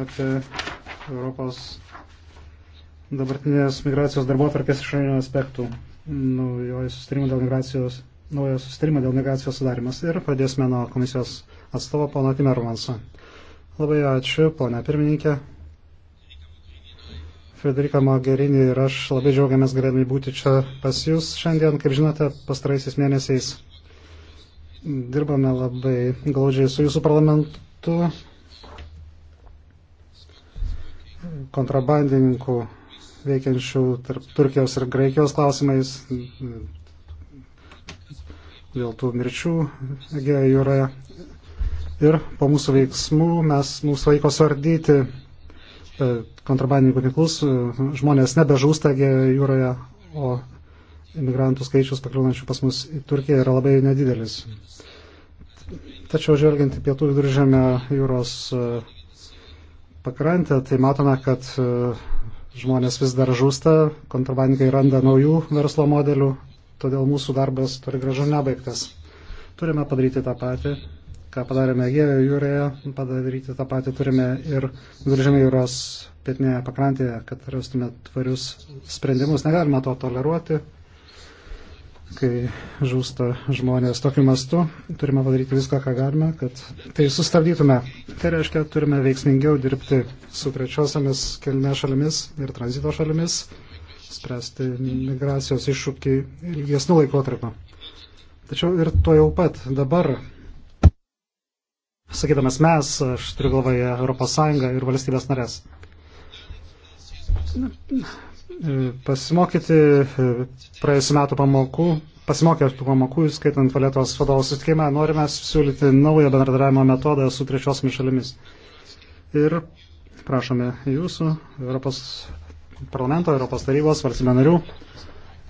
apie Europos dabartinės migracijos darbo tarkės išorinių aspektų. Naujojo sustarimo dėl migracijos, naujo sustarimo dėl migracijos sudarimas. Ir pradėsime nuo komisijos atstovo pono Timermanso. Labai ačiū, ponia pirmininkė. Frederika Mogherini ir aš labai džiaugiamės galėdami būti čia pas Jūs šiandien. Kaip žinote, pastaraisiais mėnesiais dirbame labai glaudžiai su Jūsų parlamentu kontrabandininkų veikiančių tarp Turkijos ir Graikijos klausimais dėl tų mirčių Egėjo jūroje. Ir po mūsų veiksmų mes mūsų vaiko svardyti e, kontrabandininkų tinklus, e, žmonės nebežūsta Egėjo jūroje, o imigrantų skaičius pakliūnančių pas mus į Turkiją yra labai nedidelis. Tačiau žvelgiant į pietų viduržėmio jūros uh, pakrantę, tai matome, kad e, žmonės vis dar žūsta, kontrabandininkai randa naujų verslo modelių, todėl mūsų darbas turi gražu nebaigtas. Turime padaryti tą patį, ką padarėme Gėjo jūrėje, padaryti tą patį turime ir viduržėmė jūros pietinėje pakrantėje, kad rastume tvarius sprendimus. Negalima to toleruoti kai žūsta žmonės tokiu mastu, turime padaryti viską, ką galime, kad tai sustabdytume. Tai reiškia, turime veiksmingiau dirbti su trečiosiamis kelne šalimis ir tranzito šalimis, spręsti migracijos iššūkį ilgesnių laikotarpio. Tačiau ir to jau pat dabar, sakydamas mes, aš turiu galvoje ES ir valstybės narės E, pasimokyti e, praėjusiu metu pamokų, pasimokę tų pamokų, skaitant Valetos vadovų sutikimą, norime siūlyti naują bendradarbiavimo metodą su trečiosiomis šalimis. Ir prašome jūsų, Europos parlamento, Europos tarybos, valstybė narių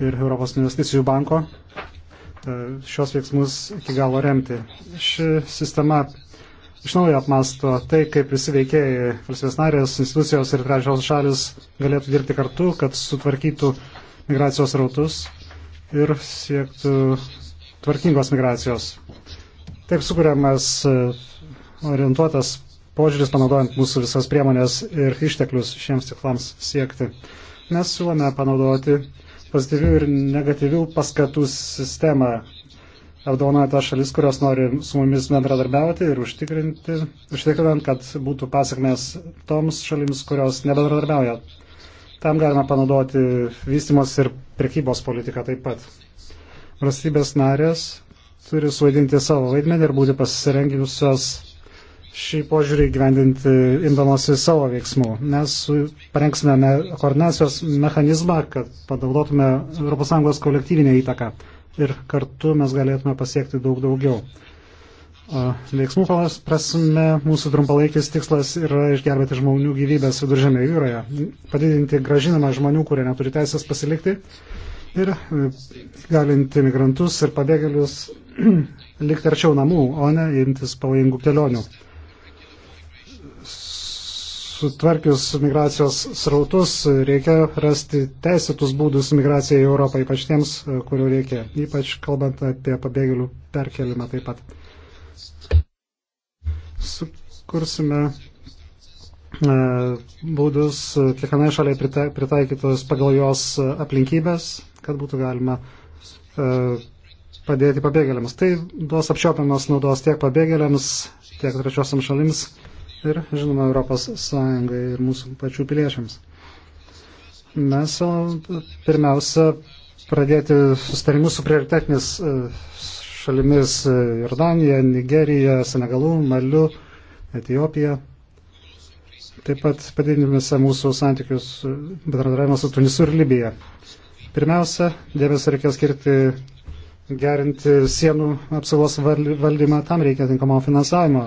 ir Europos investicijų banko e, šios veiksmus iki galo remti. Ši sistema iš naujo apmasto tai, kaip visi veikėjai, valstybės narės, institucijos ir trečios šalis galėtų dirbti kartu, kad sutvarkytų migracijos rautus ir siektų tvarkingos migracijos. Taip sukūriamas e, orientuotas požiūris, panaudojant mūsų visas priemonės ir išteklius šiems tikslams siekti. Mes siūlome panaudoti pozityvių ir negatyvių paskatų sistemą, apdovanoja tas šalis, kurios nori su mumis bendradarbiauti ir užtikrinti, užtikrinant, kad būtų pasakmės toms šalims, kurios nebendradarbiauja. Tam galima panaudoti vystimos ir prekybos politiką taip pat. Valstybės narės turi suvaidinti savo vaidmenį ir būti pasirenginusios šį požiūrį gyvendinti, imdamosi savo veiksmų. Mes parengsime koordinacijos mechanizmą, kad panaudotume ES kolektyvinę įtaką ir kartu mes galėtume pasiekti daug daugiau. Veiksmų prasme mūsų trumpalaikis tikslas yra išgelbėti žmonių gyvybės viduržėmė jūroje, padidinti gražinamą žmonių, kurie neturi teisės pasilikti ir e, galinti migrantus ir pabėgėlius likti arčiau namų, o ne imtis pavojingų kelionių sutvarkius migracijos srautus reikia rasti teisėtus būdus migracijai į Europą, ypač tiems, kurių reikia, ypač kalbant apie pabėgėlių perkelimą taip pat. Sukursime e, būdus kiekvienai šaliai pritaikytos pagal jos aplinkybės, kad būtų galima e, padėti pabėgėliams. Tai duos apčiopiamas naudos tiek pabėgėliams, tiek trečiosiam šalims ir, žinoma, Europos Sąjungai ir mūsų pačių piliečiams. Mes pirmiausia pradėti sustarimus su prioritetinis e, šalimis e, Jordanija, Nigerija, Senegalu, Maliu, Etijopija. Taip pat padidinimėse mūsų santykius e, bendradarbiavimą su Tunisu ir Libija. Pirmiausia, dėmesio reikia skirti gerinti sienų apsaugos valdymą, tam reikia tinkamo finansavimo.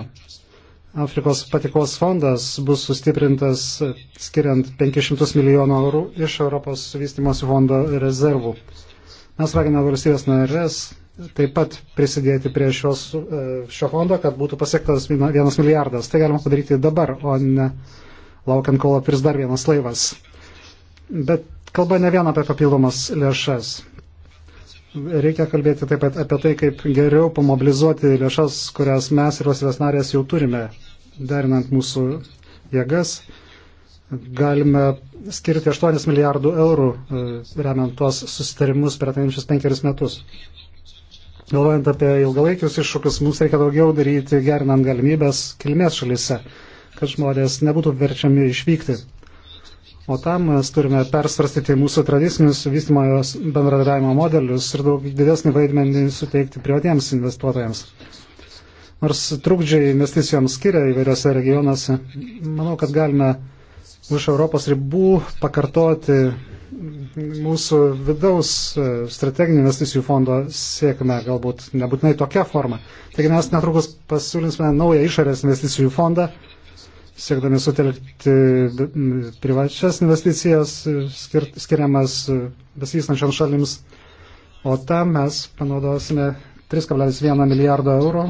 Afrikos patikos fondas bus sustiprintas skiriant 500 milijonų eurų iš Europos vystimosi fondo rezervų. Mes raginame valstybės narės taip pat prisidėti prie šios, e, šio fondo, kad būtų pasiektas vienas milijardas. Tai galima padaryti dabar, o ne laukiant, kol apirs dar vienas laivas. Bet kalba ne vien apie papildomas lėšas. Reikia kalbėti taip pat apie tai, kaip geriau pamobilizuoti lėšas, kurias mes ir valstybės narės jau turime, derinant mūsų jėgas. Galime skirti 8 milijardų eurų, e, remiant tuos susitarimus per ateinančius penkerius metus. Galvojant apie ilgalaikius iššūkius, mums reikia daugiau daryti, gerinant galimybės kilmės šalyse, kad žmonės nebūtų verčiami išvykti. O tam mes turime persvarstyti mūsų tradicinius vystimo bendradarbiavimo modelius ir daug didesnį vaidmenį suteikti privatiems investuotojams. Nors trukdžiai investicijoms skiria įvairiose regionuose, manau, kad galime už Europos ribų pakartoti mūsų vidaus e, strateginių investicijų fondo sėkmę, galbūt nebūtinai tokia forma. Taigi mes netrukus pasiūlysime naują išorės investicijų fondą siekdami sutelkti privačias investicijas e, skiriamas e, besivystančiams šalims, o tam mes panaudosime 3,1 milijardo eurų,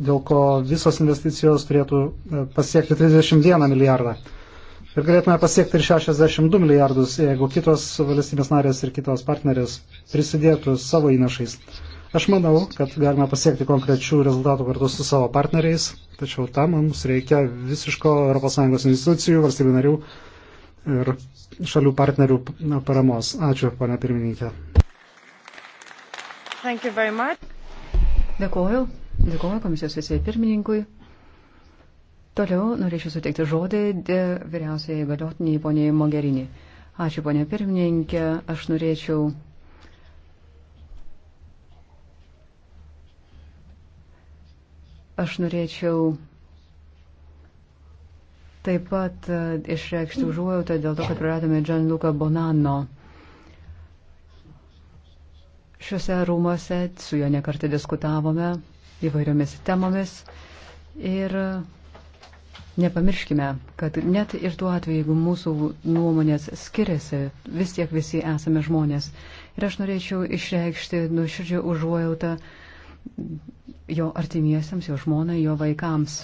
dėl ko visos investicijos turėtų e, pasiekti 31 milijardą. Ir galėtume pasiekti ir 62 milijardus, jeigu kitos valstybės narės ir kitos partnerės prisidėtų savo įnašais. Aš manau, kad galime pasiekti konkrečių rezultatų kartu su savo partneriais Tačiau tam mums reikia visiško ES institucijų, valstybių narių ir šalių partnerių paramos. Ačiū, ponia pirmininkė. Dėkuoju. Dėkuoju komisijos visai pirmininkui. Toliau norėčiau suteikti žodį vyriausiai galiotiniai poniai Mogerini. Ačiū, ponė pirmininkė. Aš norėčiau Aš norėčiau taip pat e, išreikšti užuojautą dėl to, kad praradome Gianluca Bonanno. Šiuose rūmose su juo nekartą diskutavome įvairiomis temomis ir nepamirškime, kad net ir tuo atveju, jeigu mūsų nuomonės skiriasi, vis tiek visi esame žmonės. Ir aš norėčiau išreikšti nuoširdžią užuojautą uh, jo artimiesiams, jo žmonai, jo vaikams.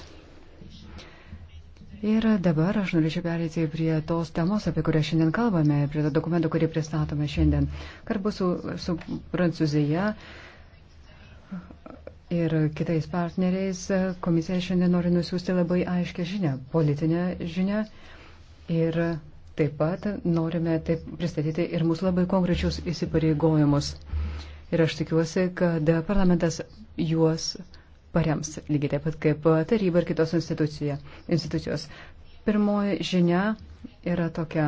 Ir dabar aš norėčiau perėti prie tos temos, apie kurią šiandien kalbame, prie to dokumento, kurį pristatome šiandien. Karbu su, su Prancūzija ir kitais partneriais komisija šiandien nori nusiųsti labai aiškę žinę, politinę žinę. Ir taip pat norime taip pristatyti ir mūsų labai konkrečius įsipareigojimus ir aš tikiuosi, kad parlamentas juos parems, lygiai taip pat kaip taryba ir kitos institucijos. Pirmoji žinia yra tokia.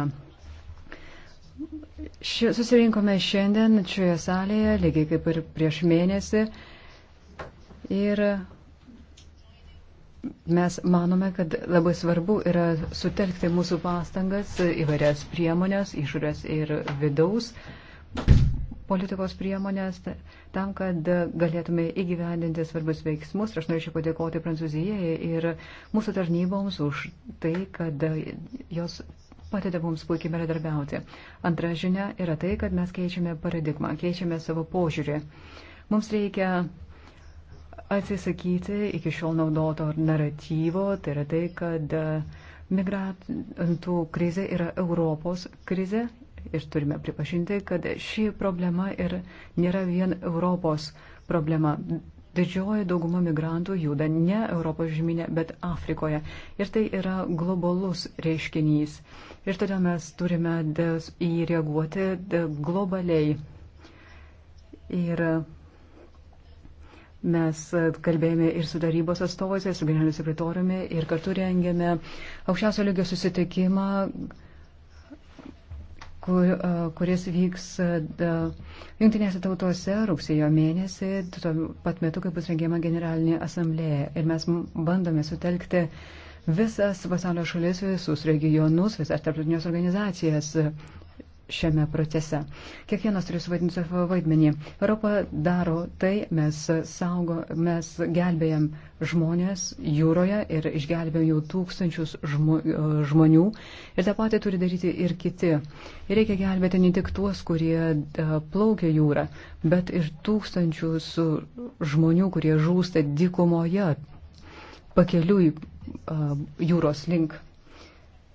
Ši, susirinkome šiandien šioje salėje, lygiai kaip ir prieš mėnesį. Ir mes manome, kad labai svarbu yra sutelkti mūsų pastangas įvairias priemonės, išorės ir vidaus, politikos priemonės tam, kad galėtume įgyvendinti svarbus veiksmus. Aš norėčiau padėkoti Prancūzijai ir mūsų tarnyboms už tai, kad jos padeda mums puikiai bendradarbiauti. Antra žinia yra tai, kad mes keičiame paradigmą, keičiame savo požiūrį. Mums reikia atsisakyti iki šiol naudoto naratyvo, tai yra tai, kad migrantų krizė yra Europos krizė ir turime pripažinti, kad ši problema ir nėra vien Europos problema. Didžioji dauguma migrantų juda ne Europos žemynė, bet Afrikoje. Ir tai yra globalus reiškinys. Ir todėl mes turime į jį reaguoti globaliai. Ir Mes kalbėjome ir su darybos atstovais, ir su generaliniu sekretoriumi, ir kartu rengėme aukščiausio lygio susitikimą kur, e, kuris vyks e, Junktinėse tautose rugsėjo mėnesį, tuo pat metu, kai bus rengiama generalinė asamblėja. Ir mes bandome sutelkti visas pasaulio šalis, visus regionus, visas tarptautinės organizacijas šiame procese. Kiekvienas turi suvaidinti savo vaidmenį. Europa daro tai, mes saugo, mes gelbėjam žmonės jūroje ir išgelbėjom jau tūkstančius žmo, žmonių. Ir tą patį turi daryti ir kiti. Ir reikia gelbėti ne tik tuos, kurie e, plaukia jūrą, bet ir tūkstančius žmonių, kurie žūsta dykumoje, pakeliui e, jūros link.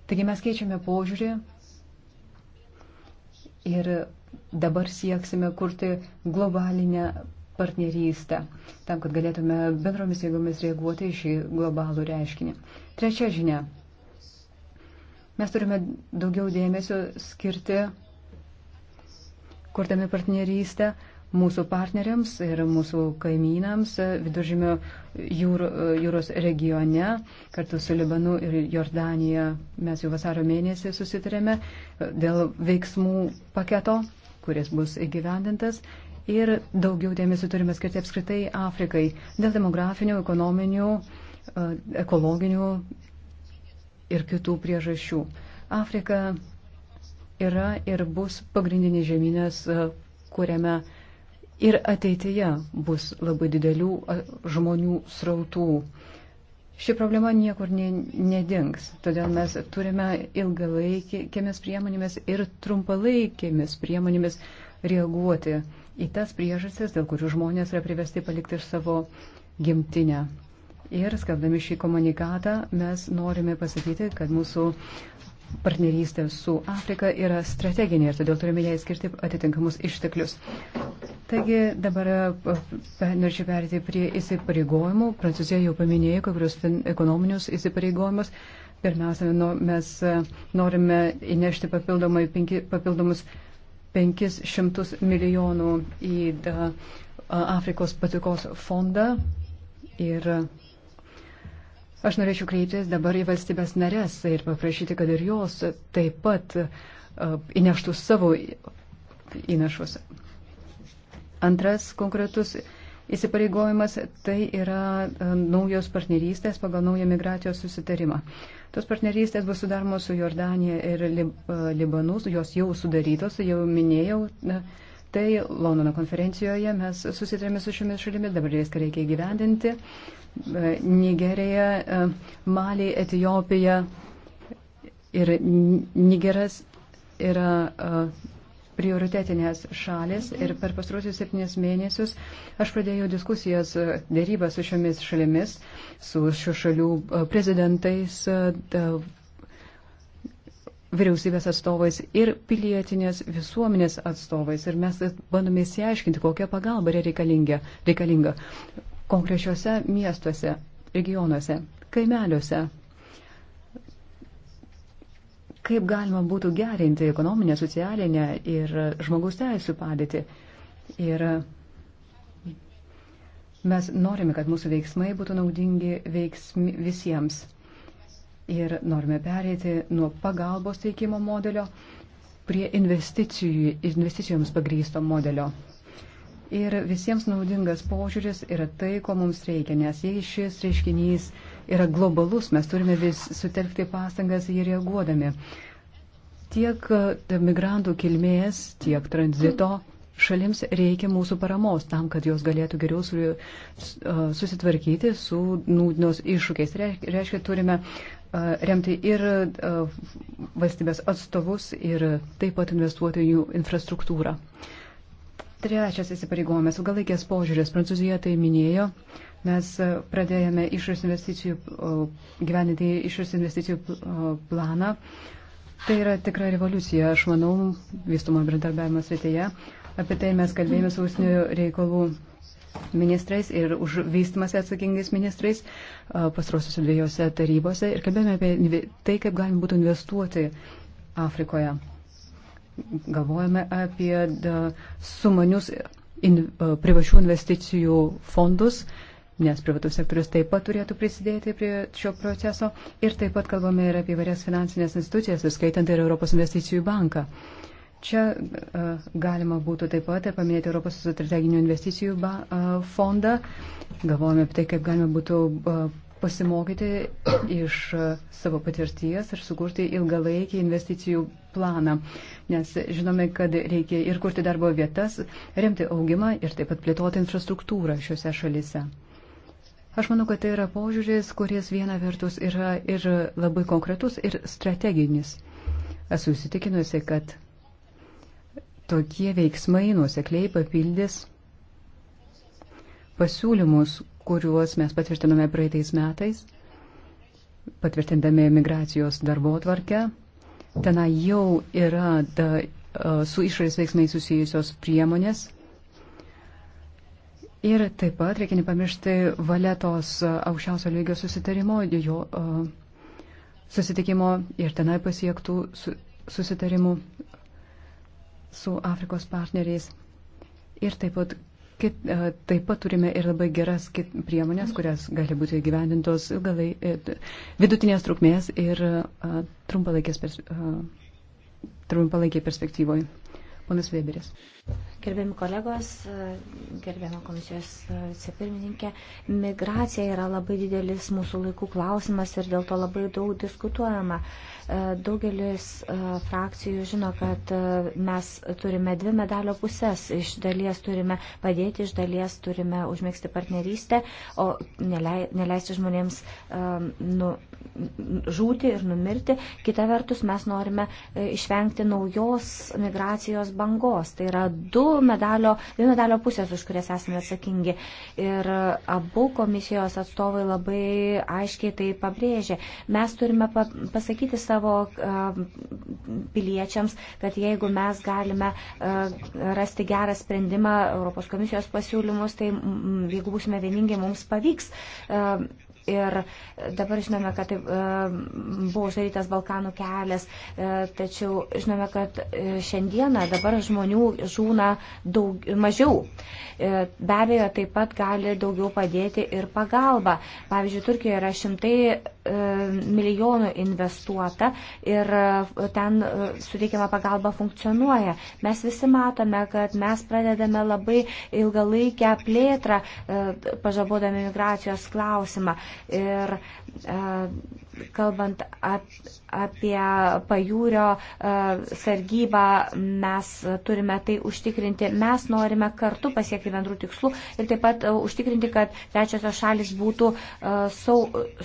Taigi mes keičiame požiūrį ir dabar sieksime kurti globalinę partnerystę, tam, kad galėtume bendromis jėgomis reaguoti į šį globalų reiškinį. Trečia žinia. Mes turime daugiau dėmesio skirti, kurdami partnerystę, mūsų partneriams ir mūsų kaimynams viduržymio jūr, jūros regione, kartu su Libanu ir Jordanija mes jau vasario mėnesį susitarėme dėl veiksmų paketo, kuris bus įgyvendintas. Ir daugiau dėmesio turime skirti apskritai Afrikai dėl demografinių, ekonominių, e, ekologinių ir kitų priežasčių. Afrika yra ir bus pagrindinis žemynas, e, kuriame uh, ir ateityje bus labai didelių žmonių srautų. Ši problema niekur nedings, todėl mes turime ilgalaikėmis priemonėmis ir trumpalaikėmis priemonėmis reaguoti į tas priežastis, dėl kurių žmonės yra privesti palikti iš savo gimtinę. Ir skaldami šį komunikatą mes norime pasakyti, kad mūsų partnerystė su Afrika yra strateginė ir todėl turime jai skirti atitinkamus išteklius. Taigi dabar e, norėčiau perėti prie įsipareigojimų. Prancūzija jau paminėjo kai kurios ekonominius įsipareigojimus. Pirmiausia, nu, mes e, norime įnešti papildomai penki, papildomus 500 milijonų į da, e, Afrikos patikos fondą ir Aš norėčiau kreiptis dabar į valstybės narės ir paprašyti, kad ir jos taip pat e, įneštų savo įnašus. Antras konkretus įsipareigojimas tai yra e, naujos partnerystės pagal naują migracijos susitarimą. Tos partnerystės bus sudaromos su Jordanija ir e, Libanu, jos jau sudarytos, jau minėjau. Na, Tai Londono konferencijoje mes susitarėme su šiomis šalimis, dabar viską reikia įgyvendinti. Nigerija, Malį, Etijopija ir Nigeras yra prioritetinės šalis ir per pastarusius septynės mėnesius aš pradėjau diskusijas dėrybą su šiomis šalimis, su šių šalių prezidentais, vyriausybės atstovais ir pilietinės visuomenės atstovais. Ir mes bandome įsiaiškinti, kokia pagalba yra reikalinga, reikalinga konkrečiuose miestuose, regionuose, kaimeliuose. Kaip galima būtų gerinti ekonominę, socialinę ir žmogaus teisų padėtį. Ir mes norime, kad mūsų veiksmai būtų naudingi veiksmi visiems ir norime perėti nuo pagalbos teikimo modelio prie investicijoms pagrysto modelio. Ir visiems naudingas požiūris yra tai, ko mums reikia, nes jei šis reiškinys yra globalus, mes turime vis sutelkti pastangas jį reaguodami. Tiek e, migrantų kilmės, tiek tranzito šalims reikia mūsų paramos tam, kad jos galėtų geriau su, e, susitvarkyti su nūdienos iššūkiais. Reiškia, turime remti ir valstybės atstovus ir taip pat investuotojų infrastruktūrą. Trečias įsipareigojimas - ilgalaikės požiūrės. Prancūzija tai minėjo. Mes pradėjome išorės investicijų, gyveninti išorės investicijų planą. Tai yra tikra revoliucija, aš manau, vystumo bendradarbiavimo srityje. Apie tai mes kalbėjome su užsienio reikalų ministrais ir už vystimąsi atsakingais ministrais pastrosiuose dviejose tarybose ir kalbėjome apie tai, kaip galima būtų investuoti Afrikoje. Galvojame apie sumanius in, privačių investicijų fondus, nes privatus sektorius taip pat turėtų prisidėti prie šio proceso. Ir taip pat kalbame ir apie varias finansinės institucijas, skaitant ir Europos investicijų banką. Uh, Čia e, galima būtų taip pat ir paminėti Europos strateginių investicijų e, fondą. Galvojame apie tai, kaip galima būtų e, pasimokyti iš savo patirties ir sukurti ilgalaikį investicijų planą. Nes žinome, kad reikia ir kurti darbo vietas, remti augimą ir taip pat plėtoti infrastruktūrą šiuose šalise. Aš manau, kad tai yra požiūris, kuris viena vertus yra ir labai konkretus, ir strateginis. Esu įsitikinusi, kad tokie veiksmai nuosekliai papildys pasiūlymus, kuriuos mes patvirtinome praeitais metais, patvirtindami migracijos darbo tvarkę. Tenai jau yra da, su išorės veiksmai susijusios priemonės. Ir taip pat reikia nepamiršti valetos aukščiausio lygio susitarimo, jo susitikimo ir tenai pasiektų susitarimų su Afrikos partneriais. Ir taip pat, kit, e, taip pat turime ir labai geras kit, priemonės, kurias gali būti gyvendintos ilgalai, e, vidutinės trukmės ir e, trumpalaikės pers, trumpalaikėje perspektyvoje. Ponas Weberis. Gerbiami kolegos, gerbiama komisijos vicepirmininkė, migracija yra labai didelis mūsų laikų klausimas ir dėl to labai daug diskutuojama. E, daugelis e, frakcijų žino, kad e, mes turime dvi medalio pusės. Iš dalies turime padėti, iš dalies turime užmėgsti partnerystę, o neleisti žmonėms nu, žūti ir numirti. Kita vertus, mes norime e, išvengti naujos migracijos bangos. Tai yra du medalio, dvi medalio pusės, už kurias esame atsakingi. Ir e, abu komisijos atstovai labai aiškiai tai pabrėžė. Mes turime pasakyti savo e, piliečiams, kad jeigu mes galime rasti gerą sprendimą Europos komisijos pasiūlymus, tai jeigu būsime vieningi, mums pavyks Ir dabar žinome, kad tai, buvo uždarytas Balkanų kelias, e, tačiau žinome, kad e, šiandieną dabar žmonių žūna daug, mažiau. Be abejo, taip pat gali daugiau padėti ir pagalba. Pavyzdžiui, Turkijoje yra šimtai milijonų investuota ir e, ten e, suteikiama pagalba funkcionuoja. Mes visi matome, kad mes pradedame labai ilgalaikę plėtrą, e, pažabodami migracijos klausimą. Ir E, kalbant ap, apie pajūrio e, sargybą, mes turime tai užtikrinti. Mes norime kartu pasiekti bendrų tikslų ir taip pat e, užtikrinti, kad trečiosios šalis būtų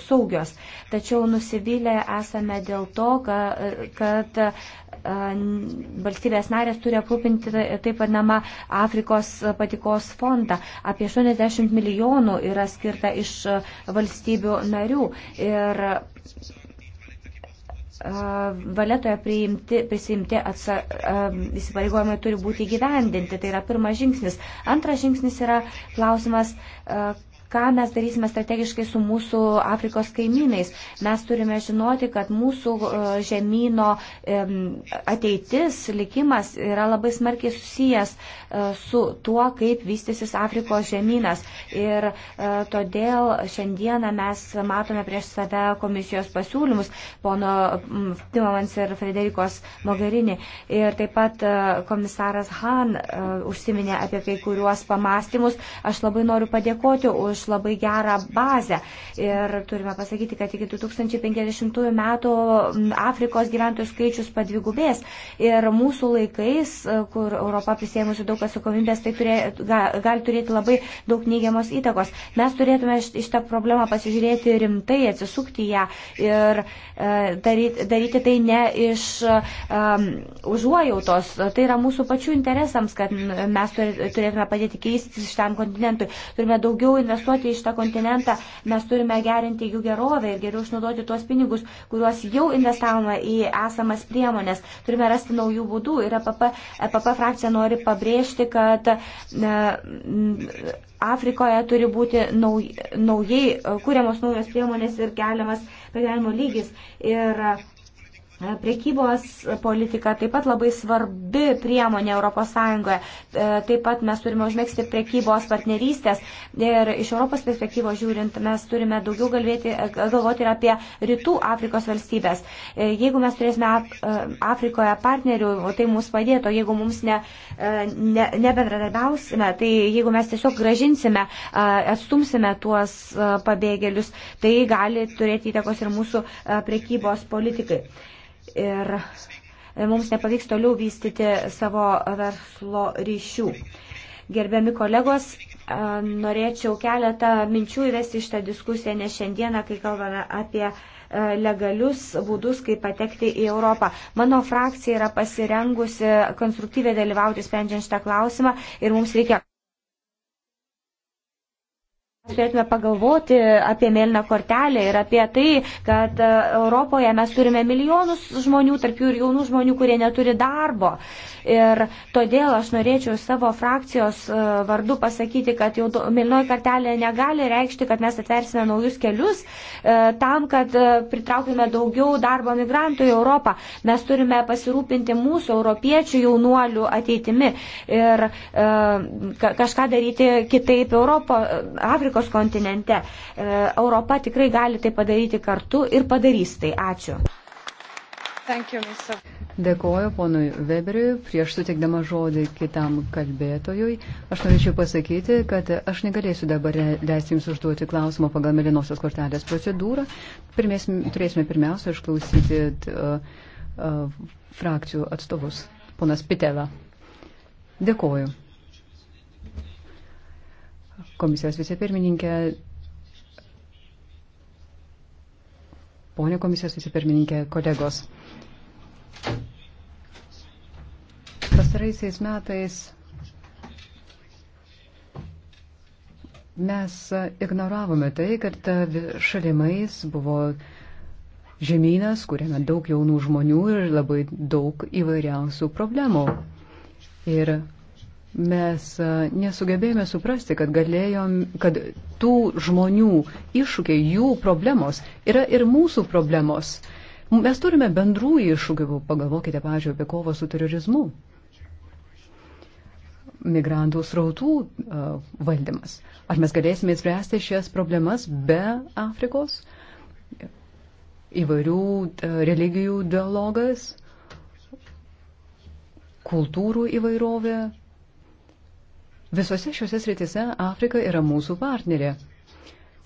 saugios. Tačiau nusivylę esame dėl to, kad valstybės narės turi aprūpinti tai, taip vadinamą Afrikos patikos fondą. Apie 80 milijonų yra skirta iš valstybių narių. Ir valetoje priimti, prisimti atsa, įsipareigojimai turi būti gyvendinti. Tai yra pirmas žingsnis. Antras žingsnis yra klausimas, ką mes darysime strategiškai su mūsų Afrikos kaimynais. Mes turime žinoti, kad mūsų e, žemynų ateitis, likimas yra labai smarkiai susijęs e, su tuo, kaip vystysis Afrikos žemynas. Ir e, todėl šiandieną mes matome prieš save komisijos pasiūlymus, pono Timomans ir Frederikos Mogherini. Ir taip pat komisaras Han užsiminė apie kai kuriuos pamastymus. Aš labai noriu padėkoti už už labai gerą bazę. Ir turime pasakyti, kad iki 2050 metų Afrikos gyventojų skaičius padvigubės. Ir mūsų laikais, e, kur Europa prisėmusi daug atsakomybės, tai turė, gali turėti labai daug neigiamos įtakos. Mes turėtume šitą problemą pasižiūrėti rimtai, atsisukti ją ir e, daryti, daryti tai ne iš e, užuojautos. Tai yra mūsų pačių interesams, kad mes turėtume padėti keistis šitam kontinentui. Turime daugiau investuoti investuoti į šitą kontinentą, mes turime gerinti jų gerovę ir geriau išnaudoti tuos pinigus, kuriuos jau investavome į esamas priemonės. Turime rasti naujų būdų ir EPP, EPP frakcija nori pabrėžti, kad ne, Afrikoje turi būti nauj, naujai e, kūriamos naujos priemonės ir keliamas pragyvenimo lygis. Ir Priekybos politika taip pat labai svarbi priemonė ES. E, taip pat mes turime užmėgsti priekybos partnerystės. Ir iš Europos perspektyvos žiūrint, mes turime daugiau galvėti, e, galvoti ir apie rytų Afrikos valstybės. E, jeigu mes turėsime Afrikoje partnerių, tai mums padėtų. Jeigu mums ne, ne, nebendradarbiausime, tai jeigu mes tiesiog gražinsime, atstumsime tuos pabėgėlius, tai gali turėti įtakos ir mūsų priekybos politikai ir mums nepavyks toliau vystyti savo verslo ryšių. Gerbiami kolegos, norėčiau keletą minčių įvesti šitą diskusiją, nes šiandieną, kai kalbame apie legalius būdus, kaip patekti į Europą. Mano frakcija yra pasirengusi konstruktyviai dalyvauti sprendžiant šitą klausimą ir mums reikia Mes turėtume pagalvoti apie mėlyną kortelę ir apie tai, kad e, Europoje mes turime milijonus žmonių, tarp jų ir jaunų žmonių, kurie neturi darbo. Ir todėl aš norėčiau savo frakcijos e, vardu pasakyti, kad jau mėlynoji kortelė negali reikšti, kad mes atversime naujus kelius e, tam, kad pritraukime daugiau darbo migrantų į Europą. Mes turime pasirūpinti mūsų europiečių jaunuolių ateitimi ir kažką daryti kitaip Europo, Afrikos. Afrikos kontinente. E, Europa tikrai gali tai padaryti kartu ir padarys tai. Ačiū. You, Dėkoju ponui Weberiui. Prieš sutikdama žodį kitam kalbėtojui, aš norėčiau pasakyti, kad aš negalėsiu dabar leisti Jums užduoti klausimą pagal melinosios kortelės procedūrą. Pirmės, turėsime pirmiausia išklausyti uh, uh, frakcijų atstovus. Ponas Pitela. Dėkoju komisijos vicepirmininkė. Pone komisijos vicepirmininkė, kolegos. Pastaraisiais metais mes ignoravome tai, kad šalimais buvo žemynas, kuriame daug jaunų žmonių ir labai daug įvairiausių problemų. Ir mes e, nesugebėjome suprasti, kad, galėjom, kad tų žmonių iššūkiai, jų problemos yra ir mūsų problemos. Mes turime bendrų iššūkių, pagalvokite, pažiūrėjau, apie kovą su terorizmu, migrantų srautų e, valdymas. Ar mes galėsime spręsti šias problemas be Afrikos? Įvairių e, religijų dialogas, kultūrų įvairovė, Visose šiuose srityse Afrika yra mūsų partnerė.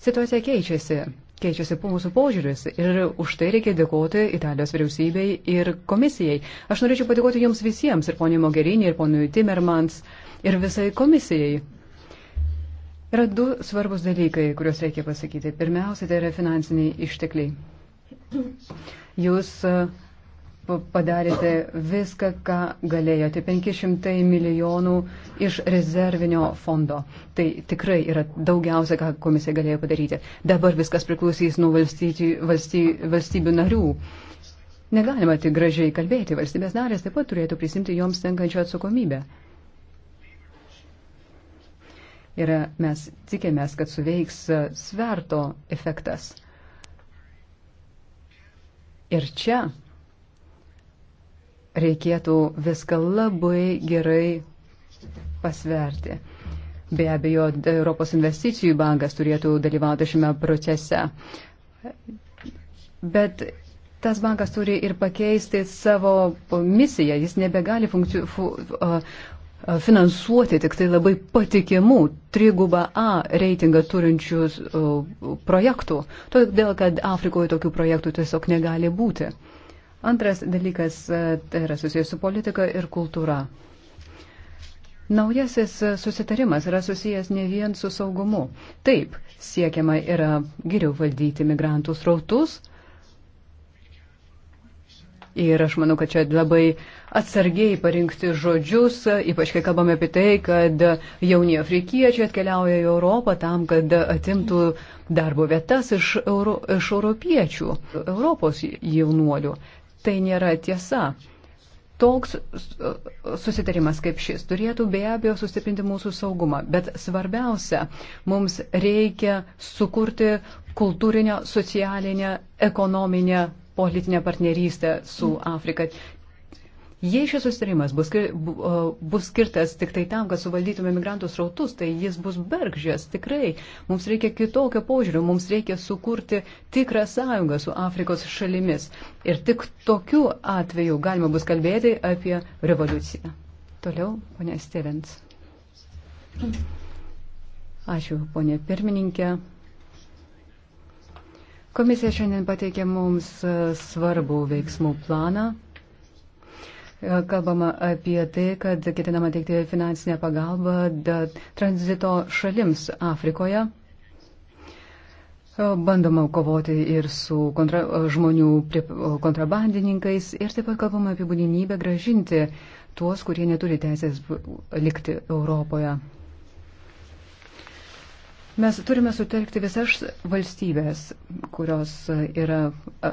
Situacija keičiasi, keičiasi po mūsų požiūris ir už tai reikia dėkoti Italijos vyriausybei ir komisijai. Aš norėčiau padėkoti jums visiems, ir poniai Mogherini, ir poniai Timmermans, ir visai komisijai. Yra du svarbus dalykai, kuriuos reikia pasakyti. Pirmiausia, tai yra finansiniai ištekliai. Jūs uh, padarėte viską, ką galėjote. 500 milijonų iš rezervinio fondo. Tai tikrai yra daugiausia, ką komisija galėjo padaryti. Dabar viskas priklausys nuo valstybių, valstybių, valstybių narių. Negalima tik gražiai kalbėti. Valstybės narės taip pat turėtų prisimti joms tenkančią atsakomybę. Ir mes tikėmės, kad suveiks sverto efektas. Ir čia reikėtų viską labai gerai pasverti. Be abejo, Europos investicijų bankas turėtų dalyvauti šiame procese. Bet tas bankas turi ir pakeisti savo misiją. Jis nebegali funkci... fu... finansuoti tik tai labai patikimų trigubą A reitingą turinčių projektų. Todėl, kad Afrikoje tokių projektų tiesiog negali būti. Antras dalykas e, tai yra susijęs su politika ir kultūra. Naujasis susitarimas yra susijęs ne vien su saugumu. Taip, siekiama yra geriau valdyti migrantų srautus. Ir aš manau, kad čia labai atsargiai parinkti žodžius, ypač kai kalbame apie tai, kad jauni afrikiečiai atkeliauja į Europą tam, kad atimtų darbo vietas iš, euro, iš europiečių, Europos jaunuolių tai nėra tiesa. Toks uh, susitarimas kaip šis turėtų be abejo sustiprinti mūsų saugumą, bet svarbiausia, mums reikia sukurti kultūrinę, socialinę, ekonominę politinę partnerystę su Afrika. Jei šis susitarimas bus, bus skirtas tik tai tam, kad suvaldytume migrantų srautus, tai jis bus bergžės, tikrai. Mums reikia kitokio požiūrio, mums reikia sukurti tikrą sąjungą su Afrikos šalimis. Ir tik tokiu atveju galima bus kalbėti apie revoliuciją. Toliau, ponė Stevens. Ačiū, ponė pirmininkė. Komisija šiandien pateikė mums e, svarbų veiksmų planą kalbama apie tai, kad ketinama teikti finansinę pagalbą tranzito šalims Afrikoje. Bandoma kovoti ir su kontra, žmonių kontrabandininkais ir taip pat kalbama apie būdinybę gražinti tuos, kurie neturi teisės likti Europoje. Mes turime sutelkti visas valstybės, kurios yra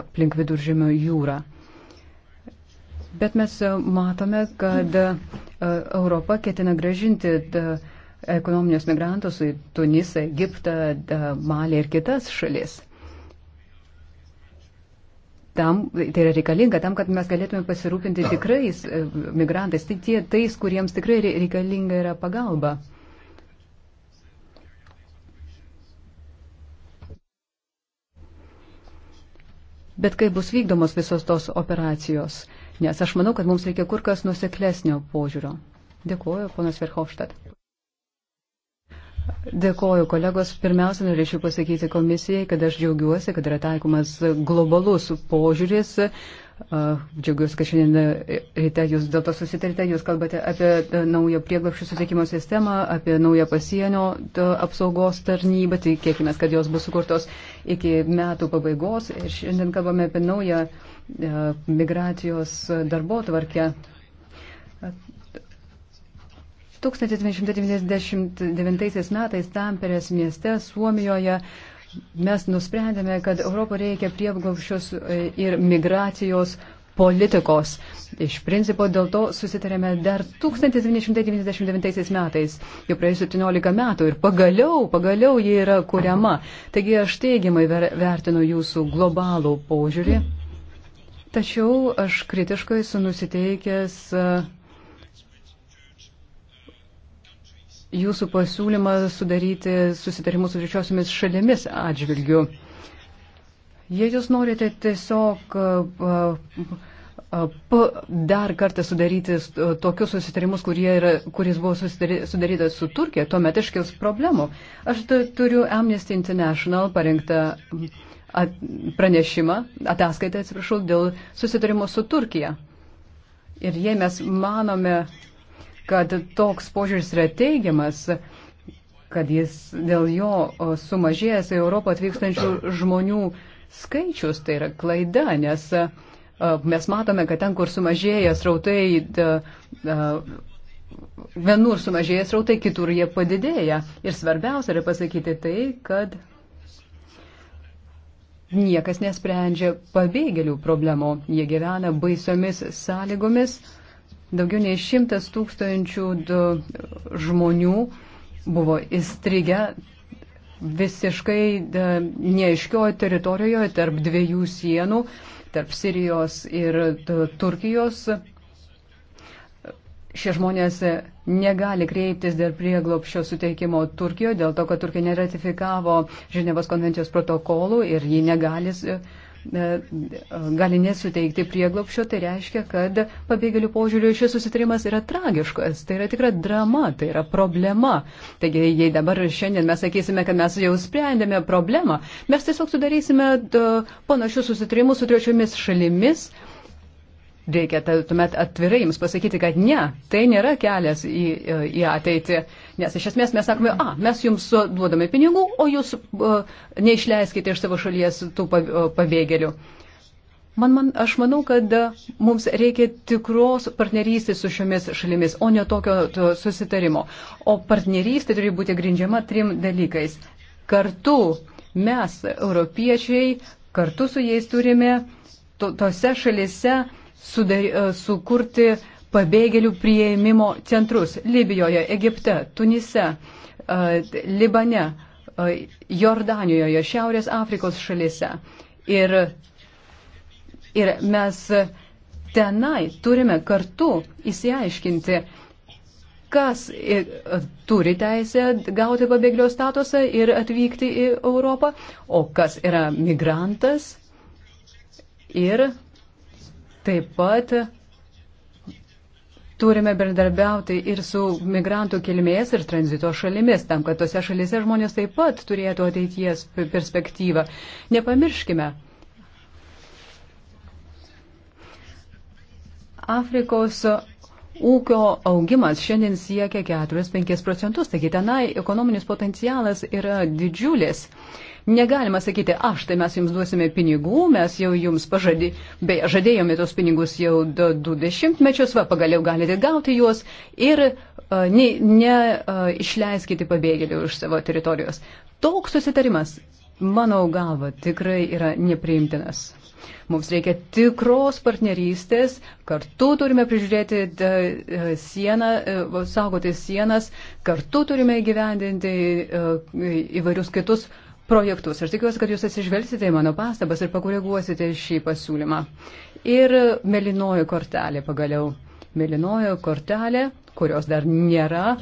aplink viduržėmio jūrą. Bet mes matome, kad e, Europa ketina gražinti e, ekonominius migrantus į Tunisą, Egiptą, e, Malį ir kitas šalis. Tam, tai yra reikalinga tam, kad mes galėtume pasirūpinti tikrais migrantais, tai tie, tais, kuriems tikrai reikalinga yra pagalba. Bet kai bus vykdomos visos tos operacijos, uh, nes aš manau, kad mums reikia kur kas nuseklesnio požiūrio. Dėkuoju, ponas Verhofstadt. Dėkoju, kolegos. Pirmiausia, norėčiau pasakyti komisijai, kad aš džiaugiuosi, kad yra taikomas globalus požiūris. Džiaugiuosi, kad šiandien e, ryte jūs dėl to susitarite, jūs kalbate apie e, naują prieglapščių sutikimo sistemą, apie naują pasienio apsaugos tarnybą, tikėkime, kad jos bus sukurtos iki metų pabaigos. Ir šiandien kalbame apie naują E, migracijos darbo tvarkę. 1999 metais Tamperės mieste Suomijoje mes nusprendėme, kad Europo reikia prieglobščios e, ir migracijos politikos. Iš principo dėl to susitarėme dar 1999 metais, jau praėjus 17 metų ir pagaliau, pagaliau ji yra kuriama. Taigi aš teigiamai vertinu jūsų globalų požiūrį. Mm. Tačiau aš kritiškai esu nusiteikęs e, jūsų pasiūlymą sudaryti susitarimus su trečiosiomis šalimis atžvilgiu. Jei jūs norite tiesiog e, e, dar kartą sudaryti tokius susitarimus, yra, kuris buvo sudarytas su Turkija, tuomet iškils problemų. Aš turiu Amnesty International parengtą pranešimą, ataskaitą, atsiprašau, dėl susitarimo su Turkija. Ir jei mes manome, kad toks požiūris yra teigiamas, kad jis dėl jo sumažėjęs į Europą atvykstančių žmonių skaičius, tai yra klaida, nes mes matome, kad ten, kur sumažėjęs rautai, vienur sumažėjęs rautai, kitur jie padidėja. Ir svarbiausia yra pasakyti tai, kad niekas nesprendžia pabėgėlių problemų. Jie gyvena baisiomis sąlygomis. Daugiau nei šimtas tūkstančių žmonių buvo įstrigę visiškai e, neaiškioje teritorijoje tarp dviejų sienų, tarp Sirijos ir e, Turkijos šie žmonės negali kreiptis dėl prieglopščio suteikimo Turkijoje, dėl to, kad Turkija neratifikavo Ženevos konvencijos protokolų ir ji negali, e, gali nesuteikti prieglopščio, tai reiškia, kad pabėgėlių požiūriu šis susitarimas yra tragiškas, tai yra tikra drama, tai yra problema. Taigi, jei dabar šiandien mes sakysime, kad mes jau sprendėme problemą, mes tiesiog sudarysime panašius susitarimus su trečiomis šalimis Reikia tuomet atvirai jums pasakyti, kad ne, tai nėra kelias į, e, į ateitį, nes iš esmės mes sakome, a, mes jums duodame pinigų, o jūs uh, neišleiskite iš savo šalies tų e, pabėgėlių. Man, man, aš manau, kad mums reikia tikros partnerystės su šiomis šalimis, o ne tokio to susitarimo. O partnerystė turi būti grindžiama trim dalykais. Kartu mes, europiečiai, kartu su jais turime to, tose šalise uh, sudar, e, sukurti pabėgėlių prieimimo centrus Libijoje, Egipte, Tunise, e, Libane, e, Jordanijoje, Šiaurės Afrikos šalise. Ir, ir mes tenai turime kartu įsiaiškinti, kas turi teisę gauti pabėgėlio statusą ir atvykti į Europą, o kas yra migrantas ir Taip pat turime bendradarbiauti ir su migrantų kilmės ir tranzito šalimis, tam, kad tose šalise žmonės taip pat turėtų ateities perspektyvą. Nepamirškime. Afrikos ūkio augimas šiandien siekia 4-5 procentus, taigi tenai ekonominis potencialas yra didžiulis. Negalima sakyti, aš tai mes jums duosime pinigų, mes jau jums pažadė, beje, žadėjome tos pinigus jau du dešimtmečius, va pagaliau galite gauti juos ir neišleiskite ne, uh, pabėgėlių iš savo teritorijos. Toks susitarimas, mano galva, tikrai yra nepriimtinas. Mums reikia tikros partnerystės, kartu turime prižiūrėti e, sieną, e, saugoti sienas, kartu turime įgyvendinti įvairius kitus projektus. Aš tikiuosi, kad jūs atsižvelgsite į mano pastabas ir pakoreguosite šį pasiūlymą. Ir melinojo kortelė pagaliau. Melinojo kortelė, kurios dar nėra.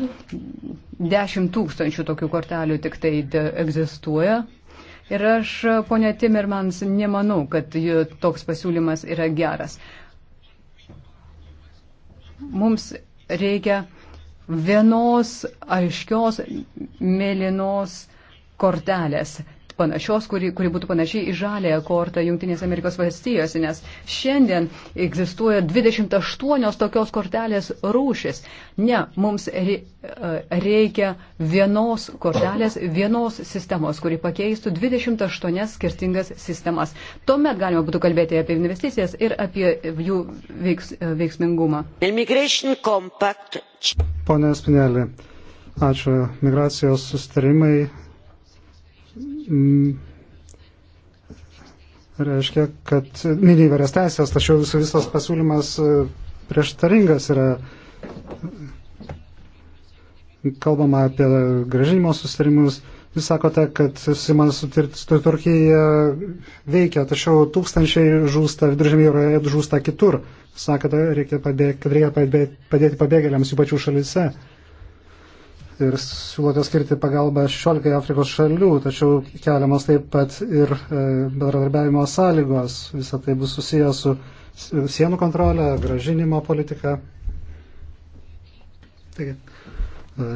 Dešimt tūkstančių tokių kortelių tik tai egzistuoja. Ir aš, ponia Timermans, nemanau, kad toks pasiūlymas yra geras. Mums reikia vienos aiškios mėlynos uh, kortelės, panašios, kuri, kuri būtų panašiai į žalę kortą Junktinės Amerikos valstijose, nes šiandien egzistuoja 28 tokios kortelės rūšis. Ne, mums e, reikia vienos kortelės, vienos sistemos, kuri pakeistų 28 skirtingas sistemas. Tuomet galima būtų kalbėti apie investicijas ir apie jų veiks, e, veiksmingumą. Pone Spinelė, ačiū. Migracijos sustarimai Mm. reiškia, kad mini įvairias teisės, tačiau visų visas pasiūlymas e, prieštaringas yra. Kalbama apie gražinimo sustarimus. Jūs sakote, kad susimas su, su Turkija veikia, tačiau tūkstančiai žūsta viduržėmė jūroje, žūsta kitur. Sakote, reikia padė, kad reikia padėti pabėgėliams jų pačių šalise ir siūlote skirti pagalbą 16 Afrikos šalių, tačiau keliamas taip pat ir e, bendradarbiavimo sąlygos. Visą tai bus susijęs su sienų kontrolė, gražinimo politika. Taigi, e,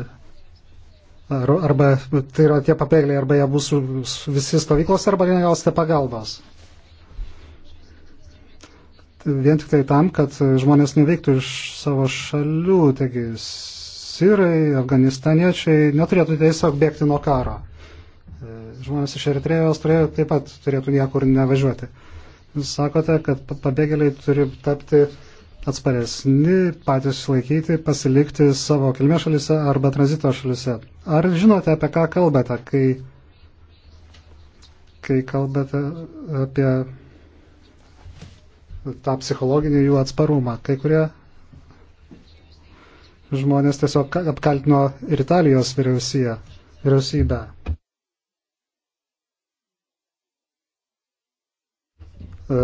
arba tai yra tie papėgliai, arba jie bus visi stovyklos, arba negausite pagalbos. Vien tik tai tam, kad žmonės neveiktų iš savo šalių, taigi sirai, afganistaniečiai neturėtų tiesiog bėgti nuo karo. E, žmonės iš Eritrejos turėjo, taip pat turėtų niekur nevažiuoti. Jūs sakote, kad pabėgėliai turi tapti atsparesni, patys išlaikyti, pasilikti savo kilmės šalise arba tranzito šalise. Ar žinote, apie ką kalbate, kai, kai kalbate apie tą psichologinį jų atsparumą? Kai kurie žmonės tiesiog apkaltino ir Italijos vyriausybę. E,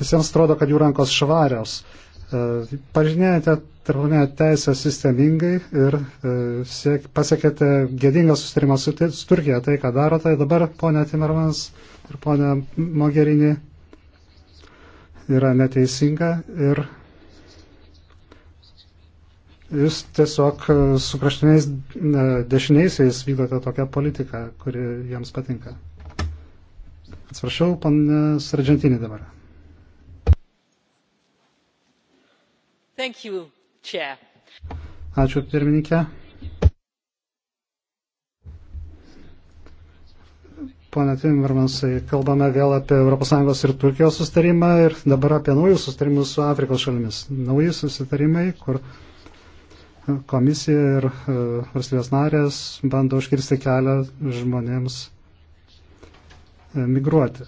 visiems atrodo, kad jų rankos švarios. E, pažinėjate tarptautinę teisę sistemingai ir e, siek, pasiekėte gėdingą sustarimą su, su Turkija. Tai, ką darote tai dabar, ponia Timermans ir ponia Mogherini, yra neteisinga ir jūs tiesiog e, su kraštiniais e, dešiniaisiais vykdote tokią politiką, kuri jiems patinka. Atsiprašau, panas Argentinį dabar. Thank you, Chair. Ačiū, pirmininkė. Pone Timmermansai, kalbame vėl apie ES ir Turkijos sustarimą ir dabar apie naujus sustarimus su Afrikos šalimis. Nauji susitarimai, kur uh, komisija ir e, valstybės narės bando užkirsti kelią žmonėms e, migruoti.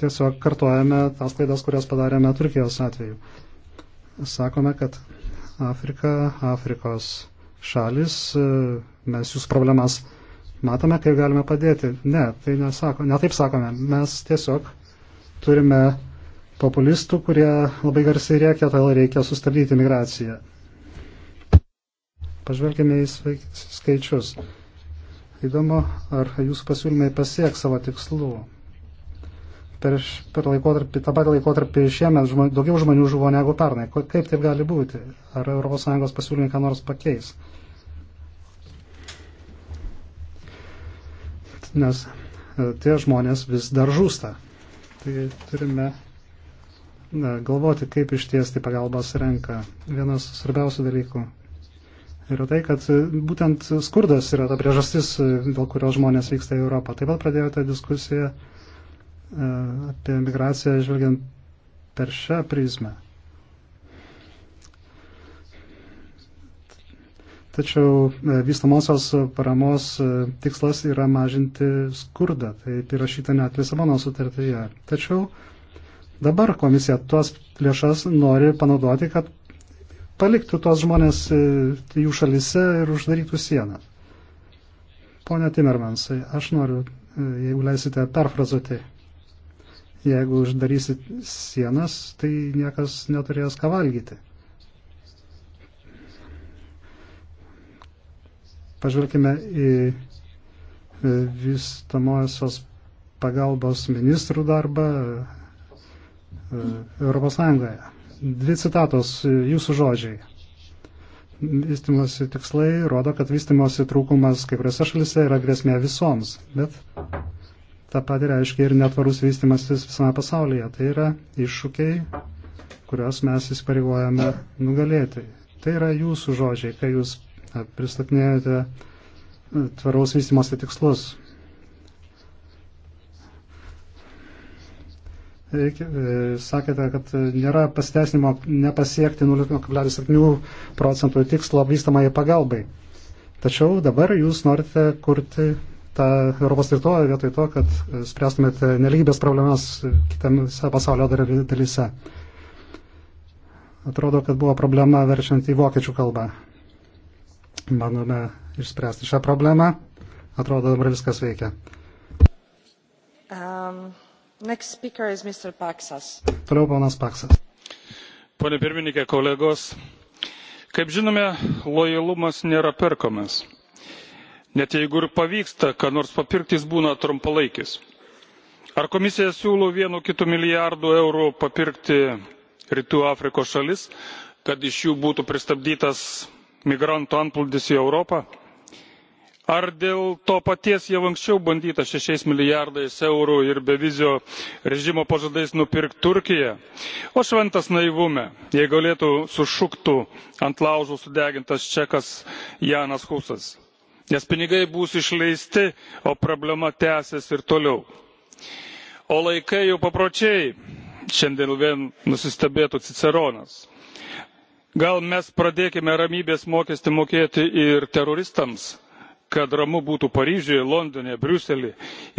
Tiesiog kartuojame tas klaidas, kurias padarėme Turkijos atveju. Sakome, kad Afrika, Afrikos šalis, e, mes jūs problemas matome, kaip galime padėti. Ne, tai nesako, netaip sakome. Mes tiesiog turime populistų, kurie labai garsiai rėkia, todėl reikia sustabdyti migraciją. Pažvelkime į skaičius. Įdomu, ar jūsų pasiūlymai pasieks savo tikslų. Per, per laikotarpį, tą patį laikotarpį šiemet žmon, daugiau žmonių žuvo negu pernai. Kaip taip gali būti? Ar ES pasiūlymai ką nors pakeis? Nes e, tie žmonės vis dar žūsta. Tai turime e, galvoti, kaip ištiesti pagalbos renką. Vienas svarbiausių dalykų yra tai, kad e, būtent skurdas yra ta priežastis, e, dėl kurios žmonės vyksta į Europą. Taip pat pradėjote diskusiją e, apie migraciją žvelgiant per šią prizmę. Tačiau vystamosios paramos tikslas yra mažinti skurdą, tai įrašyta net Lisabono sutartyje. Tačiau dabar komisija tuos lėšas nori panaudoti, kad paliktų tos žmonės e, jų šalise ir uždarytų sieną. Pone Timermansai, aš noriu, e, jeigu leisite, perfrazuoti. Jeigu uždarysit sienas, tai niekas neturės ką valgyti. Pažvelkime į e, vystamosios pagalbos ministrų darbą Europos Sąjungoje Dvi citatos jūsų žodžiai. Vystimosi tikslai rodo, kad vystimosi trūkumas kai kuriuose šalise yra grėsmė visoms, bet tą patį reiškia ir netvarus vystimasis visame pasaulyje. Tai yra iššūkiai, kuriuos mes įsipareigojame nugalėti. Tai yra jūsų žodžiai, kai jūs pristatinėjote tvaraus vystimosi tikslus. sakėte, kad nėra pasiteisinimo nepasiekti 0,7 procentų tikslo vystamai pagalbai. Tačiau dabar jūs norite kurti tą Europos teritoriją vietoj to, kad spręstumėte neligybės problemas kitame pasaulio dalyse. Atrodo, kad buvo problema verčiant į vokiečių kalbą. Manome išspręsti šią problemą. Atrodo, dabar viskas veikia. Um. Toliau ponas Paksas. Pone pirmininkė, kolegos, kaip žinome, lojalumas nėra perkamas. Net jeigu ir pavyksta, ką nors papirkti, jis būna trumpalaikis. Ar komisija siūlo vienu kitu milijardu eurų papirkti rytų Afrikos šalis, kad iš jų būtų pristabdytas migrantų antplūdis į Europą? ar dėl to paties jau anksčiau bandyta šešiais milijardais eurų ir bevizio režimo pažadais nupirkti turkiją o šventas naivume jei galėtų sušuktų ant laužo sudegintas čekas janas husas nes pinigai bus išleisti o problema tęsis ir toliau. o laikai jau papročiai šiandien vien nusistebėtų ciceronas. gal mes pradėkime ramybės mokestį mokėti ir teroristams? kad ramu būtų Paryžiuje, Londone, Briuselį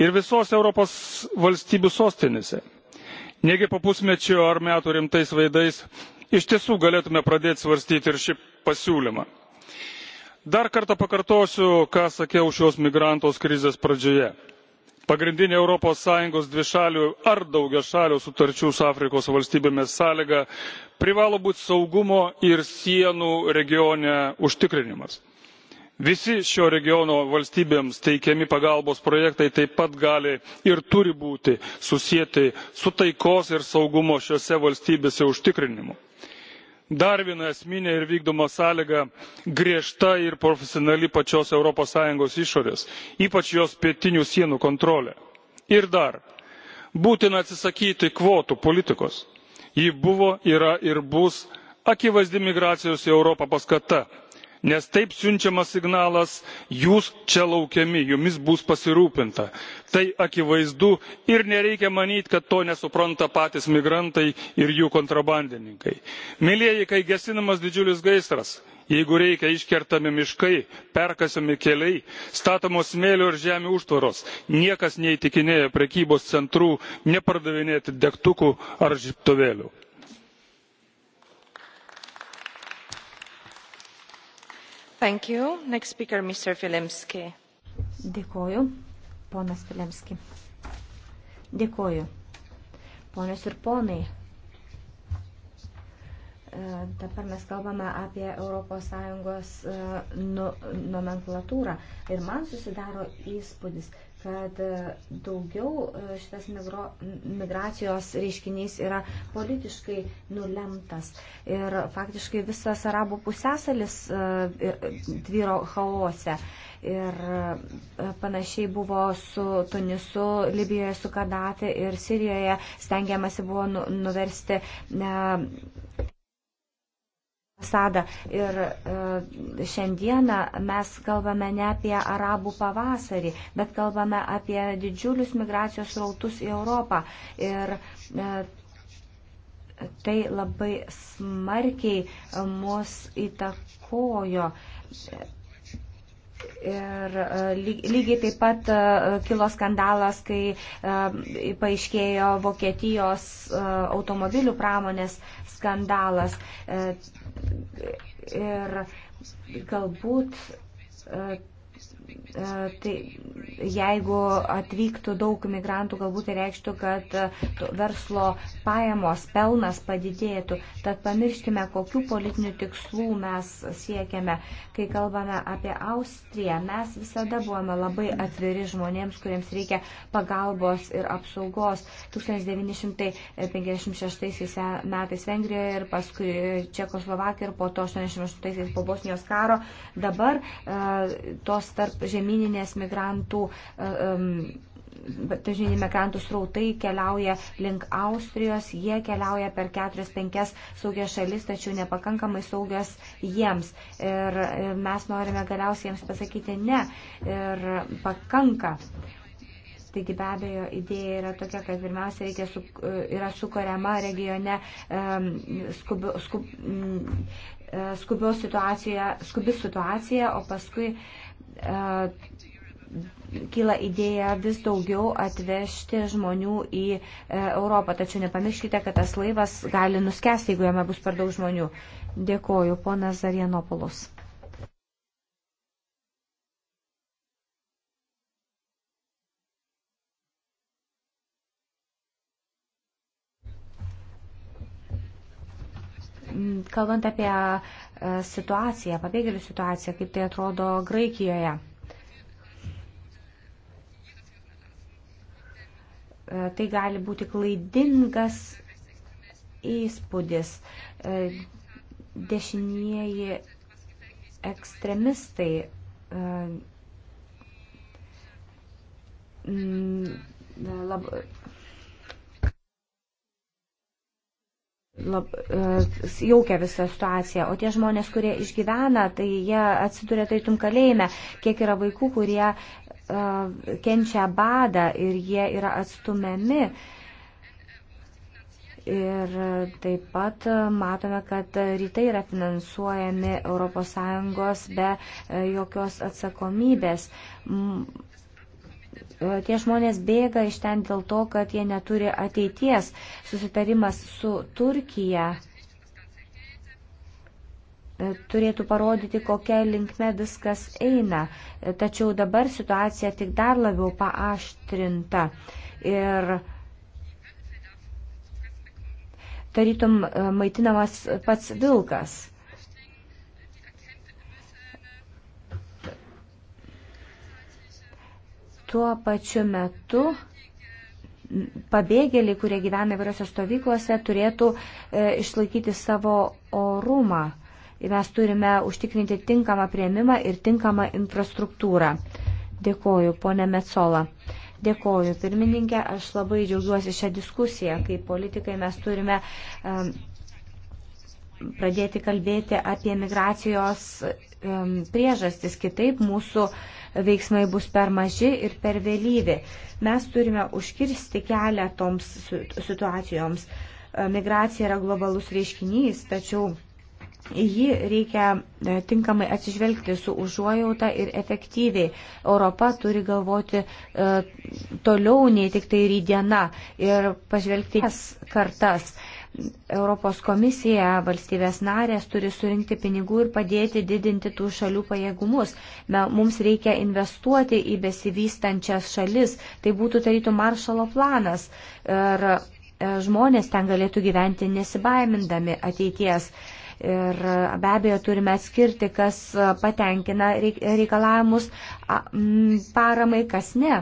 ir visos Europos valstybių sostinėse. Negi po pusmečio ar metų rimtais vaidais iš tiesų galėtume pradėti svarstyti ir šį pasiūlymą. Dar kartą pakartosiu, ką sakiau šios migrantos krizės pradžioje. Pagrindinė ES dvišalių ar daugiašalių sutarčių su Afrikos valstybėmis sąlyga privalo būti saugumo ir sienų regione užtikrinimas visi šio regiono valstybėms teikiami pagalbos projektai taip pat gali ir turi būti susieti su taikos ir saugumo šiose valstybėse užtikrinimu. dar viena esminė ir vykdoma sąlyga griežta ir profesionali pačios europos sąjungos išorės ypač jos pietinių sienų kontrolė. ir dar būtina atsisakyti kvotų politikos ji buvo yra ir bus akivaizdi migracijos į europą paskata nes taip siunčiamas signalas jūs čia laukiami jumis bus pasirūpinta. tai akivaizdu ir nereikia manyti kad to nesupranta patys migrantai ir jų kontrabandininkai. mielieji kai gesinamas didžiulis gaisras jeigu reikia iškertami miškai perkasiami keliai statomos smėlio ir žemių užtvaros niekas neįtikinėja prekybos centrų nepardavinėti degtukų ar žiebtuvėlių. Thank you. Next speaker, Mr. Filimski. Dėkoju, ponas Filimski. Dėkoju. Ponios ir ponai, e, dabar mes kalbame apie ES e, nu, nomenklatūrą ir man susidaro įspūdis, kad e, daugiau e, šitas migro, migracijos reiškinys yra politiškai nulemtas. Ir faktiškai visas arabų pusėsalis e, tvyro chaose. Ir panašiai buvo su Tunisu, Libijoje su Kadate ir Sirijoje stengiamasi buvo nu, nuversti. Ne, Sada. Ir e, šiandieną mes kalbame ne apie arabų pavasarį, bet kalbame apie didžiulius migracijos rautus į Europą. Ir e, tai labai smarkiai mus įtakojo. Ir e, lygiai taip pat e, kilo skandalas, kai e, paaiškėjo Vokietijos automobilių pramonės skandalas. Ir galbūt E, tai jeigu atvyktų daug imigrantų, galbūt tai reikštų, kad e, verslo pajamos, pelnas padidėtų. Tad pamirškime, kokių politinių tikslų mes siekiame. Kai kalbame apie Austriją, mes visada buvome labai atviri žmonėms, kuriems reikia pagalbos ir apsaugos. 1956 e, metais Vengrijoje ir paskui Čekoslovakijoje ir po to 1988 po Bosnijos karo. Dabar tos tarp tos žemyninės migrantų. Um, e, dažnai imigrantų srautai keliauja link Austrijos, jie keliauja per 4-5 saugias šalis, tačiau nepakankamai saugios jiems. Ir e, mes norime galiausiai jiems pasakyti ne ir pakanka. Taigi be abejo idėja yra tokia, kad pirmiausia reikia su, e, yra sukuriama regione um, skubi, skub, um, skubios situacija, skubi situacija, o paskui uh, E, kyla idėja vis daugiau atvežti žmonių į e, Europą. Tačiau nepamirškite, kad tas laivas gali nuskesti, jeigu jame bus per daug žmonių. Dėkoju, ponas Zarienopoulos. kalbant apie e, situaciją, pabėgėlių situaciją, kaip tai atrodo Graikijoje. E, tai gali būti klaidingas įspūdis. E, dešinieji ekstremistai lab, lab, e, jaukia visą situaciją. O tie žmonės, kurie išgyvena, tai jie atsiduria taitum kalėjime. Kiek yra vaikų, kurie uh, kenčia badą ir jie yra atstumiami. Ir taip pat matome, kad rytai yra finansuojami ES be e, jokios atsakomybės. Tie žmonės bėga iš ten dėl to, kad jie neturi ateities. Susitarimas su Turkija e, turėtų parodyti, kokia linkme viskas eina. E, tačiau dabar situacija tik dar labiau paaštrinta. Ir tarytum e, maitinamas pats vilkas. Tuo pačiu metu pabėgėliai, kurie gyvena įvairiose stovyklose, turėtų e, išlaikyti savo orumą. Ir mes turime užtikrinti tinkamą prieimimą ir tinkamą infrastruktūrą. Dėkoju, ponė Metsola. Dėkoju, pirmininkė, aš labai džiaugiuosi šią diskusiją, kaip politikai mes turime um, pradėti kalbėti apie migracijos um, priežastis, kitaip mūsų uh, veiksmai bus per maži ir per vėlyvi. Mes turime užkirsti kelią toms situacijoms. E, migracija yra globalus reiškinys, tačiau į jį reikia e, tinkamai atsižvelgti su užuojauta ir efektyviai. Europa turi galvoti e, toliau nei tik tai rydiena ir pažvelgti jas kartas. Europos komisija, valstybės narės turi surinkti pinigų ir padėti didinti tų šalių pajėgumus. Mums reikia investuoti į besivystančias šalis. Tai būtų tarytų maršalo planas. Ir e, žmonės ten galėtų gyventi nesibaimindami ateities. Ir be abejo turime atskirti, kas patenkina reikalavimus paramai, kas ne.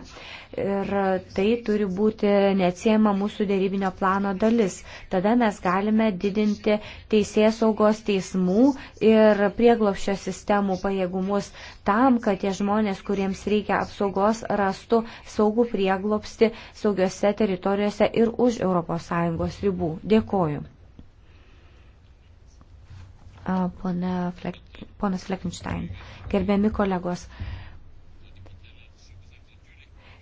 Ir tai turi būti neatsiema mūsų dėrybinio plano dalis. Tada mes galime didinti teisės saugos teismų ir prieglopščio sistemų pajėgumus tam, kad tie žmonės, kuriems reikia apsaugos, rastų saugų prieglopsti saugiose teritorijose ir už ES ribų. Dėkoju. Flek, ponas Fleckenstein. Gerbiami kolegos,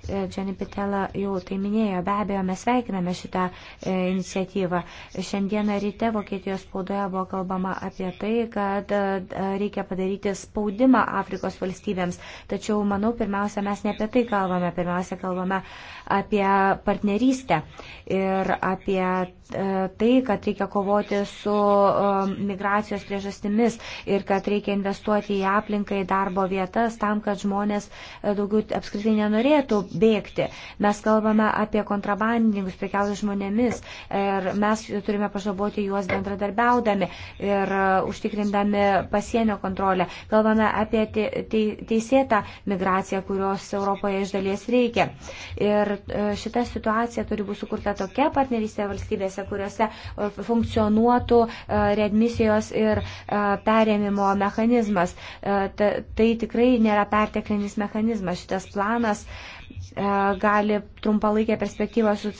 Džani e, Pitela jau tai minėjo, be abejo, mes sveikiname šitą e, iniciatyvą. Šiandieną ryte Vokietijos spaudoje buvo kalbama apie tai, kad e, reikia padaryti spaudimą Afrikos valstybėms. Tačiau, manau, pirmiausia, mes ne apie tai kalbame. Pirmiausia, kalbame apie partnerystę ir apie e, tai, kad reikia kovoti su e, migracijos priežastimis ir kad reikia investuoti į aplinką, į darbo vietas, tam, kad žmonės e, daugiau apskritai nenorėtų bėgti. Mes kalbame apie kontrabandininkus, prekiauti žmonėmis ir mes turime pažaboti juos bendradarbiaudami ir užtikrindami pasienio kontrolę. Kalbame apie teisėtą migraciją, kurios Europoje iš dalies reikia. Ir šita situacija turi būti sukurta tokia partnerystė valstybėse, kuriuose e, funkcionuotų e, readmisijos ir e, perėmimo mechanizmas. Tai tikrai nėra perteklinis mechanizmas. Šitas planas uh, E, gali trumpalaikę perspektyvą su, e,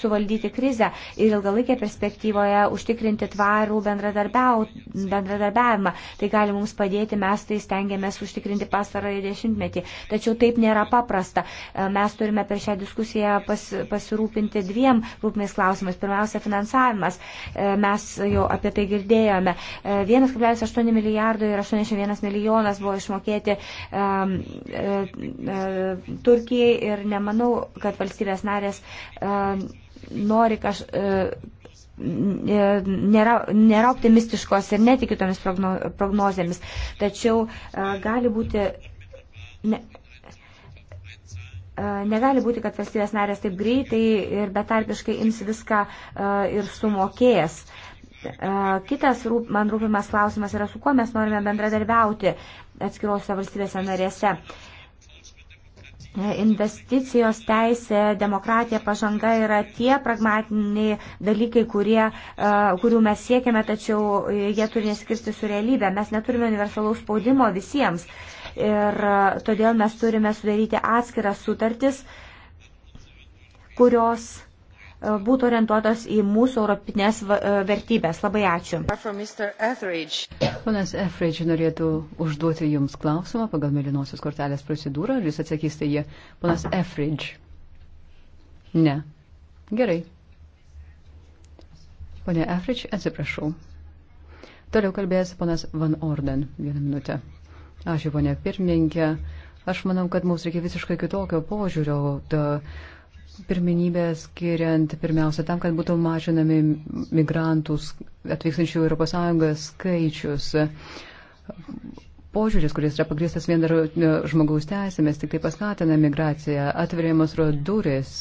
suvaldyti krizę ir ilgalaikė perspektyvoje užtikrinti tvarų bendradarbiavimą. Tai gali mums padėti, mes tai stengiamės užtikrinti pastarąjį dešimtmetį. Tačiau taip nėra paprasta. E, mes turime per šią diskusiją pas, pasirūpinti dviem rūpmės klausimais. Pirmiausia, finansavimas. Mes jau apie tai girdėjome. 1,8 milijardo ir 81 milijonas buvo išmokėti um, uh, Turkijai sunkiai ir nemanau, kad valstybės narės e, nori kaž, e, e, nėra, nėra optimistiškos ir netiki tomis progno, prognozėmis. Tačiau gali būti. Ne, Negali būti, kad valstybės narės taip greitai ir betarpiškai ims viską ir sumokės. Kitas rūp, man rūpimas klausimas yra, su kuo mes norime bendradarbiauti atskirose valstybėse narėse. Uh, investicijos teisė, demokratija, pažanga yra tie pragmatiniai dalykai, kurie, e, kurių mes siekiame, tačiau jie turi neskirsti su realybė. Mes neturime universalaus spaudimo visiems ir e, todėl mes turime sudaryti atskiras sutartis, kurios būtų orientuotos į mūsų europinės e, vertybės. Labai ačiū. Ponas Etheridge norėtų užduoti Jums klausimą pagal mėlynosios kortelės procedūrą. Ar Jūs atsakysite tai jį? Ponas Etheridge. Ne. Gerai. Pone Etheridge, atsiprašau. Toliau kalbės ponas Van Orden. Vieną minutę. Ačiū, ponė pirmininkė. Aš manau, kad mums reikia visiškai kitokio požiūrio. Ta, da pirmenybę skiriant pirmiausia tam, kad būtų mažinami migrantų atvykstančių Europos Sąjungą skaičius požiūris, kuris yra pagristas vien dar e, žmogaus teisėmis, tik tai paskatina migraciją, atveriamas yra durys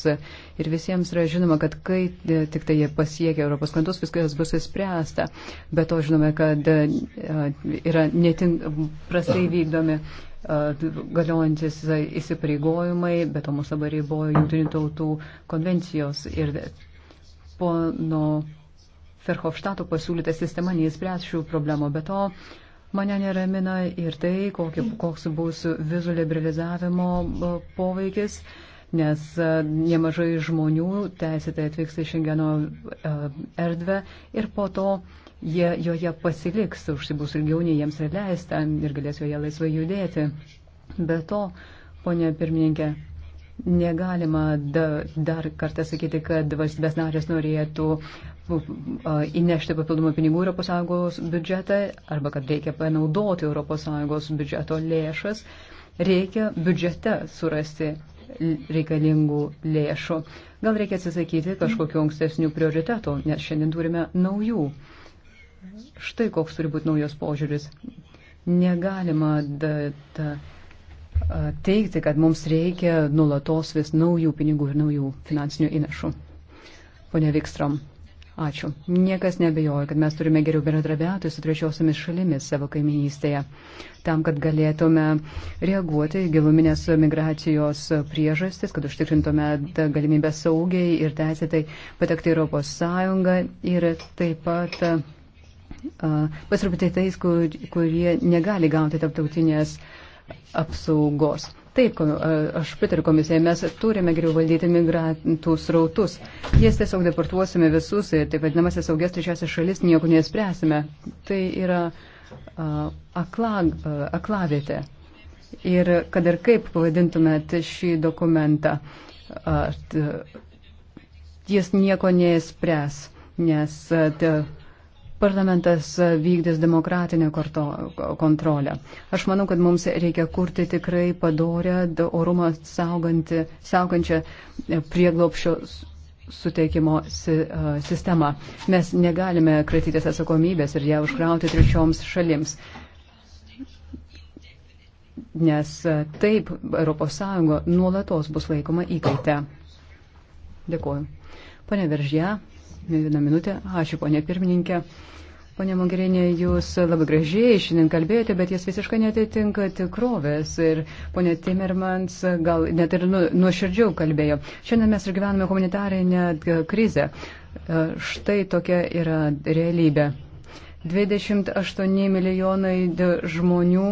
ir visiems yra žinoma, kad kai e, tik tai jie pasiekia Europos krantus, viskas bus įspręsta. Bet to žinome, kad e, yra netink, prastai vykdomi galiojantis įsipareigojimai, bet to mūsų dabar ribojo jungtinių tautų konvencijos ir pono Ferhofštato pasiūlyta sistema neįspręs šių problemų. Be to, uh, Mane neramina ir tai, kokį, koks bus vizų liberalizavimo e, poveikis, nes e, nemažai žmonių teisėtai atvyksta į Šengeno e, erdvę ir po to jie joje pasiliks, užsibūs ilgiau nei jiems yra leista ir galės joje laisvai judėti. Be to, ponė pirmininkė, negalima da, dar kartą sakyti, kad valstybės narės norėtų uh, įnešti papildomų pinigų ES biudžetą arba kad reikia panaudoti ES biudžeto lėšas, reikia biudžete surasti reikalingų lėšų. Gal reikia atsisakyti kažkokiu ankstesnių prioritetų, nes šiandien turime naujų. Štai koks turi būti naujos požiūris. Negalima da, da, teikti, kad mums reikia nulatos vis naujų pinigų ir naujų finansinių įnašų. Pone Vikstrom. Ačiū. Niekas nebejoja, kad mes turime geriau bendradarbiauti su trečiosiomis šalimis savo kaiminystėje, tam, kad galėtume reaguoti į giluminės migracijos priežastis, kad užtikrintume galimybę saugiai ir teisėtai patekti į Europos Sąjungą ir taip pat uh, pasirūpinti tais, kur, kurie negali gauti taptautinės apsaugos. Taip, aš pritariu komisijai, mes turime geriau valdyti migrantų srautus. Jas tiesiog deportuosime visus ir e, taip vadinamasis saugias trečiasis šalis nieko nespręsime. Tai yra akla, aklavietė. Ir kad ir kaip pavadintumėt šį dokumentą, jis nieko nespręs, nes. Tė, parlamentas vykdys demokratinę korto, kontrolę. Aš manau, kad mums reikia kurti tikrai padorę, orumą saugančią prieglopšio suteikimo si, uh, sistemą. Mes negalime kratytis atsakomybės ir ją užkrauti trečioms šalims. Nes taip ES nuolatos bus laikoma įkaitę. Dėkuoju. Pane Veržė, ne vieną minutę. Ačiū, ponė pirmininkė. Pone Mogherini, jūs labai gražiai šiandien kalbėjote, bet jis visiškai netitinka tikrovės. Ir ponė Timmermans gal net ir nu, nuoširdžiau nu kalbėjo. Šiandien mes ir gyvename humanitarinę krizę. Štai tokia yra realybė. 28 milijonai žmonių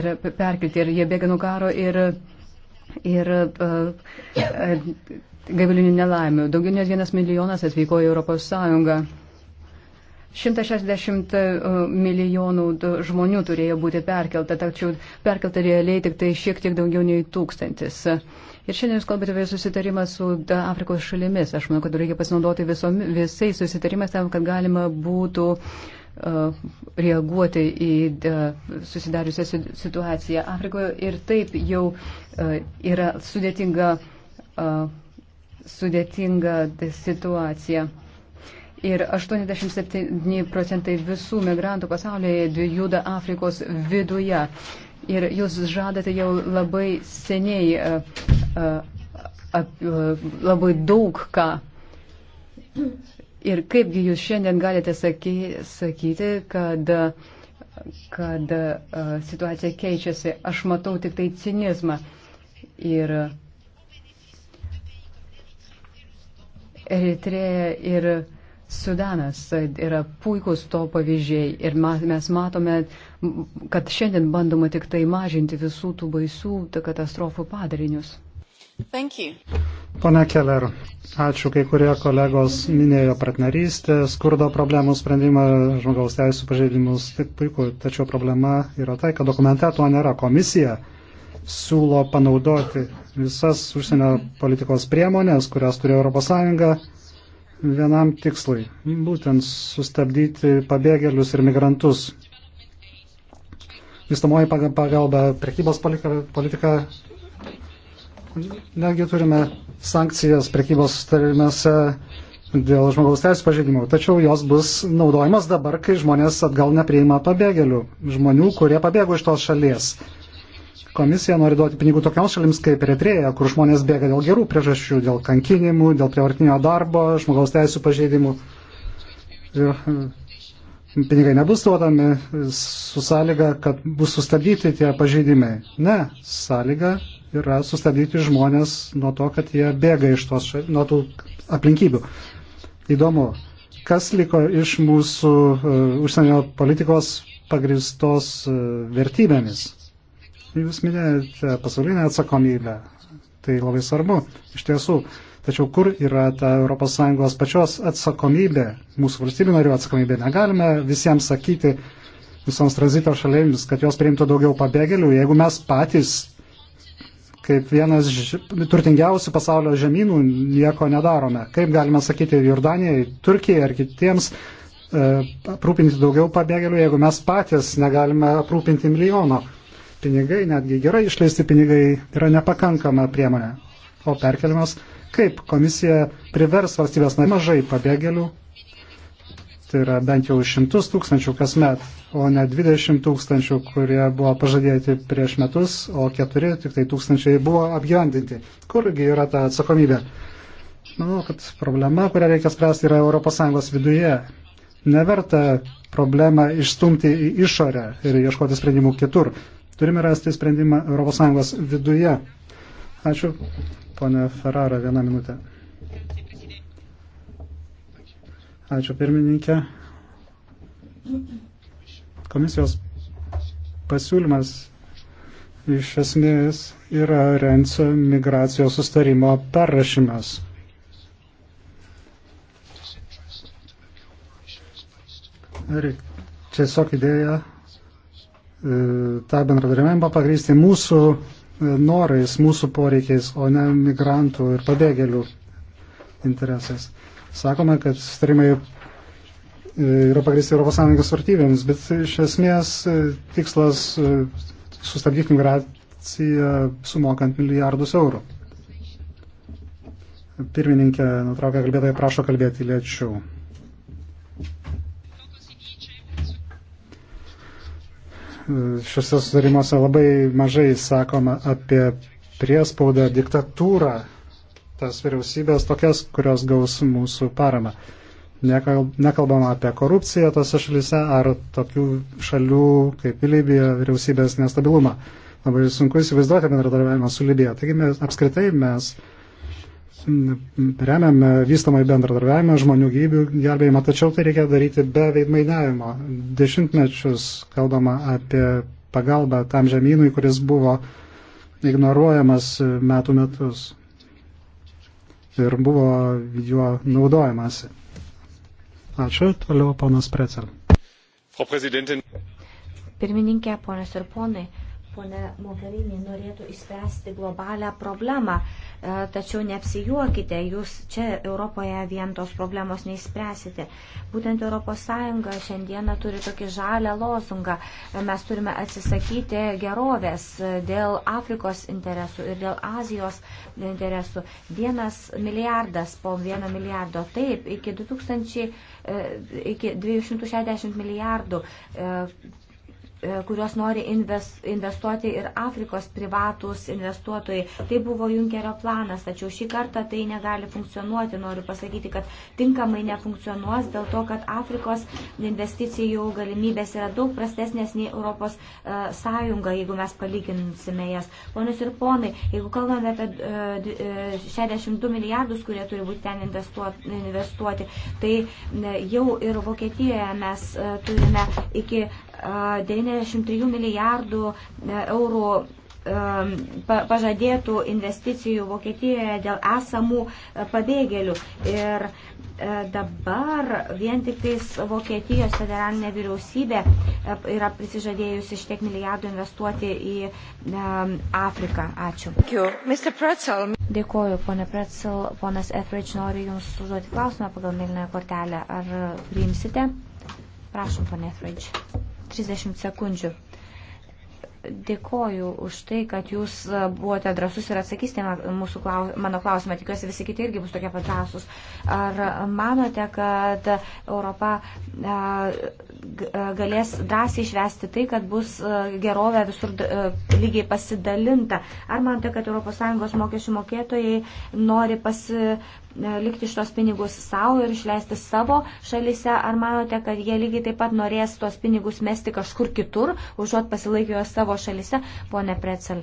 yra perkelti ir jie bėga nuo karo ir, ir uh, e, e, gavilinių nelaimių. Daugiau net vienas milijonas atvyko į Europos Sąjungą. 160 e, milijonų žmonių turėjo būti perkelta, tačiau perkelta realiai tik tai šiek tiek daugiau nei tūkstantis. Ir šiandien jūs kalbate apie susitarimą su Afrikos šalimis. Aš manau, kad reikia pasinaudoti visom, visais susitarimais tam, kad galima būtų uh, reaguoti į uh, susidariusią situaciją Afrikoje. Ir taip jau uh, yra sudėtinga, sudėtinga situacija ir 87 procentai visų migrantų pasaulyje juda Afrikos viduje. Ir jūs žadate jau labai seniai e, e, ap, e, labai daug ką. Ir kaipgi jūs šiandien galite saky, sakyti, kad, kad situacija keičiasi? Aš matau tik tai cinizmą. Ir Eritreja ir Sudanas yra puikus to pavyzdžiai ir mes matome, kad šiandien bandoma tik tai mažinti visų tų baisių katastrofų padarinius. Pone Keller, ačiū, kai kurie kolegos minėjo partnerystę, skurdo problemų sprendimą, žmogaus teisų pažeidimus, tai puiku, tačiau problema yra tai, kad dokumente to nėra. Komisija siūlo panaudoti visas užsienio politikos priemonės, kurias turi ES vienam tikslai - būtent sustabdyti pabėgėlius ir migrantus. Vystamoji pagalba, prekybos politika, netgi turime sankcijas prekybos sustarimuose dėl žmogaus teisų pažeidimų, tačiau jos bus naudojamos dabar, kai žmonės atgal nepriima pabėgėlių, žmonių, kurie pabėgo iš tos šalies. Komisija nori duoti pinigų tokioms šalims kaip Eritreja, kur žmonės bėga dėl gerų priežasčių, dėl kankinimų, dėl prievartinio darbo, žmogaus teisų pažeidimų. Ir e, pinigai nebus duodami su sąlyga, kad bus sustabdyti tie pažeidimai. Ne, sąlyga yra sustabdyti žmonės nuo to, kad jie bėga iš tos, nuo tų aplinkybių. Įdomu, kas liko iš mūsų uh, užsienio politikos pagristos uh, vertybėmis. Jūs minėjote pasaulinę atsakomybę. Tai labai svarbu, iš tiesų. Tačiau kur yra ta ES pačios atsakomybė, mūsų valstybių narių atsakomybė? Negalime visiems sakyti, visoms tranzito šalėmis, kad jos priimtų daugiau pabėgėlių, jeigu mes patys, kaip vienas ž... turtingiausių pasaulio žemynų, nieko nedarome. Kaip galime sakyti Jordanijai, Turkijai ar kitiems e, aprūpinti daugiau pabėgėlių, jeigu mes patys negalime aprūpinti milijono pinigai, netgi gerai išleisti pinigai, yra nepakankama priemonė. O perkeliamas, kaip komisija privers valstybės narį mažai pabėgėlių, tai yra bent jau šimtus tūkstančių kasmet, o ne 20 tūkstančių, kurie buvo pažadėti prieš metus, o keturi tik tai tūkstančiai buvo apgyvendinti. Kurgi yra ta atsakomybė? Manau, kad problema, kurią reikia spręsti, yra ES viduje. Neverta problemą išstumti į išorę ir ieškoti sprendimų kitur. Turime rasti sprendimą ES viduje. Ačiū, ponė Ferrara, vieną minutę. Ačiū, pirmininkė. Komisijos pasiūlymas iš esmės yra Rencio migracijos sustarimo perrašymas. Reik, tiesiog idėja E, tą bendradarbiavimą pagrysti mūsų e, norais, mūsų poreikiais, o ne migrantų ir pabėgėlių interesais. Sakome, kad sutarimai e, yra pagrysti ES vartybėms, bet iš esmės tikslas sustabdyti migraciją sumokant milijardus eurų. Pirmininkė nutraukia kalbėtoją, prašo kalbėti lėčiau. šiuose sudarimuose labai mažai sakoma apie priespaudą, diktatūrą, tas vyriausybės tokias, kurios gaus mūsų paramą. Nekalbama apie korupciją tose šalise ar tokių šalių kaip Libija vyriausybės nestabilumą. Labai sunku įsivaizduoti bendradarbiavimą su Libija. Taigi mes apskritai mes remiame vystamą bendradarbiavimą, žmonių gyvybių gelbėjimą, tačiau tai reikia daryti be veidmainiavimo. Dešimtmečius kalbama apie pagalbą tam žemynui, kuris buvo ignoruojamas metų metus ir buvo juo naudojamasi. Ačiū, toliau ponas Precel. Pirmininkė, ponas ir ponai ponė Mogherini norėtų išspręsti globalią problemą, e, tačiau neapsijuokite, jūs čia Europoje vien tos problemos neįspręsite. Būtent ES šiandieną turi tokį žalę lozungą. E, mes turime atsisakyti gerovės e, dėl Afrikos interesų ir dėl Azijos interesų. Vienas milijardas po vieno milijardo. Taip, iki, 2000, iki 260 milijardų E, kurios nori investuoti ir Afrikos privatus investuotojai. Tai buvo Junkerio planas, tačiau šį kartą tai negali funkcionuoti. Noriu pasakyti, kad tinkamai nefunkcionuos dėl to, kad Afrikos investicijų galimybės yra daug prastesnės nei Europos e, Sąjunga, jeigu mes palyginsime jas. Ponius ir ponai, jeigu kalbame apie 62 e, milijardus, kurie turi būti ten investuoti, tai jau ir Vokietijoje mes turime iki 93 milijardų e, eurų e, pažadėtų investicijų Vokietijoje dėl esamų e, pabėgėlių. Ir dabar vien tik tais Vokietijos federalinė vyriausybė yra prisižadėjusi šiek milijardų investuoti į Afriką. Ačiū. Dėkuoju, ponė Pretzel. Ponas Efridž nori Jums užduoti klausimą pagal mėlynąją kortelę. Ar priimsite? Prašom, ponė Efridž. 30 sekundžių. Dėkoju už tai, kad jūs e, buvote drasus ir atsakysite mūsų klaus, mano klausimą. Tikiuosi, visi kiti irgi bus tokie pat drasus. Ar manote, kad Europa e, e, galės drąsiai išvesti tai, kad bus gerovė visur lygiai pasidalinta? Ar manote, kad ES mokesčių mokėtojai nori pasi, E, likti šitos pinigus savo ir išleisti savo šalise, ar manote, kad jie lygiai taip pat norės tos pinigus mesti kažkur kitur, užuot pasilaikę juos savo šalise, ponė Precel?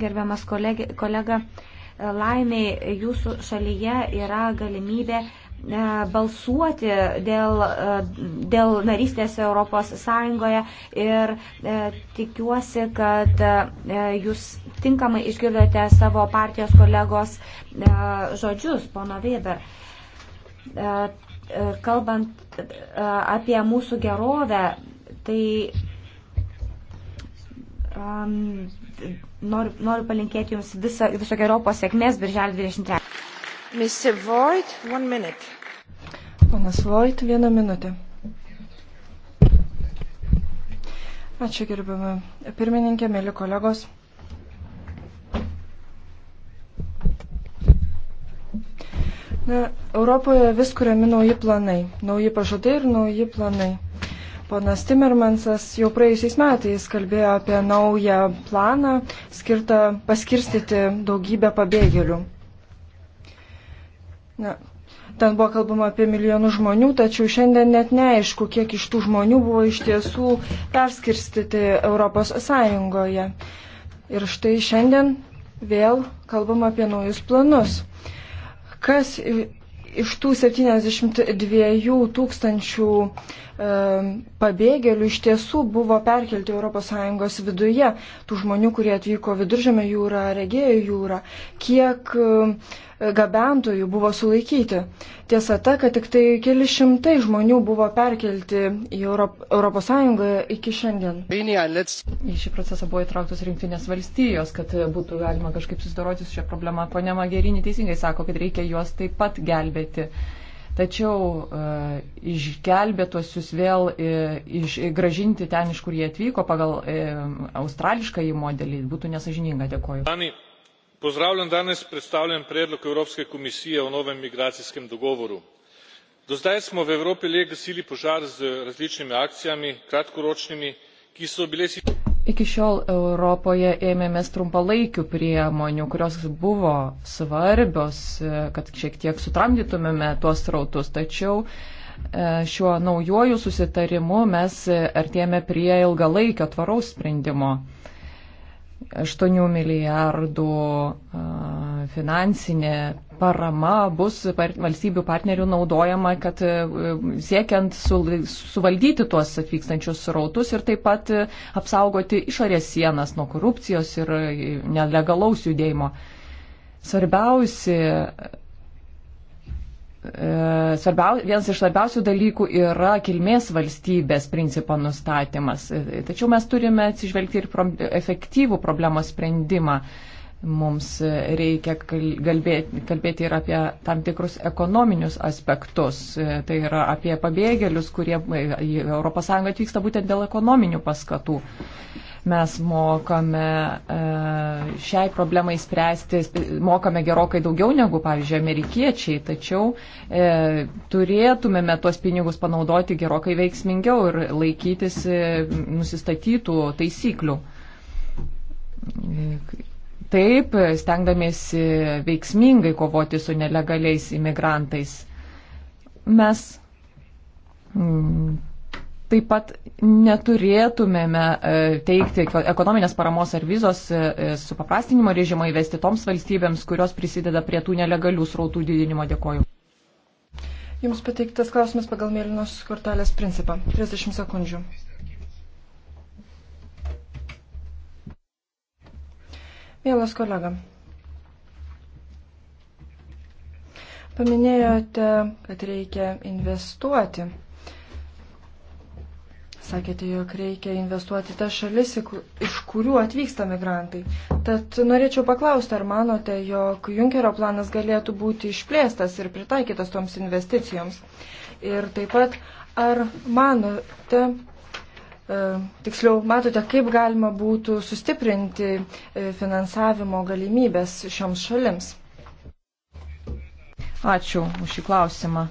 Gerbiamas kolegė, kolega, e, laimiai jūsų šalyje yra galimybė E, balsuoti dėl, e, dėl narystės Europos Sąjungoje ir e, tikiuosi, kad jūs tinkamai išgirdote savo partijos kolegos žodžius, pono Weber kalbant apie mūsų gerovę, tai um, noriu, noriu palinkėti Jums viso, viso geropos sėkmės birželio 23. Voigt, Ponas Voit, vieną minutę. Ačiū gerbiamą pirmininkę, mėly kolegos. Na, Europoje vis kuriami nauji planai, nauji pažadai ir nauji planai. Ponas Timmermansas jau praėjusiais metais kalbėjo apie naują planą skirtą paskirstyti daugybę pabėgėlių. Na, ten buvo kalbama apie milijonus žmonių, tačiau šiandien net neaišku, kiek iš tų žmonių buvo iš tiesų perskirstyti Europos Sąjungoje. Ir štai šiandien vėl kalbam apie naujus planus. Kas iš tų 72 tūkstančių e, pabėgėlių iš tiesų buvo perkelti ES viduje, tų žmonių, kurie atvyko viduržėme jūrą, regėjo jūrą, kiek e, gabentojų buvo sulaikyti. Tiesa ta, kad tik tai keli šimtai žmonių buvo perkelti į Europ Europos Sąjungą iki šiandien. Į šį procesą buvo įtrauktos rinktinės valstijos, kad būtų galima kažkaip susidoroti su šia problema. Pone Magerinė teisingai sako, kad reikia juos taip pat gelbėti. Tačiau uh, e, išgelbėtosius vėl uh, iš, gražinti ten, iš kur jie atvyko pagal uh, e, australišką į modelį, būtų nesažininga. Dėkoju. Dani pozdravljam danes predstavljen predlog evropske komisije o novem migracijskem dogovoru. do zdaj smo v evropi le gasili požar z različnimi akcijami kratkoročnimi ki so bile sicer. iki šiol europoje ėmėmės trumpalaikių priemonių kurios buvo svarbios kad šiek tiek sutramdytumėme tuos srautus tačiau e, šiuo naujuoju susitarimu mes artėjame prie ilgalaikio tvaraus sprendimo 8 milijardų finansinė parama bus valstybių partnerių naudojama, kad e, siekiant suvaldyti tuos atvykstančius srautus ir taip pat e, apsaugoti išorės sienas nuo korupcijos ir e, nelegalaus judėjimo. Svarbiausi E, svarbiau, vienas iš svarbiausių dalykų yra kilmės valstybės principo nustatymas. E, tačiau mes turime atsižvelgti ir pro, efektyvų problemos sprendimą. Mums reikia kalbėti, kalbėti ir apie tam tikrus ekonominius aspektus. Tai yra apie pabėgėlius, kurie į ES atvyksta būtent dėl ekonominių paskatų. Mes mokame e, šiai problemai spręsti, mokame gerokai daugiau negu, pavyzdžiui, amerikiečiai, tačiau e, turėtumėme tuos pinigus panaudoti gerokai veiksmingiau ir laikytis e, nusistatytų taisyklių Taip, stengdamiesi veiksmingai kovoti su nelegaliais imigrantais, mes mm, taip pat neturėtumėme e, teikti ekonominės paramos ar vizos e, e, supaprastinimo režimo įvesti toms valstybėms, kurios prisideda prie tų nelegalių srautų didinimo. Dėkoju. Jums pateiktas klausimas pagal mėlynos kortelės principą. 30 sekundžių. Mielas kolega, paminėjote, kad reikia investuoti. Sakėte, jog reikia investuoti tą šalis, iš kurių atvyksta migrantai. Tad norėčiau paklausti, ar manote, jog Junkerio planas galėtų būti išplėstas ir pritaikytas toms investicijoms? Ir taip pat, ar manote, E, tiksliau, matote, kaip galima būtų sustiprinti e, finansavimo galimybės šioms šalims? Ačiū už šį klausimą.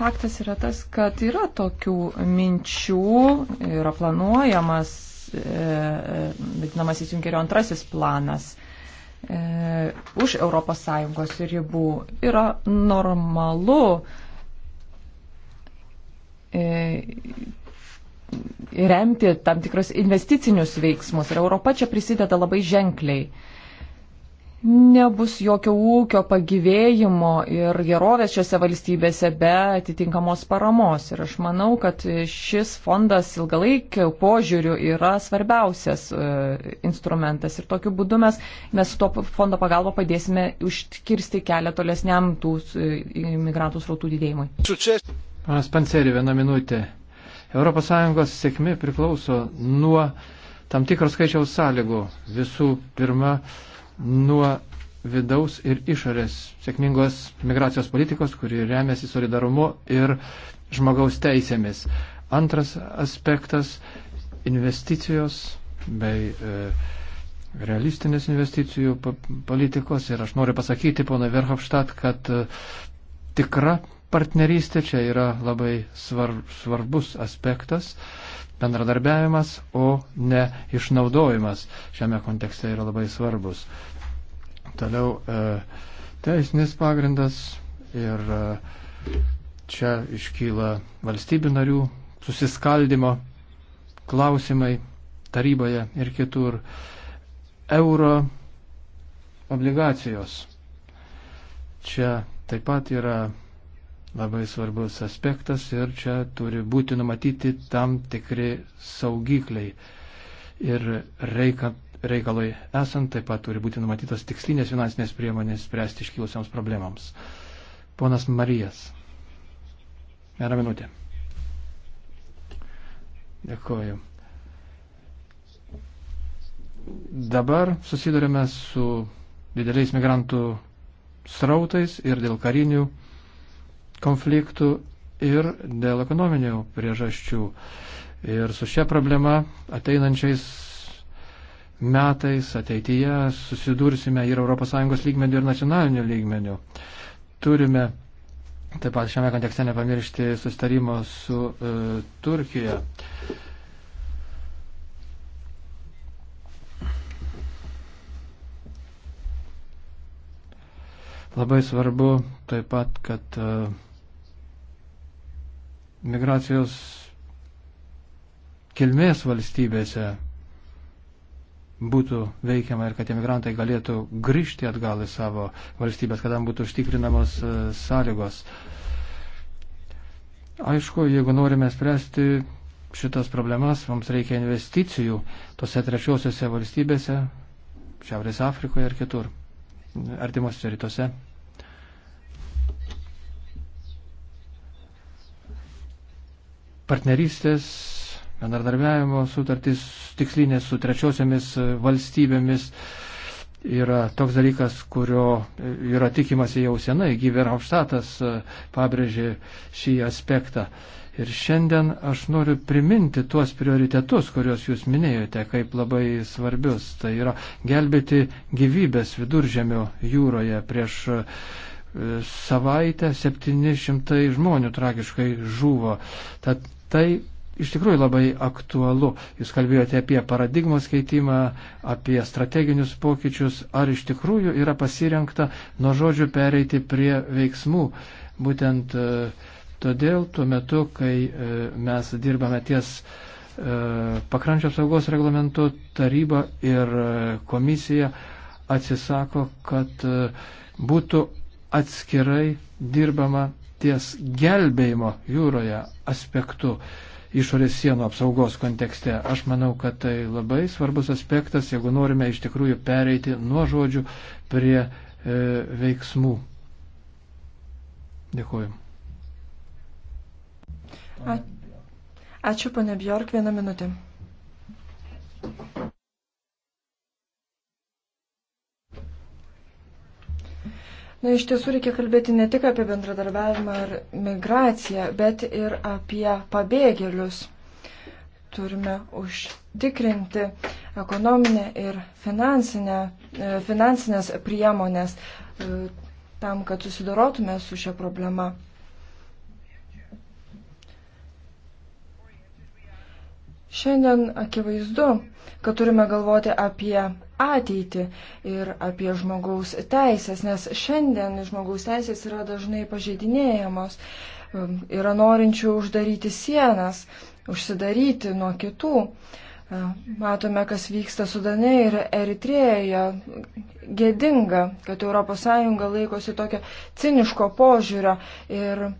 Faktas yra tas, kad yra tokių minčių, yra planuojamas e, vadinamasis Junkerio antrasis planas e, už ES ribų. Yra normalu e, remti tam tikrus investicinius veiksmus ir Europa čia prisideda labai ženkliai. Nebus jokio ūkio pagyvėjimo ir gerovės šiose valstybėse be atitinkamos paramos. Ir aš manau, kad šis fondas ilgalaikio požiūrių yra svarbiausias e, instrumentas. Ir tokiu būdu mes, mes su to fondo pagalba padėsime užkirsti kelią tolesniam tų e, imigrantų srautų didėjimui. Panas Panseri, vieną minutę. ES sėkmė priklauso nuo tam tikros skaičiaus sąlygų. Visų pirma, nuo vidaus ir išorės sėkmingos migracijos politikos, kuri remiasi solidarumu ir žmogaus teisėmis. Antras aspektas - investicijos bei e, realistinės investicijų politikos. Ir aš noriu pasakyti, pono Verhofstadt, kad e, tikra partnerystė čia yra labai svarb, svarbus aspektas, bendradarbiavimas, o ne išnaudojimas šiame kontekste yra labai svarbus. Toliau e, teisinis pagrindas ir e, čia iškyla valstybių narių susiskaldimo klausimai taryboje ir kitur. Euro obligacijos. Čia taip pat yra labai svarbus aspektas ir čia turi būti numatyti tam tikri saugikliai. Ir reika, reikalui esant taip pat turi būti numatytos tikslinės finansinės priemonės spręsti iškilusiams problemams. Ponas Marijas. Gerą minutę. Dėkuoju. Dabar susidurime su dideliais migrantų srautais ir dėl karinių konfliktų ir dėl ekonominių priežasčių. Ir su šia problema ateinančiais metais ateityje susidursime ir ES lygmenių, ir nacionalinių lygmenių. Turime taip pat šiame kontekste nepamiršti sustarimo su e, Turkija. Labai svarbu taip pat, kad e, migracijos kilmės valstybėse būtų veikiama ir kad emigrantai galėtų grįžti atgal į savo valstybės, kad tam būtų užtikrinamos e, sąlygos. Aišku, jeigu norime spręsti šitas problemas, mums reikia investicijų tose trečiosiose valstybėse, Šiaurės Afrikoje ir kitur, artimuose rytuose. partnerystės, bendradarbiavimo sutartys tikslinės su trečiosiamis valstybėmis yra toks dalykas, kurio yra tikimasi jau senai. Gyverhofštatas pabrėžė šį aspektą. Ir šiandien aš noriu priminti tuos prioritetus, kuriuos jūs minėjote, kaip labai svarbius. Tai yra gelbėti gyvybės viduržėmio jūroje prieš e, savaitę 700 žmonių tragiškai žuvo. Tad Tai iš tikrųjų labai aktualu. Jūs kalbėjote apie paradigmos keitimą, apie strateginius pokyčius, ar iš tikrųjų yra pasirinkta nuo žodžių pereiti prie veiksmų. Būtent e, todėl tuo metu, kai e, mes dirbame ties e, pakrančio apsaugos reglamentu, taryba ir komisija atsisako, kad būtų atskirai dirbama ties gelbėjimo jūroje aspektu išorės sienų apsaugos kontekste. Aš manau, kad tai labai svarbus aspektas, jeigu norime iš tikrųjų pereiti nuo žodžių prie e, veiksmų. Dėkuoju. Ačiū, pane Bjork, vieną minutę. Na, iš tiesų reikia kalbėti ne tik apie bendradarbiavimą ir migraciją, bet ir apie pabėgėlius. Turime užtikrinti ekonominę ir finansinę, e, finansinės priemonės e, tam, kad susidorotume su šia problema. Šiandien akivaizdu, kad turime galvoti apie ateitį ir apie žmogaus teisės, nes šiandien žmogaus teisės yra dažnai pažeidinėjamos. Ehm, yra norinčių uždaryti sienas, užsidaryti nuo kitų. Ehm, matome, kas vyksta Sudane ir Eritrėjoje. Gėdinga, kad ES laikosi tokio ciniško požiūrio ir e,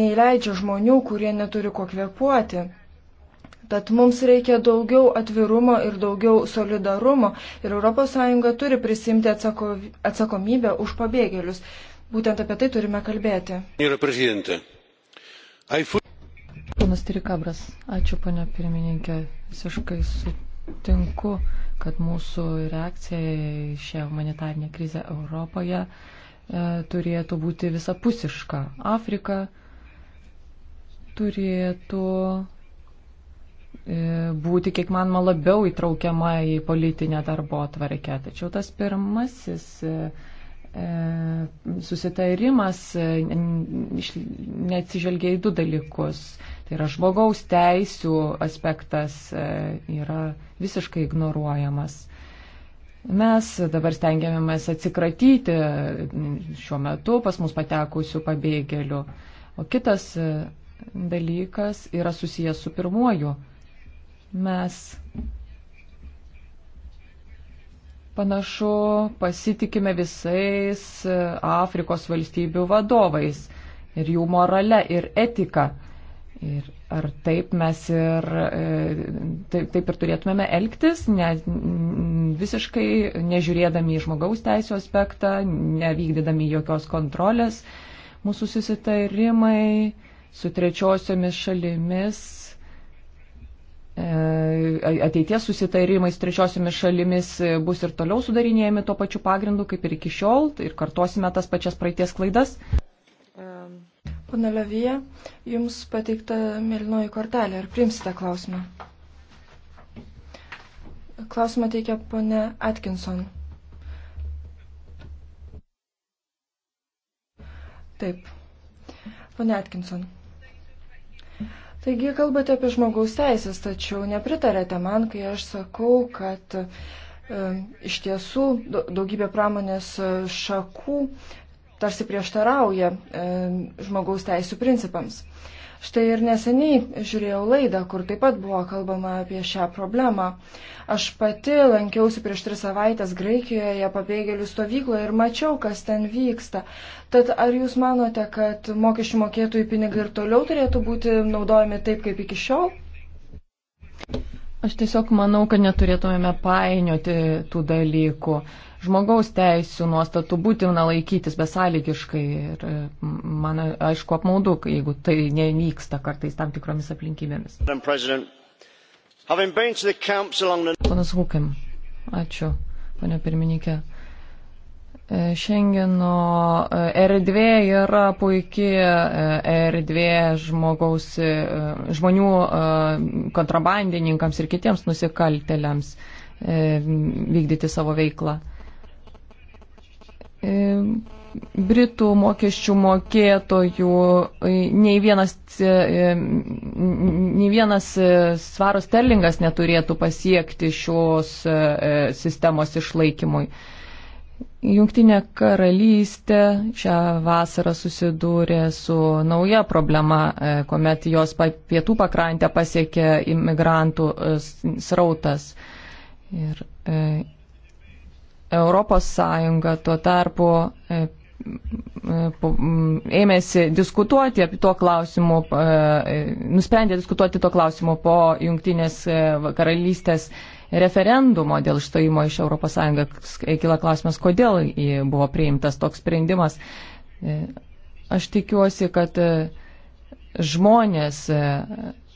neįleidžia žmonių, kurie neturi ko kvepuoti. Tad mums reikia daugiau atvirumo ir daugiau solidarumo ir ES turi prisimti atsako, atsakomybę už pabėgėlius. Būtent apie tai turime kalbėti. Ponas Tirikabras, ačiū ponia pirmininkė, visiškai sutinku, kad mūsų reakcija į šią humanitarinę krizę Europoje e, turėtų būti visapusiška. Afrika turėtų E, būti kiek manoma labiau įtraukiama į politinę darbo atvarkę. Tačiau tas pirmasis e, e, susitarimas neatsižvelgia į du dalykus. Tai yra žmogaus teisų aspektas yra visiškai ignoruojamas. Mes dabar stengiamės atsikratyti šiuo metu pas mus patekusių pabėgėlių. O kitas dalykas yra susijęs su pirmuoju Mes panašu pasitikime visais e, Afrikos valstybių vadovais ir jų morale ir etika. Ir ar taip mes ir e, taip, taip ir turėtumėme elgtis, ne, visiškai nežiūrėdami į žmogaus teisų aspektą, nevykdydami jokios kontrolės, mūsų susitarimai su trečiosiomis šalimis E, ateities susitarimai su trečiosiomis šalimis e, bus ir toliau sudarinėjami tuo pačiu pagrindu kaip ir iki šiol tai ir kartosime tas pačias praeities klaidas. Pana Levija, jums pateikta mėlynoji kortelė. Ar primsite klausimą? Klausimą teikia ponė Atkinson. Taip. Pone Atkinson. Taigi kalbate apie žmogaus teisės, tačiau nepritarėte man, kai aš sakau, kad e, iš tiesų daugybė pramonės e, šakų tarsi prieštarauja e, žmogaus teisų principams. E, Štai ir neseniai žiūrėjau laidą, kur taip pat buvo kalbama apie šią problemą. Aš pati lankiausi prieš tris savaitės Graikijoje pabėgėlių stovykloje ir mačiau, kas ten vyksta. Tad ar jūs manote, kad mokesčių mokėtojų pinigai ir toliau turėtų būti naudojami taip, kaip iki šiol? Aš tiesiog manau, kad neturėtumėme painioti tų dalykų žmogaus teisų nuostatų būtina laikytis besąlygiškai ir e, man aišku apmaudu, jeigu tai nevyksta kartais tam tikromis aplinkybėmis. Panas Hukim, ačiū, pane pirmininkė. E, Šengeno e, erdvė yra puikia erdvė žmogaus, žmonių kontrabandininkams ir kitiems nusikaltėliams vykdyti savo veiklą. E, Britų mokesčių mokėtojų e, nei vienas, e, nei vienas svaros sterlingas neturėtų pasiekti šios sistemos išlaikymui. Junktinė karalystė šią vasarą susidūrė su nauja problema, kuomet jos pietų pakrantę pasiekė imigrantų srautas. Ir Europos Sąjunga tuo tarpu e, e, ėmėsi diskutuoti apie to klausimu, e, nusprendė diskutuoti to klausimu po jungtinės karalystės referendumo dėl išstojimo iš ES. Kila klausimas, kodėl buvo priimtas toks sprendimas. Aš tikiuosi, kad žmonės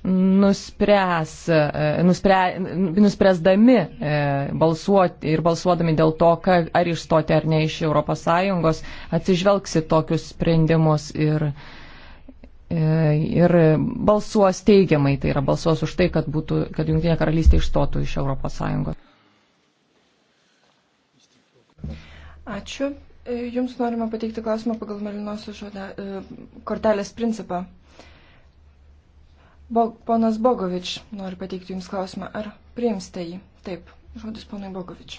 nuspręs, e, nuspre, nuspręsdami e, balsuoti ir balsuodami dėl to, ar išstoti ar ne iš ES, atsižvelgsi tokius sprendimus ir, e, ir balsuos teigiamai, tai yra balsuos už tai, kad, būtų, kad Junktinė karalystė išstotų iš ES. Ačiū. Jums norima pateikti klausimą pagal Melinosios žodę kortelės principą. Bo, ponas Bogovič nori pateikti Jums klausimą. Ar priimsite jį? Taip. Žodis ponui Bogovič.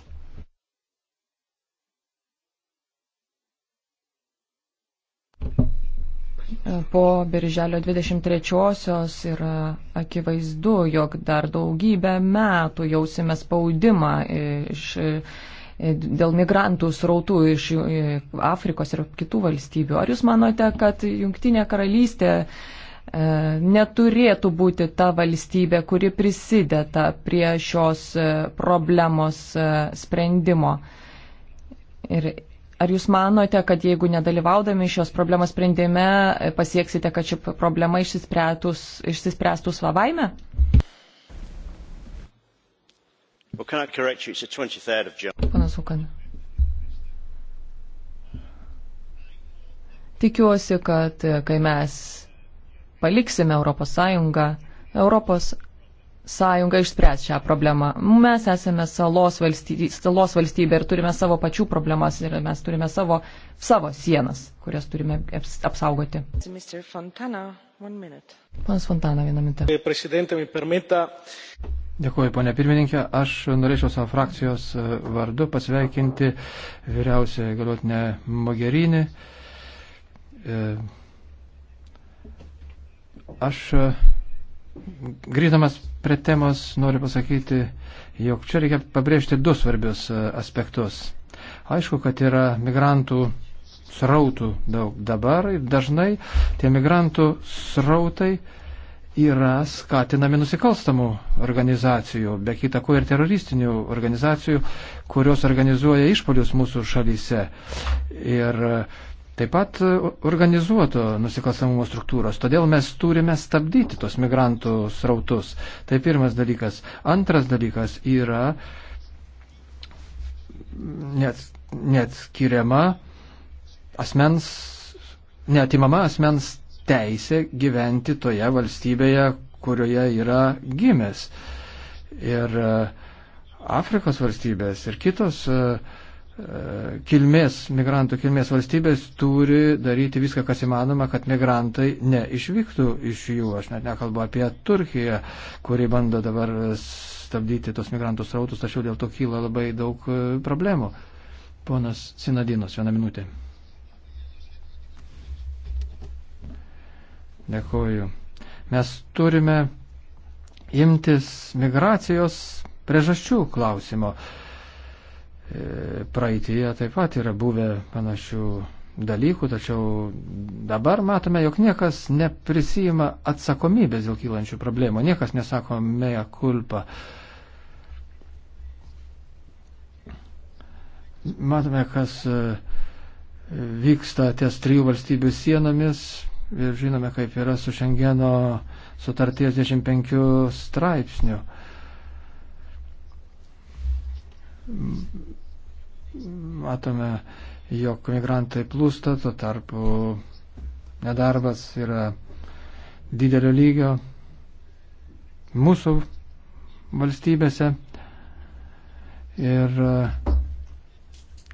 Po birželio 23-osios yra akivaizdu, jog dar daugybę metų jausime spaudimą iš, dėl migrantų srautų iš Afrikos ir kitų valstybių. Ar Jūs manote, kad Junktinė karalystė E, neturėtų būti ta valstybė, kuri prisideda prie šios e, problemos e, sprendimo. Ir ar jūs manote, kad jeigu nedalyvaudami šios problemos sprendime pasieksite, kad ši problema išsispręstų savaime? Panas Hukan. Tikiuosi, kad kai mes paliksime Europos Sąjungą, Europos sąjunga išspręs šią problemą. Mes esame salos valstybė, salos valstybė ir turime savo pačių problemas ir mes turime savo, savo sienas, kurias turime apsaugoti. Panas Fontana, vieną minutę. Dėkuoju, ponė pirmininkė. Aš norėčiau savo frakcijos e, vardu pasveikinti vyriausią galotinę Mogerinį. E, Aš e, grįždamas prie temos noriu pasakyti, jog čia reikia pabrėžti du svarbius e, aspektus. Aišku, kad yra migrantų srautų daug dabar ir dažnai tie migrantų srautai yra skatinami nusikalstamų organizacijų, be kita ko ir teroristinių organizacijų, kurios organizuoja išpolius mūsų šalyse. Ir uh, taip pat e, organizuoto nusikalstamumo struktūros. Todėl mes turime stabdyti tos migrantų srautus. Tai pirmas dalykas. Antras dalykas yra neatskiriama asmens, neatimama asmens teisė gyventi toje valstybėje, kurioje yra gimęs. Ir e, Afrikos valstybės ir kitos uh, kilmės, migrantų kilmės valstybės turi daryti viską, kas įmanoma, kad migrantai neišvyktų iš jų. Aš net nekalbu apie Turkiją, kuri bando dabar stabdyti tos migrantų srautus, tačiau dėl to kyla labai daug e, problemų. Ponas Sinadinos, vieną minutę. Dėkuoju. Mes turime imtis migracijos priežasčių klausimo. Uh, praeitėje taip pat yra buvę panašių dalykų, tačiau dabar matome, jog niekas neprisijima atsakomybės dėl kylančių problemų, niekas nesako meja kulpa. Matome, kas e, vyksta ties trijų valstybių sienomis ir žinome, kaip yra su Šengeno sutarties 25 straipsniu Matome, jog migrantai plūsta, tuo tarpu nedarbas yra didelio lygio mūsų valstybėse. Ir e,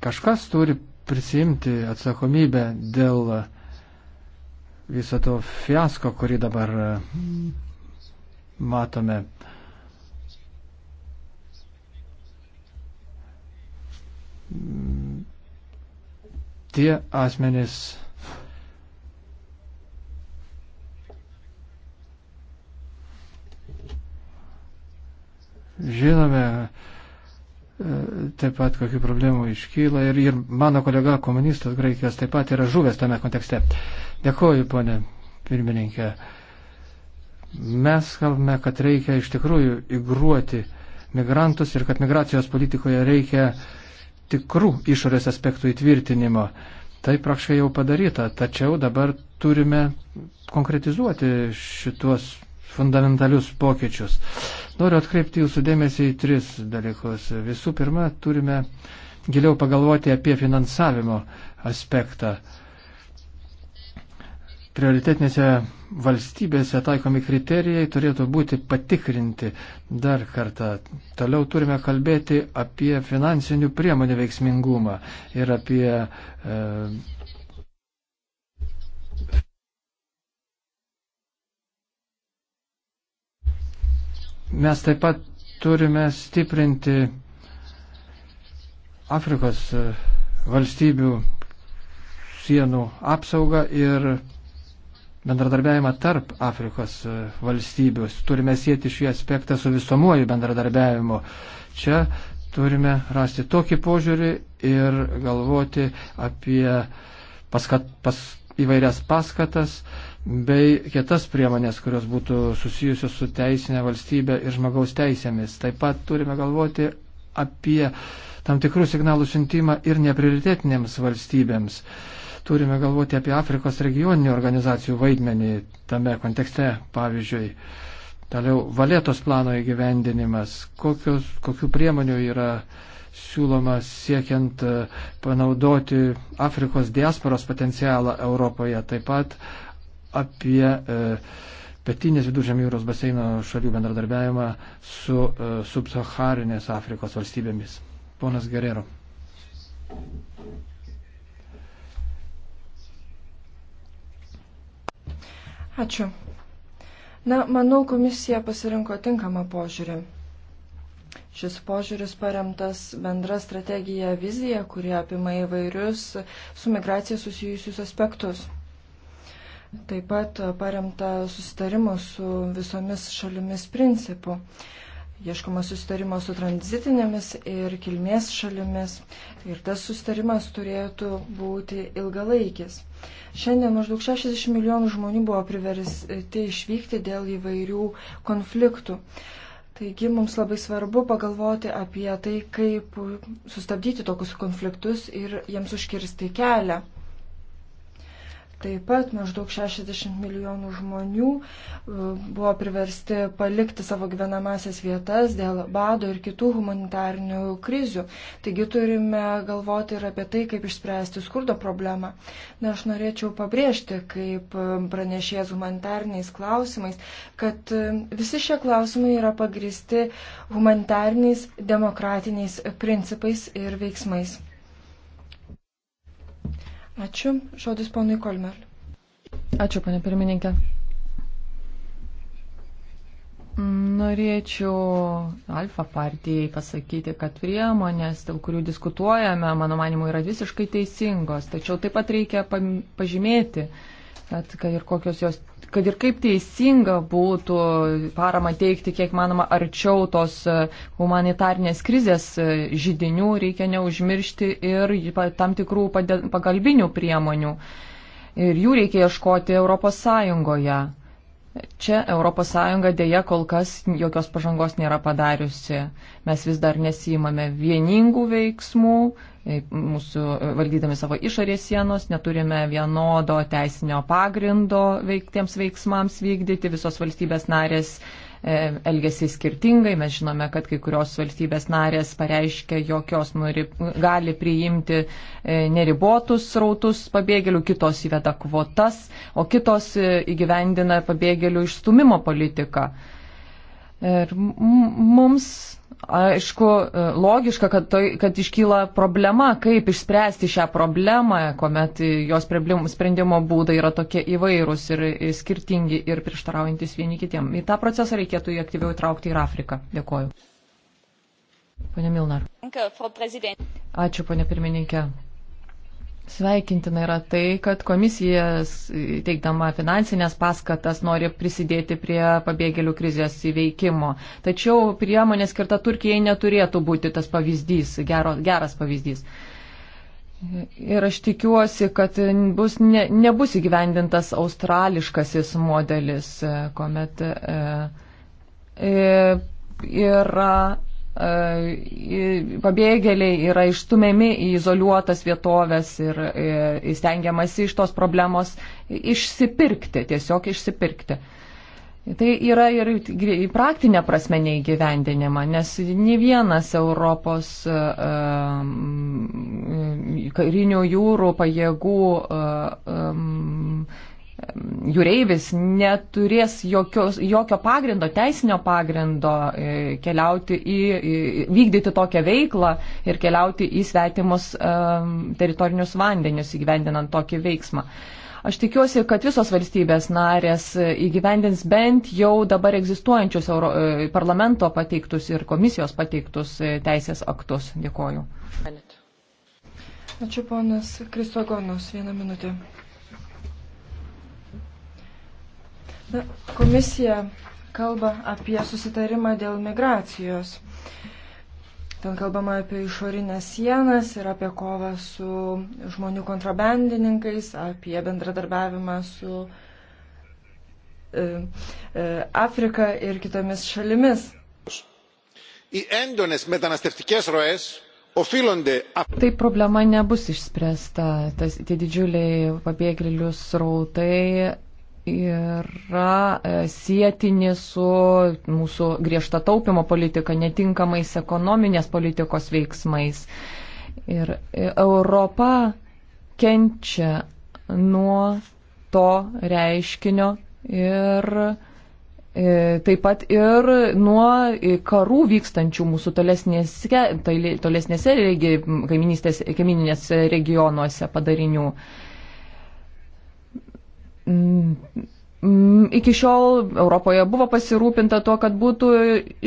kažkas turi prisimti atsakomybę dėl viso to fiasko, kurį dabar e, matome. tie asmenys, žinome e, taip pat, kokių problemų iškyla ir, ir mano kolega komunistas Graikijos taip pat yra žuvęs tame kontekste. Dėkoju, ponė pirmininkė. Mes kalbame, kad reikia iš tikrųjų įgruoti migrantus ir kad migracijos politikoje reikia uh, tikrų išorės aspektų įtvirtinimo. Tai praktiškai jau padaryta, tačiau dabar turime konkretizuoti šitos fundamentalius pokyčius. Noriu atkreipti jūsų dėmesį į tris dalykus. Visų pirma, turime giliau pagalvoti apie finansavimo aspektą. Uh, prioritetinėse valstybėse taikomi kriterijai turėtų būti patikrinti dar kartą. Toliau turime kalbėti apie finansinių priemonių veiksmingumą ir apie. E, Mes taip pat turime stiprinti Afrikos e, valstybių sienų apsaugą ir bendradarbiavimą tarp Afrikos e, valstybių. Turime sėti šį aspektą su visuomuoju bendradarbiavimu. Čia turime rasti tokį požiūrį ir galvoti apie paskat, pas, įvairias paskatas bei kitas priemonės, kurios būtų susijusios su teisinė valstybė ir žmogaus teisėmis. Taip pat turime galvoti apie tam tikrų signalų siuntimą ir neprioritetinėms valstybėms. Uh, Turime galvoti apie Afrikos regioninių organizacijų vaidmenį tame kontekste, pavyzdžiui. Toliau valėtos plano įgyvendinimas, kokios, kokių priemonių yra siūloma siekiant e, panaudoti Afrikos diasporos potencialą Europoje, taip pat apie e, pietinės viduržėmio jūros baseino šalių bendradarbiavimą su e, subsaharinės Afrikos valstybėmis. Ponas Gerero. Ačiū. Na, manau, komisija pasirinko tinkamą požiūrį. Šis požiūris paremtas bendra strategija vizija, kurie apima įvairius su migracija susijusius aspektus. Taip pat paremta susitarimo su visomis šalimis principu. Ieškoma susitarimo su tranzitinėmis ir kilmės šalimis. Ir tas susitarimas turėtų būti ilgalaikis. Šiandien maždaug 60 milijonų žmonių buvo priversti išvykti dėl įvairių konfliktų. Taigi mums labai svarbu pagalvoti apie tai, kaip sustabdyti tokius konfliktus ir jiems užkirsti kelią. Taip pat maždaug 60 milijonų žmonių e, buvo priversti palikti savo gyvenamasias vietas dėl bado ir kitų humanitarinių krizių. Taigi turime galvoti ir apie tai, kaip išspręsti skurdo problemą. Na, aš norėčiau pabrėžti, kaip pranešėjas humanitariniais klausimais, kad e, visi šie klausimai yra pagristi humanitariniais demokratiniais principais ir veiksmais. Ačiū. Žodis ponui Kolmer. Ačiū, ponė pirmininkė. Norėčiau Alfa partijai pasakyti, kad priemonės, dėl kurių diskutuojame, mano manimu, yra visiškai teisingos. Tačiau taip pat reikia pažymėti, kad, kad ir kokios jos, kad ir kaip teisinga būtų parama teikti, kiek manoma, arčiau tos e, humanitarnės krizės e, žydinių, reikia neužmiršti ir tam tikrų pagalbinių priemonių. Ir jų reikia ieškoti Europos Sąjungoje. Čia ES dėja kol kas jokios pažangos nėra padariusi. Mes vis dar nesijimame vieningų veiksmų E, mūsų e, valdydami savo išorės sienos, neturime vienodo teisinio pagrindo veiktiems veiksmams vykdyti, visos valstybės narės e, elgesi skirtingai. Mes žinome, kad kai kurios valstybės narės pareiškia, jog jos gali priimti neribotus rautus pabėgėlių, kitos įveda kvotas, o kitos įgyvendina pabėgėlių išstumimo politiką. Ir mums aišku, e, logiška, kad, to, kad iškyla problema, kaip išspręsti šią problemą, kuomet jos sprendimo būdai yra tokie įvairūs ir, ir skirtingi ir prieštaraujantis vieni kitiem. Į tą procesą reikėtų aktyviau įtraukti ir Afriką. Dėkoju. Pone Milnar. Ačiū, ponė pirmininkė. Sveikintina yra tai, kad komisija, teikdama finansinės paskatas, nori prisidėti prie pabėgėlių krizės įveikimo. Tačiau priemonė skirta Turkijai neturėtų būti tas pavyzdys, gero, geras pavyzdys. Ir aš tikiuosi, kad bus, ne, nebus įgyvendintas australiškasis modelis, kuomet e, e, yra pabėgėliai yra išstumiami į izoliuotas vietovės ir e, stengiamasi iš tos problemos išsipirkti, tiesiog išsipirkti. Tai yra ir praktinė prasme neįgyvendinima, nes ne vienas Europos e, e, karinių jūrų pajėgų jūreivis neturės jokios, jokio pagrindo, teisinio pagrindo e, keliauti į, vykdyti tokią veiklą ir keliauti į svetimus e, teritorinius vandenius įgyvendinant tokį veiksmą. Aš tikiuosi, kad visos valstybės narės įgyvendins bent jau dabar egzistuojančius Euro, e, parlamento pateiktus ir komisijos pateiktus teisės aktus. Dėkoju. Ačiū ponas Kristogonas, vieną minutę. Na, komisija kalba apie susitarimą dėl migracijos. Ten kalbama apie išorinės sienas ir apie kovą su žmonių kontrabandininkais, apie bendradarbiavimą su e, e, Afrika ir kitomis šalimis. Tai problema nebus išspręsta. Tas, tie didžiuliai pabėgėlių srautai yra e, sėtini su mūsų griežta taupimo politika, netinkamais ekonominės politikos veiksmais. Ir e, Europa kenčia nuo to reiškinio ir e, taip pat ir nuo karų vykstančių mūsų tolesnėse, tolesnėse regi, kaiminėse regionuose padarinių. Mm, mm, iki šiol Europoje buvo pasirūpinta tuo, kad būtų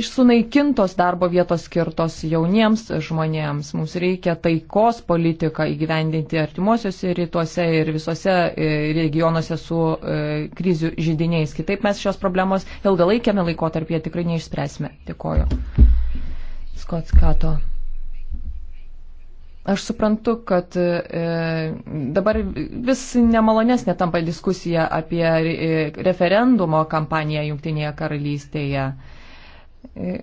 išsunaikintos darbo vietos skirtos jauniems žmonėms. Mums reikia taikos politiką įgyvendinti artimuosiuose rytuose ir visose e, regionuose su e, krizių žydiniais. Kitaip mes šios problemos ilgalaikėme laikotarpyje tikrai neišspręsime. Dėkoju. Skotskato. Aš suprantu, kad e, dabar vis nemalonesnė tampa diskusija apie e, referendumo kampaniją Junktinėje karalystėje. E, E,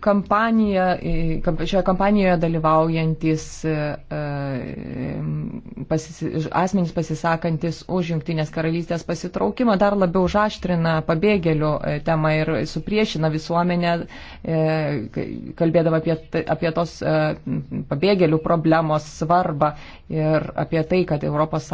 kampanija, e, šioje kampanijoje dalyvaujantis e, pasis, asmenys pasisakantis už Junktinės karalystės pasitraukimą dar labiau žaštrina pabėgėlių temą ir supriešina visuomenę, kalbėdama apie, apie tos pabėgėlių problemos svarbą ir apie tai, kad ES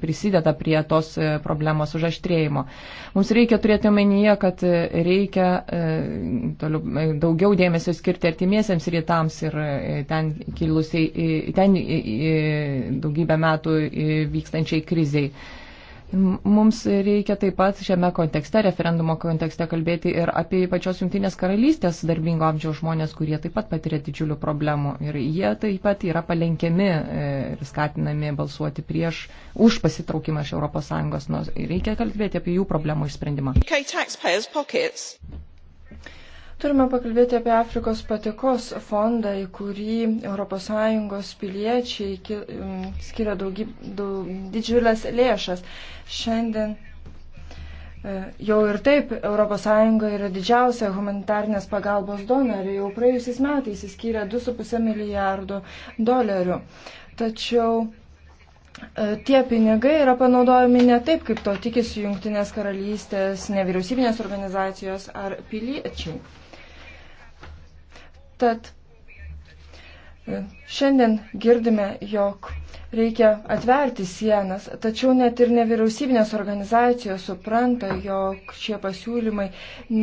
prisideda prie tos problemos užaštrėjimo. Mums reikia turėti omenyje, kad reikia reikia e, toliau, e, daugiau dėmesio skirti artimiesiems rytams ir e, ten kilusiai, ten daugybę metų vykstančiai kriziai. Mums reikia taip pat šiame kontekste, referendumo kontekste kalbėti ir apie pačios Junktinės karalystės darbingo amžiaus žmonės, kurie taip pat patiria didžiulių problemų. Ir jie taip pat yra palenkiami e, ir skatinami balsuoti prieš, už pasitraukimą iš ES. Reikia kalbėti apie jų problemų išsprendimą. Turime pakalbėti apie Afrikos patikos fondą, į kurį ES piliečiai mm, skiria daugyb, daug, didžiulės lėšas. Šiandien e, jau ir taip ES yra didžiausia humanitarnės pagalbos donorė, jau praėjusiais metais įskyrė 2,5 milijardų dolerių. Tačiau e, tie pinigai yra panaudojami ne taip, kaip to tikisi Junktinės karalystės, nevyriausybinės organizacijos ar piliečiai. Tad e, šiandien girdime, jog reikia atverti sienas, tačiau net ir nevyriausybinės organizacijos supranta, jog šie pasiūlymai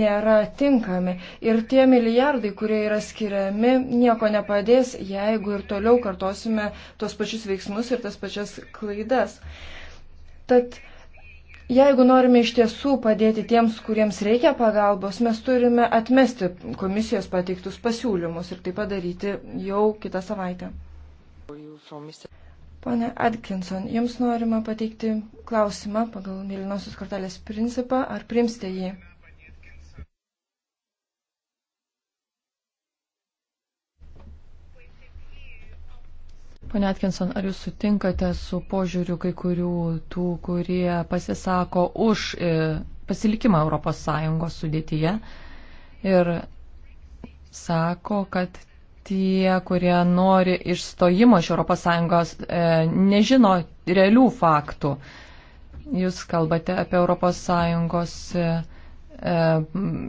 nėra tinkami. Ir tie milijardai, kurie yra skiriami, nieko nepadės, jeigu ir toliau kartosime tos pačius veiksmus ir tas pačias klaidas. Tad Jeigu norime iš tiesų padėti tiems, kuriems reikia pagalbos, mes turime atmesti komisijos pateiktus pasiūlymus ir tai padaryti jau kitą savaitę. Pone Atkinson, jums norima pateikti klausimą pagal mėlynosios kortelės principą, ar primstė jį? Pone Atkinson, ar jūs sutinkate su požiūriu kai kurių tų, kurie pasisako už e, pasilikimą ES sudėtyje ir sako, kad tie, kurie nori išstojimo iš ES, e, nežino realių faktų. Jūs kalbate apie ES E,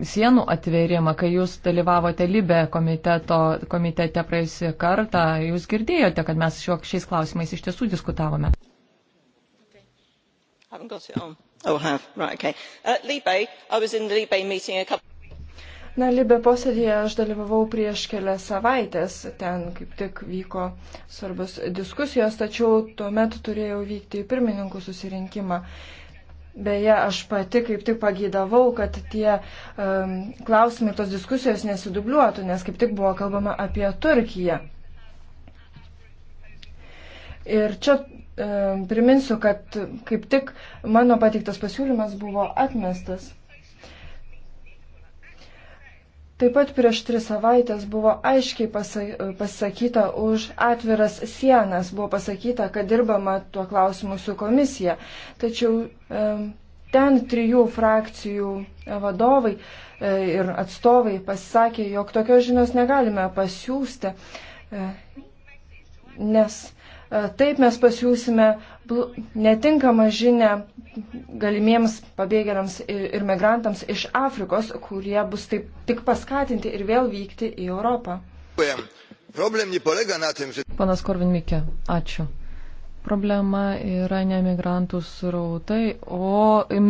sienų atvėrimą, kai jūs dalyvavote Libė komiteto, komitete praėjusią kartą, jūs girdėjote, kad mes šiuo, šiais klausimais iš tiesų diskutavome. Oh, uh, Na, Libė posėdėje aš dalyvavau prieš kelias savaitės, ten kaip tik vyko svarbios diskusijos, tačiau tuo metu turėjau vykti į pirmininkų susirinkimą. Uh, Beje, aš pati kaip tik pagydavau, kad tie um, klausimai, tos diskusijos nesidubliuotų, nes kaip tik buvo kalbama apie Turkiją. Ir čia um, priminsiu, kad kaip tik mano pateiktas pasiūlymas buvo atmestas. Taip pat prieš tris savaitės buvo aiškiai pasakyta už atviras sienas, buvo pasakyta, kad dirbama tuo klausimu su komisija. Tačiau ten trijų frakcijų e, vadovai e, ir atstovai pasisakė, jog tokios žinios negalime pasiūsti, e, nes Taip mes pasiūsime netinkamą žinę galimiems pabėgėliams ir migrantams iš Afrikos, kurie bus taip tik paskatinti ir vėl vykti į Europą. Panas Korvin Mikė, ačiū. Problema yra ne migrantų srautai, o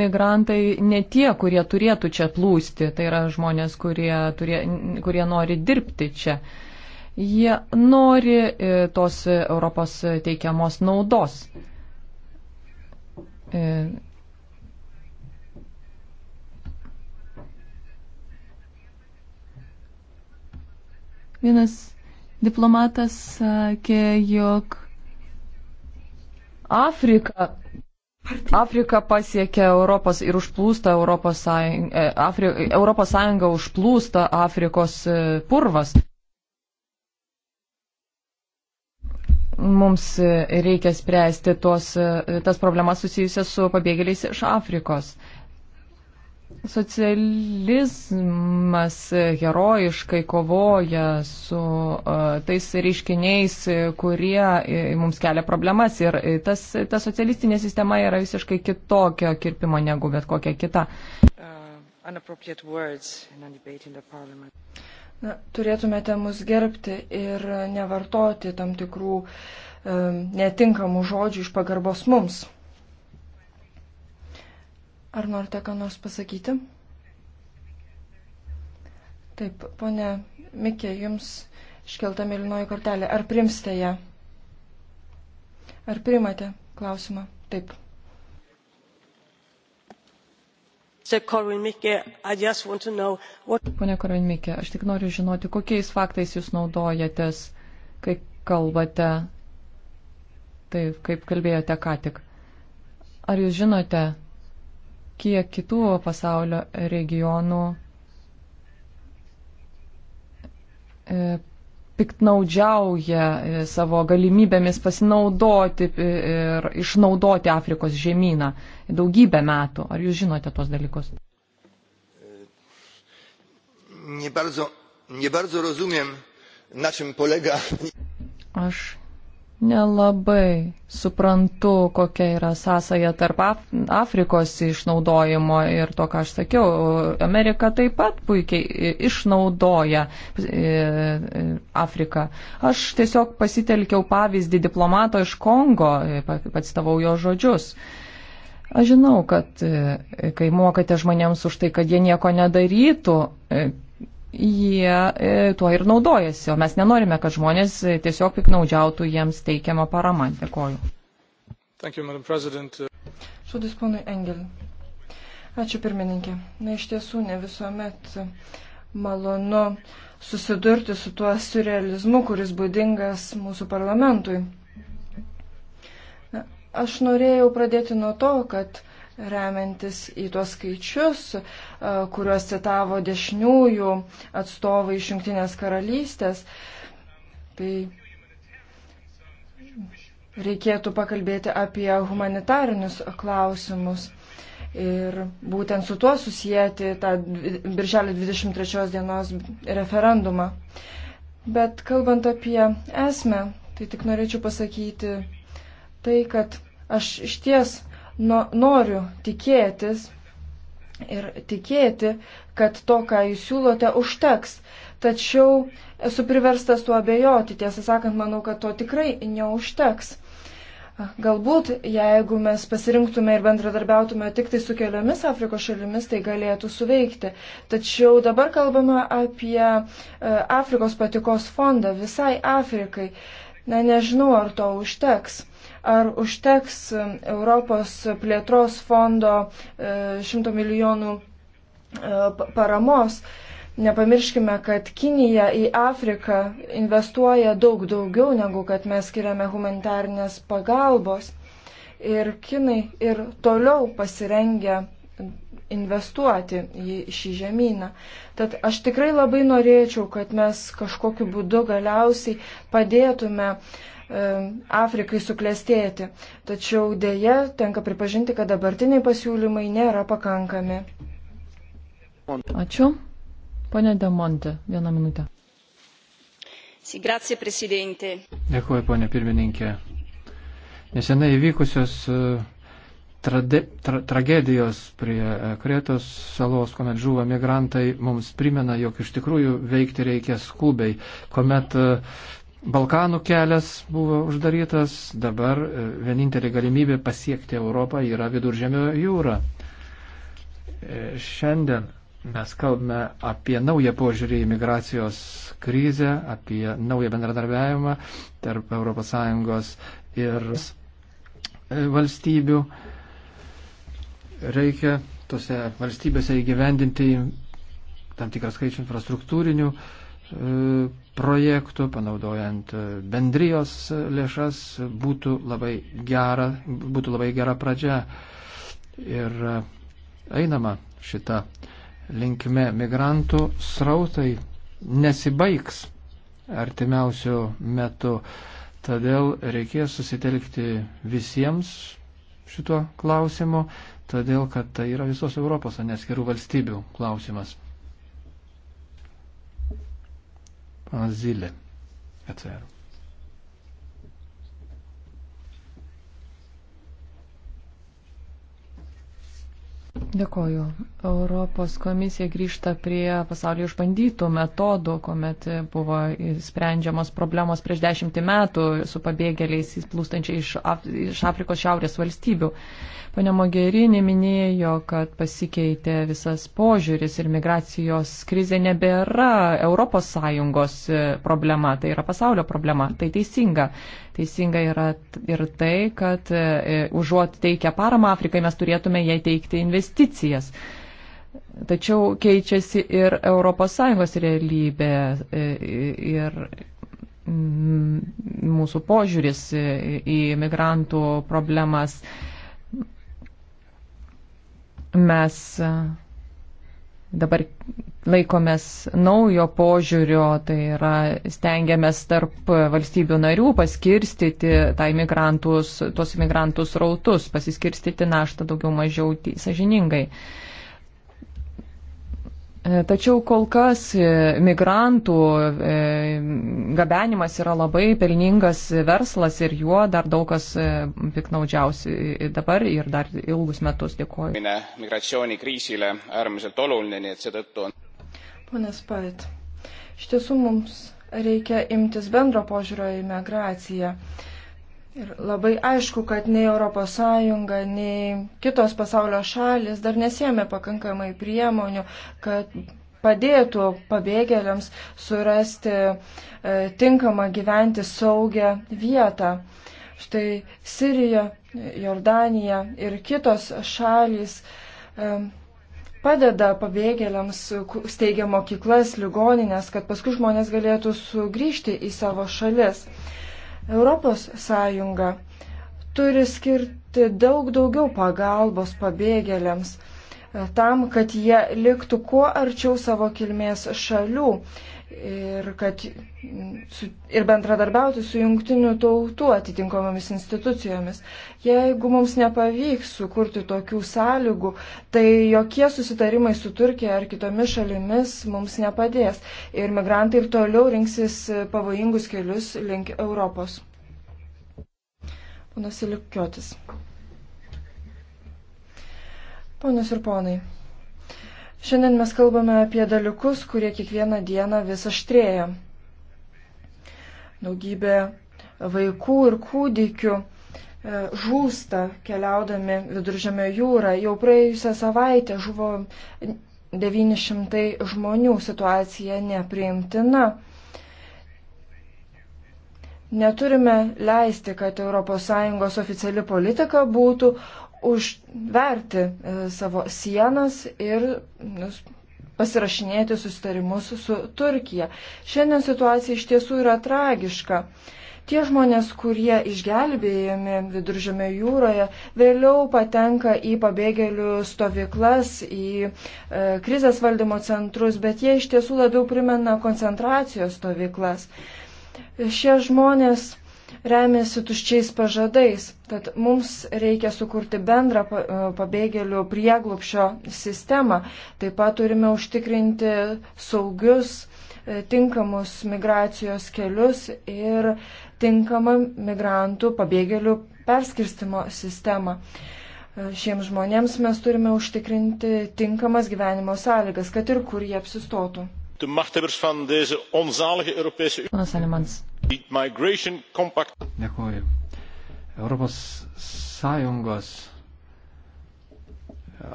migrantai ne tie, kurie turėtų čia plūsti, tai yra žmonės, kurie, turie, kurie nori dirbti čia. Uh, Jie nori e, tos Europos teikiamos naudos. E, vienas diplomatas sakė, jog Afrika Afrika pasiekia Europos ir užplūsta Europos Sąjunga, e, Afri, Europos Sąjunga užplūsta Afrikos purvas. mums reikia spręsti tos, tas problemas susijusias su pabėgėliais iš Afrikos. Socializmas herojiškai kovoja su tais reiškiniais, kurie e, mums kelia problemas ir e, tas, ta socialistinė sistema yra visiškai kitokio kirpimo negu bet kokia kita. Uh, Na, turėtumėte mus gerbti ir nevartoti tam tikrų e, netinkamų žodžių iš pagarbos mums. Ar norite ką nors pasakyti? Taip, ponė Mikė, jums iškelta mėlynoji kortelė. Ar primsite ją? Ar primate klausimą? Taip. What... Pone Koronmikė, aš tik noriu žinoti, kokiais faktais jūs naudojatės, kai kalbate, taip, kaip kalbėjote ką tik. Ar jūs žinote, kiek kitų pasaulio regionų e, piktnaudžiauja e, savo galimybėmis pasinaudoti e, ir išnaudoti Afrikos žemyną daugybę metų. Ar jūs žinote tos dalykus? Nie bardzo, nie bardzo rozumiem, na czym polega. Aš Nelabai suprantu, kokia yra sąsaja tarp Af Afrikos išnaudojimo ir to, ką aš sakiau. Amerika taip pat puikiai e, išnaudoja e, e, Afriką. Aš tiesiog pasitelkiau pavyzdį diplomato iš Kongo, pacitavau jo žodžius. Aš žinau, kad kai mokate žmonėms už tai, kad jie nieko nedarytų, jie e, tuo ir naudojasi, o mes nenorime, kad žmonės e, tiesiog piknaudžiautų jiems teikiamą paramą. Dėkoju. Šodis ponui Engel. Ačiū pirmininkė. Na iš tiesų ne visuomet malonu susidurti su tuo surrealizmu, kuris būdingas mūsų parlamentui. Na, aš norėjau pradėti nuo to, kad remiantis į tuos skaičius, e, kuriuos citavo dešiniųjų atstovai iš Junktinės karalystės, tai reikėtų pakalbėti apie humanitarinius klausimus. Ir būtent su tuo susijęti tą birželio 23 dienos referendumą. Bet kalbant apie esmę, tai tik norėčiau pasakyti tai, kad aš iš ties no, noriu tikėtis ir tikėti, kad to, ką jūs siūlote, užteks. Tačiau esu priverstas tuo abejoti. Tiesą sakant, manau, kad to tikrai neužteks. Galbūt, jeigu mes pasirinktume ir bendradarbiautume tik tai su keliomis Afrikos šalimis, tai galėtų suveikti. Tačiau dabar kalbame apie e, Afrikos patikos fondą visai Afrikai. Na, nežinau, ar to užteks. Ar užteks Europos plėtros fondo 100 e, milijonų e, paramos? Nepamirškime, kad Kinija į Afriką investuoja daug daugiau negu kad mes skiriame humanitarnės pagalbos. Ir Kinai ir toliau pasirengia investuoti į šį žemyną. Tad aš tikrai labai norėčiau, kad mes kažkokiu būdu galiausiai padėtume uh, Afrikai suklestėti. Tačiau dėje tenka pripažinti, kad dabartiniai pasiūlymai nėra pakankami. Ačiū. Pane Demonte, vieną minutę. Grazie, prezidentė. Dėkuoju, ponė pirmininkė. Nesenai įvykusios e, trade, tra, tragedijos prie e, Kretos salos, kuomet žuvo migrantai, mums primena, jog iš tikrųjų veikti reikia skubiai, kuomet uh, Balkanų kelias buvo uždarytas, dabar e, vienintelė galimybė pasiekti Europą yra viduržėmio jūra. E, šiandien mes kalbame apie naują požiūrį į migracijos krizę, apie naują bendradarbiavimą tarp ES ir e, valstybių. Reikia tose valstybėse įgyvendinti tam tikrą skaičių infrastruktūrinių projektų, panaudojant e, bendrijos lėšas, būtų labai gera, būtų labai gera pradžia. Ir e, einama šita linkme migrantų srautai nesibaigs artimiausių metų. Todėl reikės susitelkti visiems šituo klausimu, todėl kad tai yra visos Europos, o ne skirų valstybių klausimas. Pana Zilė. Atsveru. Dėkoju. Europos komisija grįžta prie pasaulio išbandytų metodų, kuomet buvo sprendžiamos problemos prieš dešimtį metų su pabėgėliais įplūstančiai iš, Af iš Afrikos šiaurės valstybių. Pane Mogerinė minėjo, kad pasikeitė visas požiūris ir migracijos krizė nebėra ES e, problema, tai yra pasaulio problema. Tai teisinga. Teisinga yra ir tai, kad e, užuot teikę paramą Afrikai, mes turėtume jai teikti investicijas. Tačiau keičiasi ir ES realybė e, ir mm, mūsų požiūris į migrantų problemas. Mes e, dabar laikomės naujo požiūrio, tai yra stengiamės tarp valstybių narių paskirstyti tai migrantus, tos migrantus rautus, pasiskirstyti naštą daugiau mažiau sažiningai. Tai, E, tačiau kol kas e, migrantų e, gabenimas yra labai pelningas verslas ir juo dar daug kas piknaudžiausi dabar ir dar ilgus metus dėkoju. Migratsioonikriisile äärmiselt oluline, nii et seetõttu on. Pone Spait, iš tiesų mums reikia imtis bendro požiūrio į migraciją. Ir labai aišku, kad nei ES, nei kitos pasaulio šalis dar nesėmė pakankamai priemonių, kad padėtų pabėgėliams surasti e, tinkamą gyventi saugią vietą. Štai Sirija, Jordanija ir kitos šalys e, padeda pabėgėliams, steigia mokyklas, ligoninės, kad paskui žmonės galėtų sugrįžti į savo šalis. E, Europos Sąjunga turi skirti daug daugiau pagalbos pabėgėliams e, tam, kad jie liktų kuo arčiau savo kilmės šalių ir, kad, su, ir bendradarbiauti su jungtiniu tautų atitinkomomis institucijomis. Jeigu mums nepavyks sukurti tokių sąlygų, tai jokie susitarimai su Turkija ar kitomis šalimis mums nepadės. Ir migrantai ir toliau rinksis pavojingus kelius link Europos. Ponas Iliukiotis. Ponas ir ponai. Šiandien mes kalbame apie dalykus, kurie kiekvieną dieną vis aštrėja. Daugybė vaikų ir kūdikių e, žūsta keliaudami viduržėmio jūrą. Jau praėjusią savaitę žuvo 900 žmonių, situacija nepriimtina. Neturime leisti, kad ES oficiali politika būtų užverti e, savo sienas ir nu, pasirašinėti sustarimus su Turkija. Šiandien situacija iš tiesų yra tragiška. Tie žmonės, kurie išgelbėjami viduržėme jūroje, vėliau patenka į pabėgėlių stovyklas, į e, krizės valdymo centrus, bet jie iš tiesų labiau primena koncentracijos stovyklas. Šie žmonės e, remiasi tuščiais pažadais, tad mums reikia sukurti bendrą e, pabėgėlių prieglupšio sistemą. Taip pat turime užtikrinti saugius, e, tinkamus migracijos kelius ir tinkamą migrantų pabėgėlių perskirstimo sistemą. E, šiems žmonėms mes turime užtikrinti tinkamas gyvenimo sąlygas, kad ir kur jie apsistotų. Panas Alimans. Dėkuoju. Europos Sąjungos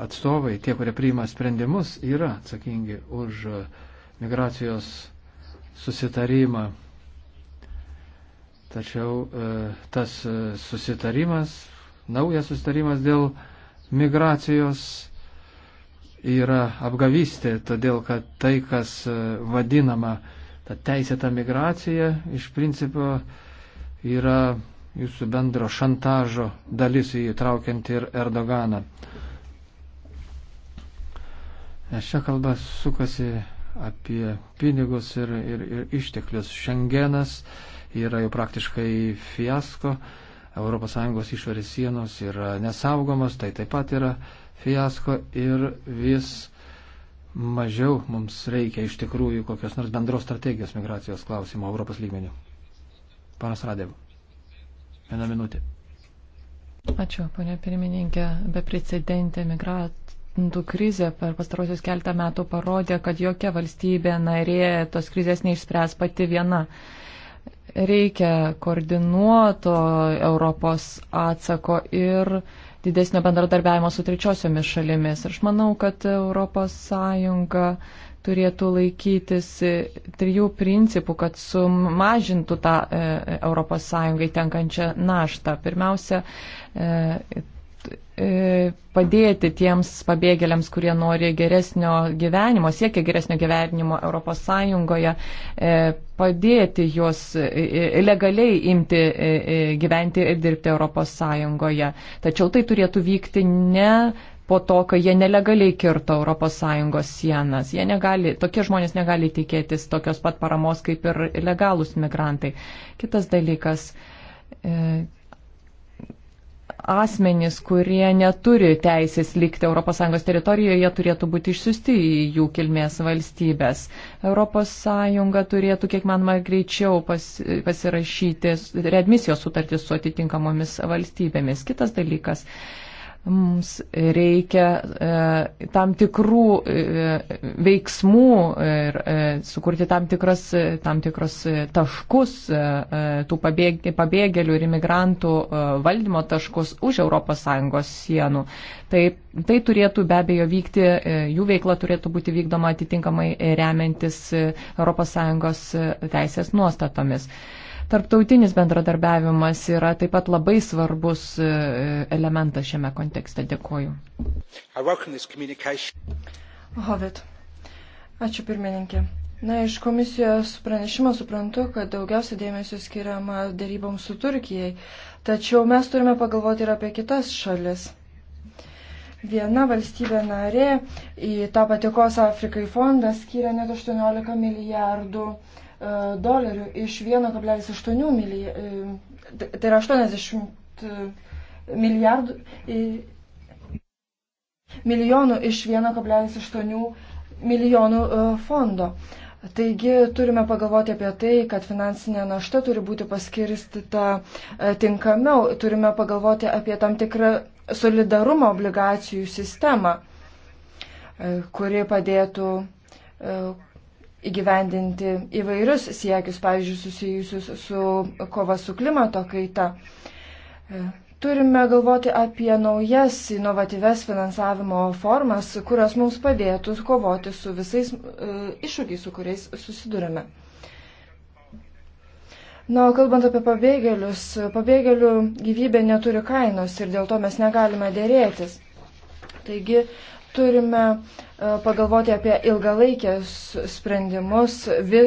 atstovai, tie, kurie priima sprendimus, yra atsakingi už migracijos susitarimą. Tačiau e, tas e, susitarimas, naujas susitarimas dėl migracijos yra apgavystė, todėl kad tai, kas e, vadinama ta teisėta migracija iš principo yra jūsų bendro šantažo dalis įtraukiant ir Erdoganą. Nes čia kalba sukasi apie pinigus ir, ir, ir išteklius. Šengenas yra jau praktiškai fiasko, ES išorės sienos yra nesaugomas, tai taip pat yra fiasko ir vis mažiau mums reikia iš tikrųjų kokios nors bendros strategijos migracijos klausimo Europos lygmenių. Panas Radėv, vieną minutę. Ačiū, ponia pirmininkė, beprecedentė migracija migrantų krizė per pastarosius keltą metų parodė, kad jokia valstybė narė tos krizės neišspręs pati viena. Reikia koordinuoto Europos atsako ir uh, didesnio bendradarbiavimo su trečiosiomis šalimis. Ir aš manau, kad ES turėtų laikytis trijų principų, kad sumažintų tą ES tenkančią naštą. Pirmiausia, e, E, padėti tiems pabėgėliams, kurie nori geresnio gyvenimo, siekia geresnio gyvenimo ES, e, padėti juos e, legaliai imti gyventi ir dirbti ES. Tačiau tai turėtų vykti ne po to, kai jie nelegaliai kirto ES sienas. Jie negali, tokie žmonės negali tikėtis tokios pat paramos kaip ir legalūs migrantai. Kitas dalykas asmenys, kurie neturi teisės likti ES teritorijoje, jie turėtų būti išsiusti į jų kilmės valstybės. ES turėtų kiek manoma greičiau pas, pasirašyti readmisijos sutartys su atitinkamomis valstybėmis. Kitas dalykas. Uh, Mums reikia e, tam tikrų e, veiksmų ir e, sukurti tam, tikras, e, tam tikrus e, taškus, e, e, tų pabėg, pabėgėlių ir imigrantų e, valdymo taškus už ES sienų. Tai, tai turėtų be abejo vykti, e, jų veikla turėtų būti vykdoma atitinkamai remiantis ES teisės nuostatomis. E, Tarptautinis bendradarbiavimas yra taip pat labai svarbus e, elementas šiame kontekste. Dėkoju. Hovit. Ačiū pirmininkė. Na, iš komisijos pranešimo suprantu, kad daugiausia dėmesio skiriama daryboms su Turkijai, tačiau mes turime pagalvoti ir apie kitas šalis viena valstybė narė į tą patikos Afrikai fondą skiria net 18 milijardų E, dolerių iš 1,8 milijardų, e, tai yra 80 e, milijardų, milijonų iš 1,8 milijonų fondo. Taigi turime pagalvoti apie tai, kad finansinė našta turi būti paskirstita tinkamiau, turime pagalvoti apie tam tikrą solidarumo obligacijų sistemą, kuri padėtų įgyvendinti įvairius siekius, pavyzdžiui, susijusius su kova su klimato kaita. E, turime galvoti apie naujas inovatyves finansavimo formas, kurios mums padėtų kovoti su visais e, iššūkiais, su kuriais susidurime. Na, o kalbant apie pabėgėlius, pabėgėlių gyvybė neturi kainos ir dėl to mes negalime dėrėtis. Taigi turime e, pagalvoti apie ilgalaikės sprendimus, vi,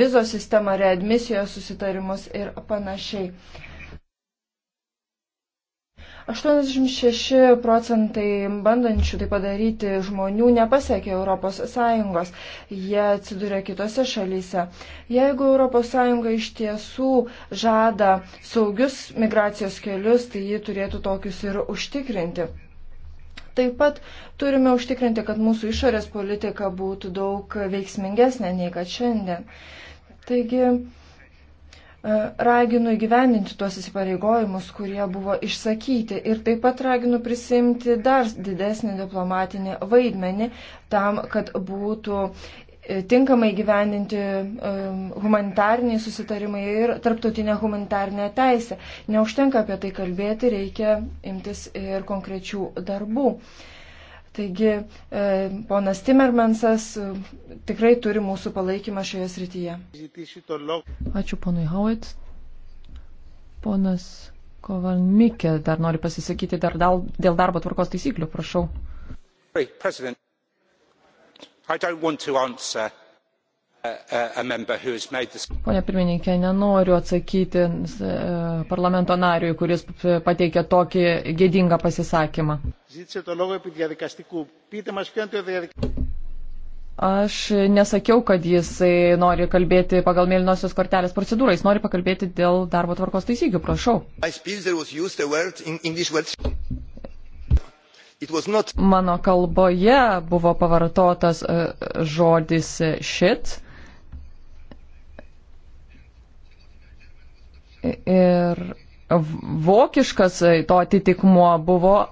vizo sistemą, readmisijos susitarimus ir panašiai. 86 procentai bandančių tai padaryti žmonių nepasiekia ES, jie atsiduria kitose šalyse. Jeigu ES iš tiesų žada saugius migracijos kelius, tai ji turėtų tokius ir užtikrinti. Taip pat turime užtikrinti, kad mūsų išorės politika būtų daug veiksmingesnė nei kad šiandien. Taigi, e, raginu įgyveninti tuos įsipareigojimus, kurie buvo išsakyti ir taip pat raginu prisimti dar didesnį diplomatinį vaidmenį tam, kad būtų E, tinkamai gyveninti e, humanitariniai susitarimai ir tarptautinė humanitarinė teisė. Neužtenka apie tai kalbėti, reikia imtis ir konkrečių darbų. Taigi, e, ponas Timmermansas tikrai turi mūsų palaikymą šioje srityje. Ačiū ponui Howitt. Ponas Kovalmikė dar nori pasisakyti dar dėl darbo tvarkos taisyklių, prašau. President i don't want to answer uh, uh, Pone pirmininkė, nenoriu atsakyti e, parlamento nariui, kuris pateikė tokį gėdingą pasisakymą. Aš nesakiau, kad jisai nori kalbėti pagal mėlynosios kortelės procedūrą, jis nori pakalbėti dėl darbo tvarkos taisyklių, prašau. Not... Mano kalboje buvo pavartotas e, žodis šit. Ir vokiškas to atitikmuo buvo e,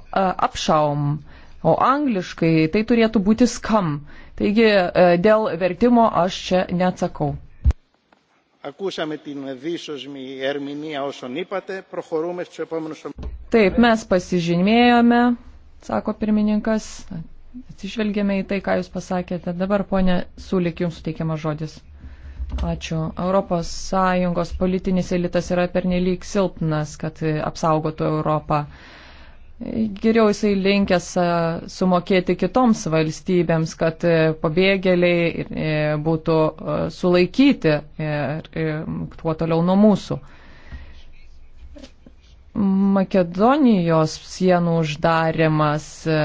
apšaum, o angliškai tai turėtų būti skam. Taigi e, dėl vertimo aš čia neatsakau. Ακούσαμε την δύσοσμη ερμηνεία όσων είπατε. Προχωρούμε στους επόμενους... Taip, mes pasižymėjome sako pirmininkas. Atsižvelgėme į tai, ką Jūs pasakėte. Dabar, ponė Sulik, Jums suteikiamas žodis. Ačiū. Europos Sąjungos politinis elitas yra pernelyg silpnas, kad apsaugotų Europą. Geriau jisai linkęs sumokėti kitoms valstybėms, kad e, pabėgėliai e, būtų e, sulaikyti ir kuo toliau nuo mūsų. Makedonijos sienų uždarimas e,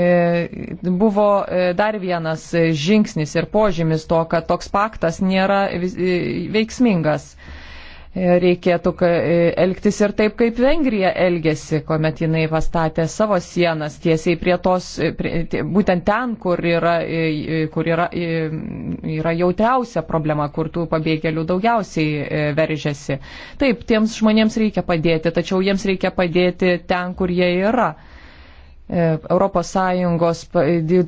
e, buvo e, dar vienas žingsnis ir požymis to, kad toks paktas nėra veiksmingas reikėtų elgtis ir taip, kaip Vengrija elgėsi, kuomet jinai pastatė savo sienas tiesiai prie tos, prie, būtent ten, kur, yra, e, e, kur yra, e, yra jautriausia problema, kur tų pabėgėlių daugiausiai veržiasi. Taip, tiems žmonėms reikia padėti, tačiau jiems reikia padėti ten, kur jie yra. ES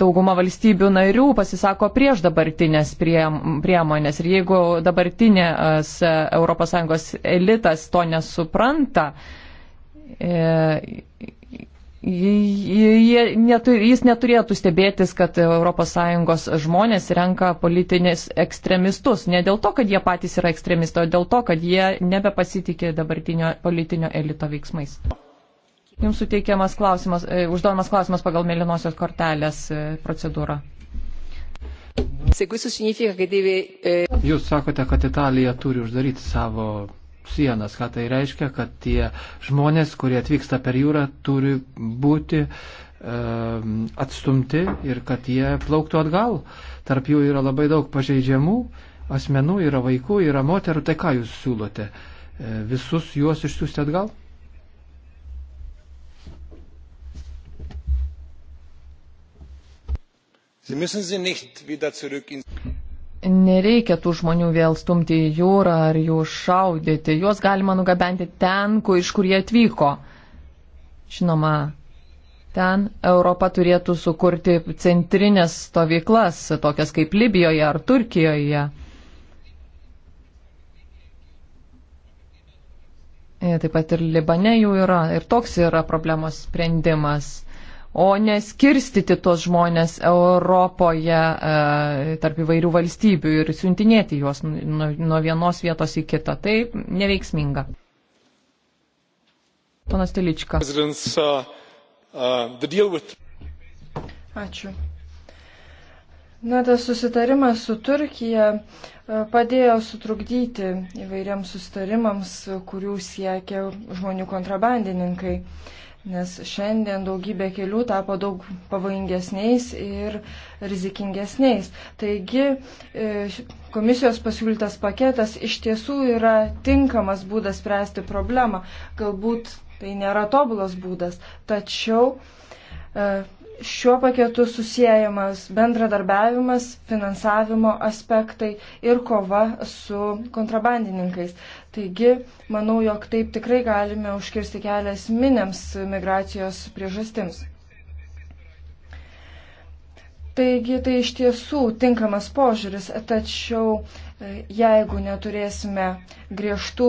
dauguma valstybių narių pasisako prieš dabartinės priemonės. Ir jeigu dabartinės ES elitas to nesupranta, e, jis neturėtų stebėtis, kad ES žmonės renka politinius ekstremistus. Ne dėl to, kad jie patys yra ekstremistai, o dėl to, kad jie nebepasitikė dabartinio politinio elito veiksmais. Jums suteikiamas klausimas, e, užduodamas klausimas pagal mėlynosios kortelės e, procedūrą. E, jūs sakote, kad Italija turi uždaryti savo sienas, ką tai reiškia, kad tie žmonės, kurie atvyksta per jūrą, turi būti e, atstumti ir kad jie plauktų atgal. Tarp jų yra labai daug pažeidžiamų asmenų, yra vaikų, yra moterų. Tai ką jūs siūlote? E, visus juos išsiųsti atgal? Nereikia tų žmonių vėl stumti į jūrą ar jų šaudyti. Juos galima nugabenti ten, kur iš kur jie atvyko. Žinoma, ten Europa turėtų sukurti centrinės stovyklas, tokias kaip Libijoje ar Turkijoje. E, taip pat ir Libane jų yra. Ir toks yra problemos sprendimas o neskirstyti tos žmonės Europoje e, tarp įvairių valstybių ir siuntinėti juos nuo vienos vietos į kitą. Tai neveiksminga. Ponas Telička. Uh, uh, Ačiū. Na, tas susitarimas su Turkija e, padėjo sutrukdyti įvairiams susitarimams, kurių siekia žmonių kontrabandininkai nes šiandien daugybė kelių tapo daug pavojingesniais ir rizikingesniais. Taigi e, komisijos pasiūlytas paketas iš tiesų yra tinkamas būdas spręsti problemą. Galbūt tai nėra tobulas būdas, tačiau e, šiuo paketu susijęjamas bendradarbiavimas, finansavimo aspektai ir kova su kontrabandininkais. Taigi, manau, jog taip tikrai galime užkirsti kelią esminėms migracijos priežastims. Taigi tai iš tiesų tinkamas požiūris, tačiau e, jeigu neturėsime griežtų,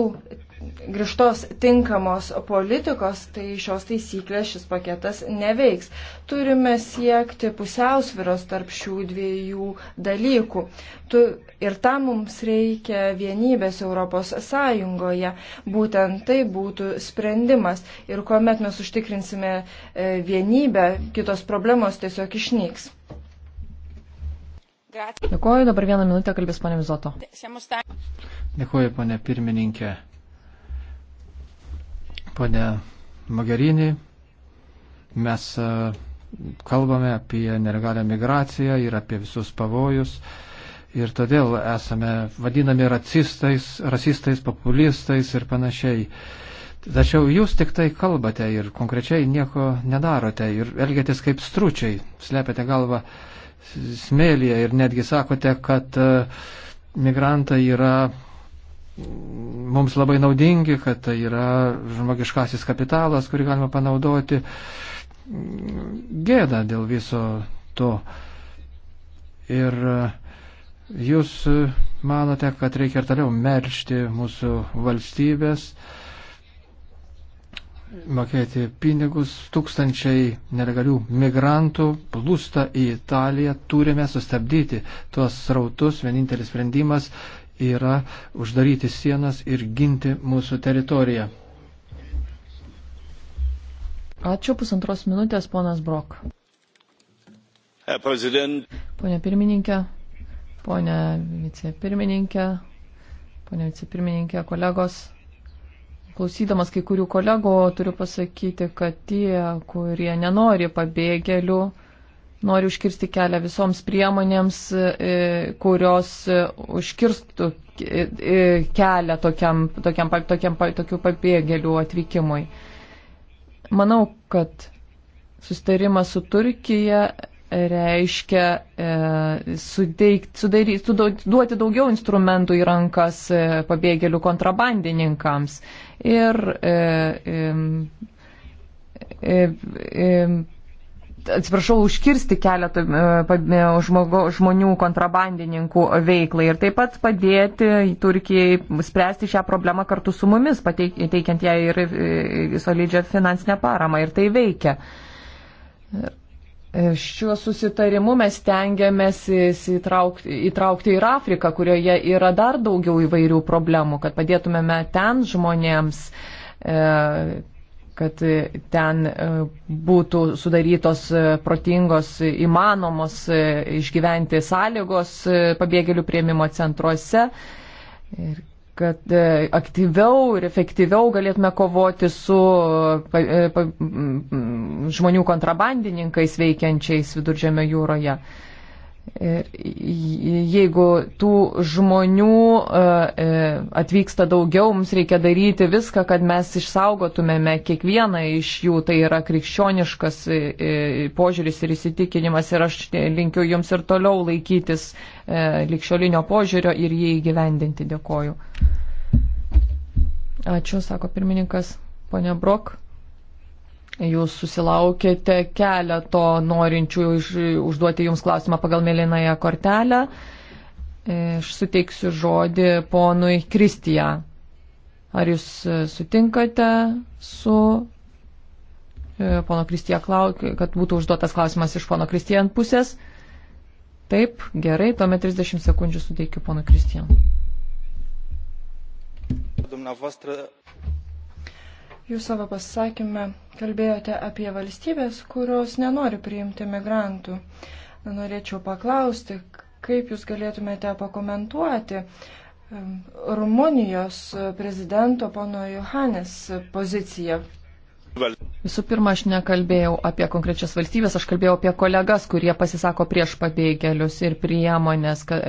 griežtos tinkamos politikos, tai šios taisyklės šis paketas neveiks. Turime siekti pusiausviros tarp šių dviejų dalykų. Tu, Ir tam mums reikia vienybės Europos Sąjungoje. Būtent tai būtų sprendimas. Ir kuomet mes užtikrinsime e, vienybę, kitos problemos tiesiog išnyks. Dėkuoju, dabar vieną minutę kalbės ponė Vizoto. Dėkuoju, ponė pirmininkė. Pone Magarinį, mes e, kalbame apie nelegalią migraciją ir apie visus pavojus. Uh, ir todėl esame vadinami racistais, rasistais, populistais ir panašiai. Tačiau jūs tik tai kalbate ir konkrečiai nieko nedarote ir elgiatės kaip stručiai, slepiate galvą smėlyje ir netgi sakote, kad e, migrantai yra mm, mums labai naudingi, kad tai yra žmogiškasis kapitalas, kurį galima panaudoti. Mm, gėda dėl viso to. Ir uh, Jūs e, manote, kad reikia ir toliau melšti mūsų valstybės, mokėti pinigus, tūkstančiai nelegalių migrantų plūsta į Italiją, turime sustabdyti tuos srautus, vienintelis sprendimas yra uždaryti sienas ir ginti mūsų teritoriją. Ačiū pusantros minutės, ponas Brok. Pone pirmininkė, Pone vicepirmininkė, pone vicepirmininkė, kolegos, klausydamas kai kurių kolegų turiu pasakyti, kad tie, kurie nenori pabėgėlių, nori užkirsti kelią visoms priemonėms, e, kurios e, užkirstų e, kelią tokiam, tokiam, tokiam, tokių pabėgėlių atvykimui. Manau, kad sustarimas su Turkija reiškia e, suteikti, sudary, suduoti daugiau instrumentų į rankas e, pabėgėlių kontrabandininkams. Ir e, e, e, atsiprašau, užkirsti keletą e, e, žmogo, žmonių kontrabandininkų veiklai ir taip pat padėti Turkijai spręsti šią problemą kartu su mumis, pateik, teikiant ją ir e, solidžią finansinę paramą. Ir tai veikia. E, šiuo susitarimu mes tengiamės įtraukti, įtraukti ir Afriką, kurioje yra dar daugiau įvairių problemų, kad padėtumėme ten žmonėms, e, kad ten e, būtų sudarytos protingos, įmanomos išgyventi sąlygos pabėgėlių prieimimo centruose. Ir kad e, aktyviau ir efektyviau galėtume kovoti su pa, e, pa, žmonių kontrabandininkais veikiančiais viduržėme jūroje. Jeigu tų žmonių e, e, atvyksta daugiau, mums reikia daryti viską, kad mes išsaugotumėme kiekvieną iš jų. Tai yra krikščioniškas e, požiūris ir įsitikinimas ir aš linkiu jums ir toliau laikytis likščiolinio požiūrio ir jį įgyvendinti. Dėkoju. Ačiū, sako pirmininkas, ponia Brok. Jūs susilaukėte keleto norinčių iš, užduoti Jums klausimą pagal mėlynąją kortelę. Aš suteiksiu žodį ponui Kristija. Ar Jūs e, sutinkate su e, pono Kristija, kad būtų užduotas klausimas iš pono Kristijan pusės? Taip, gerai, tuomet 30 sekundžių suteikiu ponui Kristijan. Jūs savo pasisakymę kalbėjote apie valstybės, kurios nenori priimti migrantų. Norėčiau paklausti, kaip jūs galėtumėte pakomentuoti Rumunijos prezidento pono Johannes poziciją Visų pirma, aš nekalbėjau apie konkrečias valstybės, aš kalbėjau apie kolegas, kurie pasisako prieš pabėgėlius ir priemonės, kad,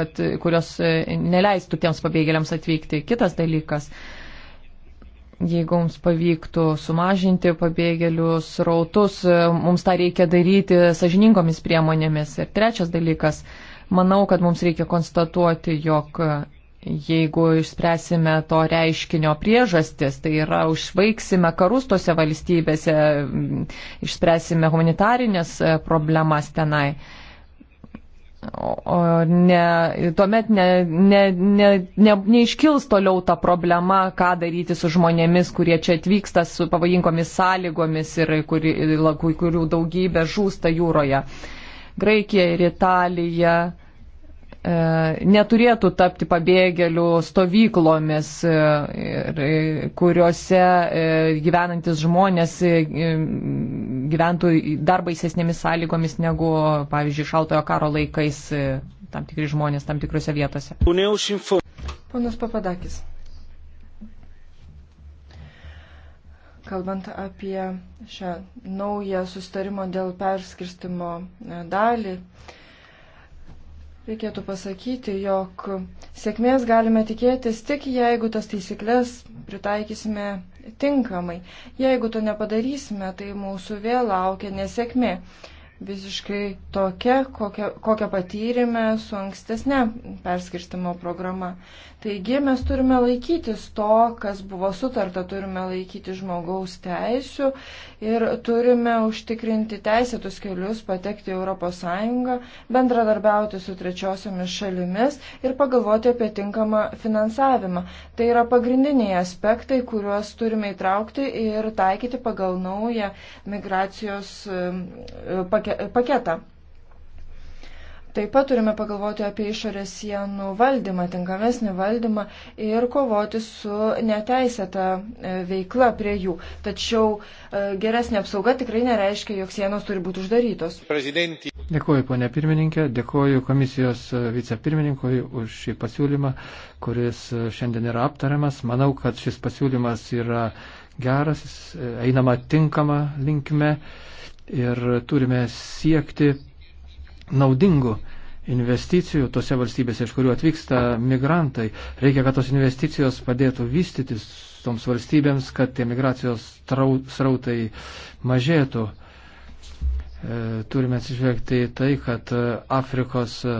kad, kurios e, neleistų tiems pabėgėliams atvykti. Kitas dalykas, jeigu mums pavyktų sumažinti pabėgėlių srautus, mums tą reikia daryti sažiningomis priemonėmis. Ir trečias dalykas, manau, kad mums reikia konstatuoti, jog jeigu išspręsime to reiškinio priežastis, tai yra užvaiksime karus tose valstybėse, išspręsime humanitarinės e, problemas tenai o ne, tuomet ne, ne, ne, ne, neiškils toliau ta problema, ką daryti su žmonėmis, kurie čia atvyksta su pavojingomis sąlygomis ir kuri, kurių daugybė žūsta jūroje. Graikija ir Italija E, neturėtų tapti pabėgėlių stovyklomis, e, e, kuriuose gyvenantis žmonės gyventų dar baisesnėmis sąlygomis negu, pavyzdžiui, šaltojo karo laikais tam tikri žmonės tam tikrose vietose. Ponas Papadakis. Kalbant apie šią naują sustarimo dėl perskirstimo dalį, uh, Reikėtų pasakyti, jog sėkmės galime tikėtis tik jeigu tas taisyklės pritaikysime tinkamai. Jeigu to nepadarysime, tai mūsų vėl laukia nesėkmė. Visiškai tokia, kokią, kokią patyrėme su ankstesne perskirstimo programa. Taigi mes turime laikytis to, kas buvo sutarta, turime laikyti žmogaus teisų ir turime užtikrinti teisėtus kelius patekti į ES, bendradarbiauti su trečiosiomis šalimis ir pagalvoti apie tinkamą finansavimą. Tai yra pagrindiniai aspektai, kuriuos turime įtraukti ir taikyti pagal naują migracijos e, paketą. Taip pat turime pagalvoti apie išorės sienų valdymą, tinkamesnį valdymą ir kovoti su neteisėta e, veikla prie jų. Tačiau e, geresnė apsauga tikrai nereiškia, jog sienos turi būti uždarytos. Prezidentį. Dėkuoju, ponė pirmininkė, dėkuoju komisijos vicepirmininkui už šį pasiūlymą, kuris šiandien yra aptariamas. Manau, kad šis pasiūlymas yra geras, e, einama tinkama linkme ir turime siekti naudingų investicijų tose valstybėse, iš kurių atvyksta migrantai. Reikia, kad tos investicijos padėtų vystytis toms valstybėms, kad tie migracijos srautai mažėtų. E, turime atsižvelgti į tai, kad e, Afrikos e,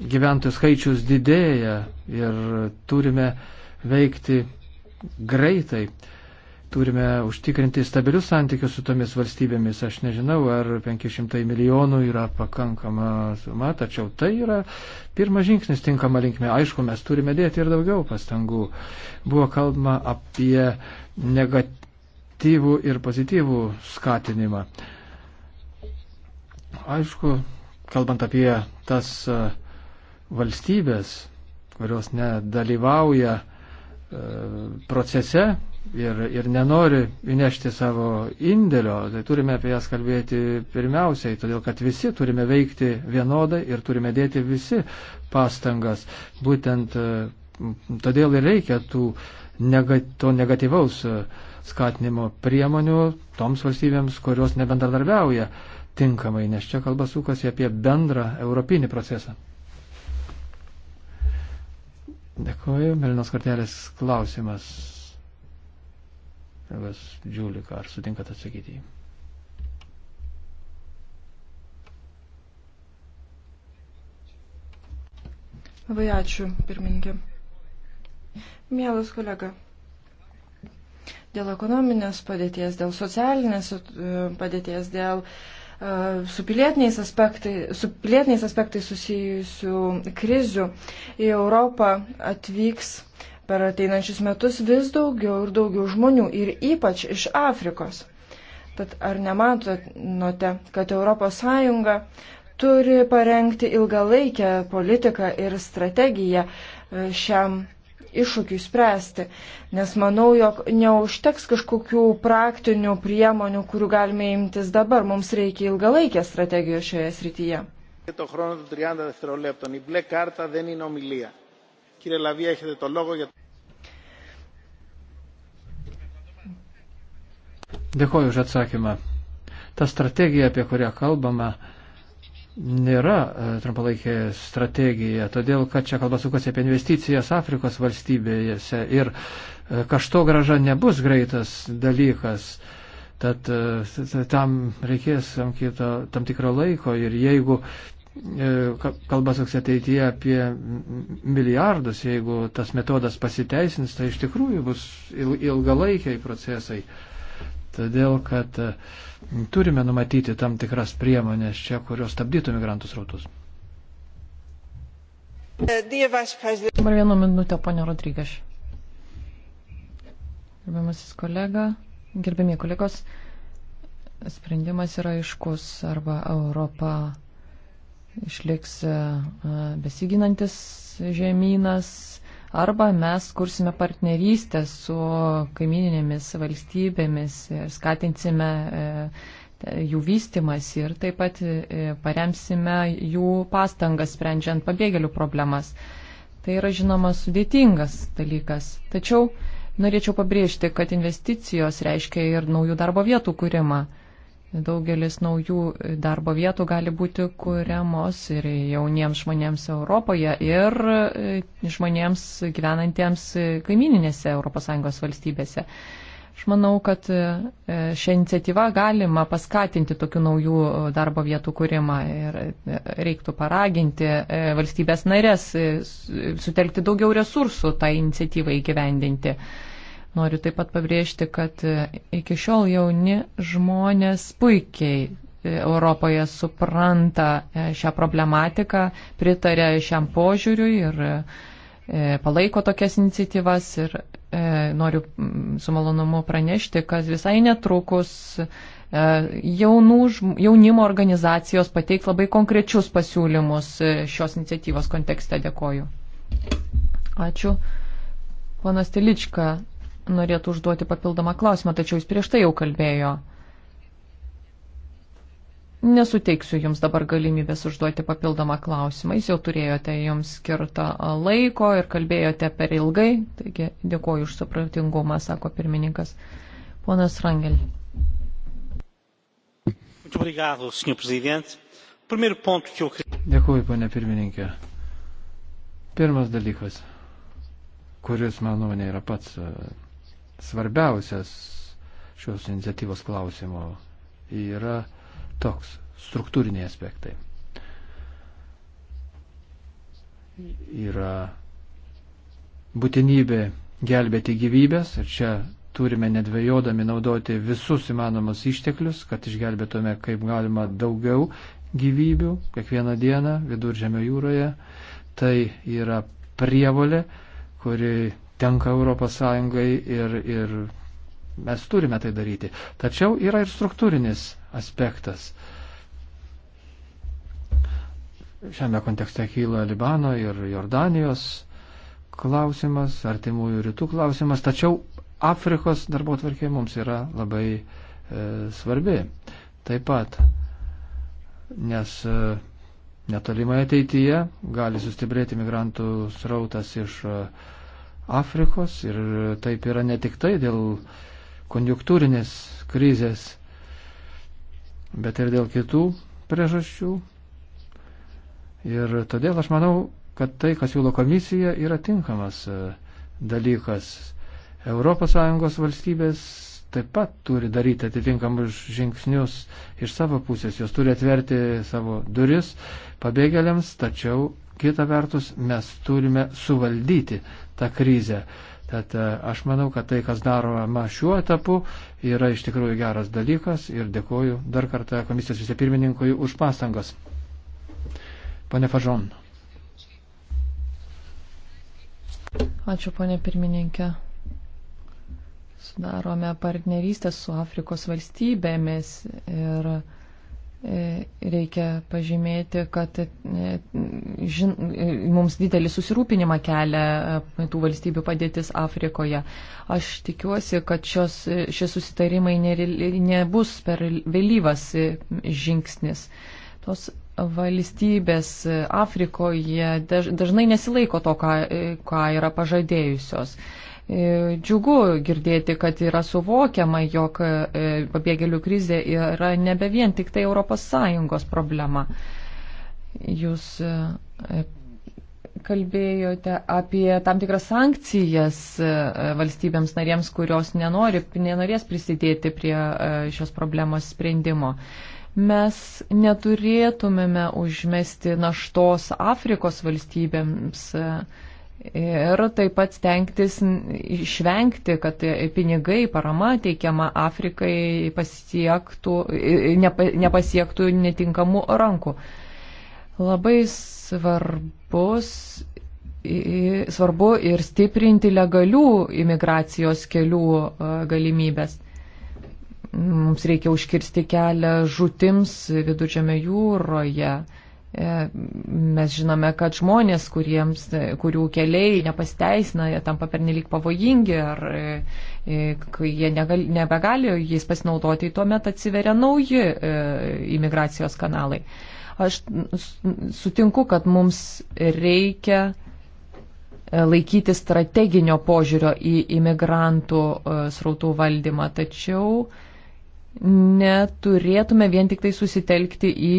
gyventojų skaičius didėja ir turime veikti greitai turime užtikrinti stabilius santykius su tomis valstybėmis. Aš nežinau, ar 500 milijonų yra pakankama suma, tačiau tai yra pirmas žingsnis tinkama linkme. Aišku, mes turime dėti ir daugiau pastangų. Buvo kalbama apie negatyvų ir pozityvų skatinimą. Aišku, kalbant apie tas e, valstybės, kurios nedalyvauja e, procese ir, ir nenori įnešti savo indėlio, tai turime apie jas kalbėti pirmiausiai, todėl kad visi turime veikti vienodai ir turime dėti visi pastangas. Būtent e, todėl ir reikia tų nega, to negatyvaus e, skatinimo priemonių toms valstybėms, kurios nebendradarbiauja tinkamai, nes čia kalba sukasi apie bendrą europinį procesą. Dėkuoju, Melinos kartelės klausimas. Vas Džiulika, ar sutinkat atsakyti jį? Labai ačiū, pirmininkė. Mielas kolega, dėl ekonominės padėties, dėl socialinės e, padėties, dėl e, su pilietiniais, aspektai, su pilietiniais aspektais susijusių krizių į Europą atvyks per ateinančius metus vis daugiau ir daugiau žmonių ir ypač iš Afrikos. Tad ar nematote, kad ES turi parengti ilgalaikę politiką ir strategiją e, šiam iššūkiui spręsti, nes manau, jog neužteks kažkokių praktinių priemonių, kurių galime imtis dabar, mums reikia ilgalaikės strategijos šioje srityje. Κύριε Λαβία, έχετε το λόγο για... Dėkoju už atsakymą. Ta strategija, apie kurią kalbama, nėra e, trumpalaikė strategija, todėl kad čia kalba sukasi apie investicijas Afrikos valstybėse ir e, kašto graža nebus greitas dalykas. Tad e, tam reikės tam, kito, tam tikro laiko ir jeigu E, kalba toks ateityje apie milijardus, jeigu tas metodas pasiteisins, tai iš tikrųjų bus ilgalaikiai procesai. Todėl, kad e, turime numatyti tam tikras priemonės čia, kurios stabdytų migrantus rautus. E, Dabar vieną minutę, ponia Rodrygaš. Gerbiamasis kolega, gerbėmė kolegos, sprendimas yra aiškus arba Europa išliks e, e, besiginantis žemynas, arba mes kursime partnerystę su kaimininėmis valstybėmis ir skatinsime e, jų vystimas ir taip pat paremsime jų pastangas sprendžiant pabėgėlių problemas. Tai yra žinoma sudėtingas dalykas. Tačiau norėčiau pabrėžti, kad investicijos reiškia ir naujų darbo vietų kūrimą. Daugelis naujų darbo vietų gali būti kuriamos ir jauniems žmonėms Europoje ir e, žmonėms gyvenantiems kaimininėse ES valstybėse. Aš manau, kad e, šią iniciatyvą galima paskatinti tokių naujų e, darbo vietų kūrimą ir reiktų paraginti valstybės narės sutelkti daugiau resursų tą tai iniciatyvą įgyvendinti. Noriu taip pat pabrėžti, kad e, iki šiol jauni žmonės puikiai e, Europoje supranta e, šią problematiką, pritarė šiam požiūriui ir palaiko tokias iniciatyvas ir noriu su malonumu pranešti, kad visai netrukus jaunų, jaunimo organizacijos pateiks labai konkrečius pasiūlymus šios iniciatyvos kontekste. Dėkoju. Ačiū. Ponas Telička norėtų užduoti papildomą klausimą, tačiau jis prieš tai jau kalbėjo. Nesuteiksiu Jums dabar galimybės užduoti papildomą klausimą. Jūs jau turėjote Jums skirtą laiko ir kalbėjote per ilgai. Taigi dėkoju už supratingumą, sako pirmininkas. Ponas Rangel. Dėkuoju, ponė pirmininkė. Pirmas dalykas, kuris, manau, nėra pats svarbiausias šios iniciatyvos klausimo yra toks struktūriniai aspektai. Yra būtinybė gelbėti gyvybės ir čia turime nedvėjodami naudoti visus įmanomus išteklius, kad išgelbėtume kaip galima daugiau gyvybių kiekvieną dieną viduržėmio jūroje. Tai yra prievolė, kuri tenka ES ir, ir mes turime tai daryti. Tačiau yra ir struktūrinis aspektas. Šiame kontekste kyla Libano ir Jordanijos klausimas, artimųjų rytų klausimas, tačiau Afrikos darbo tvarkė mums yra labai e, svarbi. Taip pat, nes e, netolimai ateityje gali sustiprėti migrantų srautas iš e, Afrikos ir taip yra ne tik tai dėl konjunktūrinės krizės, bet ir dėl kitų priežasčių. Ir todėl aš manau, kad tai, kas siūlo komisija, yra tinkamas e, dalykas. ES valstybės taip pat turi daryti atitinkamus žingsnius iš savo pusės, jos turi atverti savo duris pabėgėliams, tačiau Kita vertus, mes turime suvaldyti tą krizę. Tad e, aš manau, kad tai, kas daroma šiuo etapu, yra iš tikrųjų geras dalykas ir dėkoju dar kartą komisijos vicepirmininkui už pastangas. Pane Fažon. Ačiū, ponė pirmininkė. Sudarome partnerystę su Afrikos valstybėmis ir E, reikia pažymėti, kad e, žin, e, mums didelį susirūpinimą kelia tų valstybių padėtis Afrikoje. Aš tikiuosi, kad šios, šie susitarimai nebus per vėlyvas žingsnis. Tos valstybės Afrikoje dažnai nesilaiko to, ką, ką yra pažadėjusios. E, džiugu girdėti, kad yra suvokiama, jog e, pabėgėlių krizė yra nebe vien tik tai ES problema. Jūs e, kalbėjote apie tam tikras sankcijas valstybėms narėms, kurios nenori, nenorės prisidėti prie šios problemos sprendimo. Mes neturėtumėme užmesti naštos Afrikos valstybėms. Uh, Ir taip pat stengtis išvengti, kad pinigai, parama teikiama Afrikai pasiektų, nepa, nepasiektų netinkamų rankų. Labai svarbus, svarbu ir stiprinti legalių imigracijos kelių galimybės. Mums reikia užkirsti kelią žutims vidučiame jūroje E, mes žinome, kad žmonės, kuriems, kurių keliai nepasiteisina, jie tampa pernelyg pavojingi ar e, e, jie negali, nebegali jais pasinaudoti, tuomet atsiveria nauji imigracijos kanalai. Aš sutinku, kad mums reikia laikyti strateginio požiūrio į imigrantų srautų valdymą, tačiau neturėtume vien tik tai susitelkti į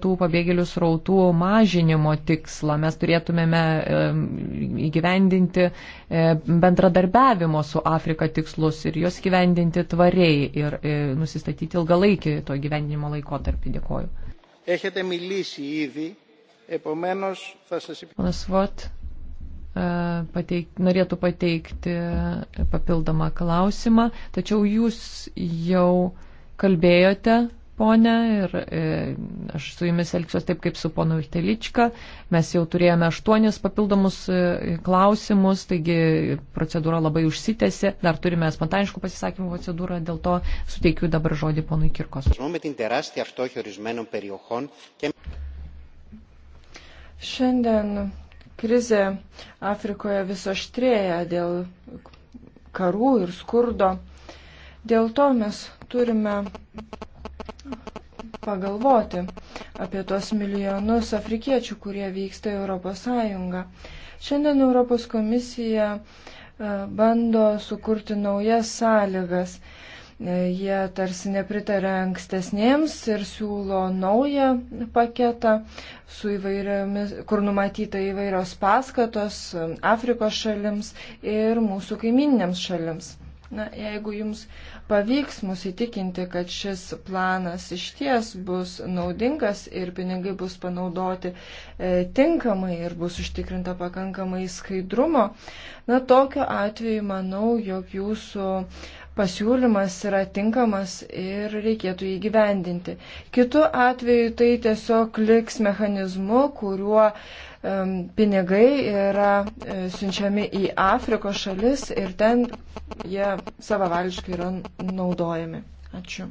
tų pabėgėlių srautų mažinimo tikslą. Mes turėtumėme įgyvendinti e, bendradarbiavimo su Afrika tikslus ir juos gyvendinti tvariai ir e, nusistatyti ilgalaikį to gyvendinimo laikotarpį. Dėkoju. Ponas Vot e, pateik, norėtų pateikti papildomą klausimą, tačiau jūs jau kalbėjote, ponė, ir e, aš su jumis elgsiuos taip kaip su ponu Telička. Mes jau turėjome aštuonis papildomus e, klausimus, taigi procedūra labai užsitėsi. Dar turime spontaniškų pasisakymų procedūrą, dėl to suteikiu dabar žodį ponui Kirkos. Šiandien krizė Afrikoje vis aštrėja dėl karų ir skurdo. Dėl to mes turime pagalvoti apie tuos milijonus afrikiečių, kurie vyksta į Europos Sąjungą. Šiandien Europos komisija e, bando sukurti naujas sąlygas. E, jie tarsi nepritarė ankstesniems ir siūlo naują paketą, kur numatyta įvairios paskatos Afrikos šalims ir mūsų kaiminėms šalims. Na, jeigu jums pavyks mus įtikinti, kad šis planas iš ties bus naudingas ir pinigai bus panaudoti e, tinkamai ir bus užtikrinta pakankamai skaidrumo, na, tokiu atveju manau, jog jūsų pasiūlymas yra tinkamas ir reikėtų įgyvendinti. Kitu atveju tai tiesiog liks mechanizmu, kuriuo pinigai yra e, siunčiami į Afrikos šalis ir ten jie savavališkai yra naudojami. Ačiū.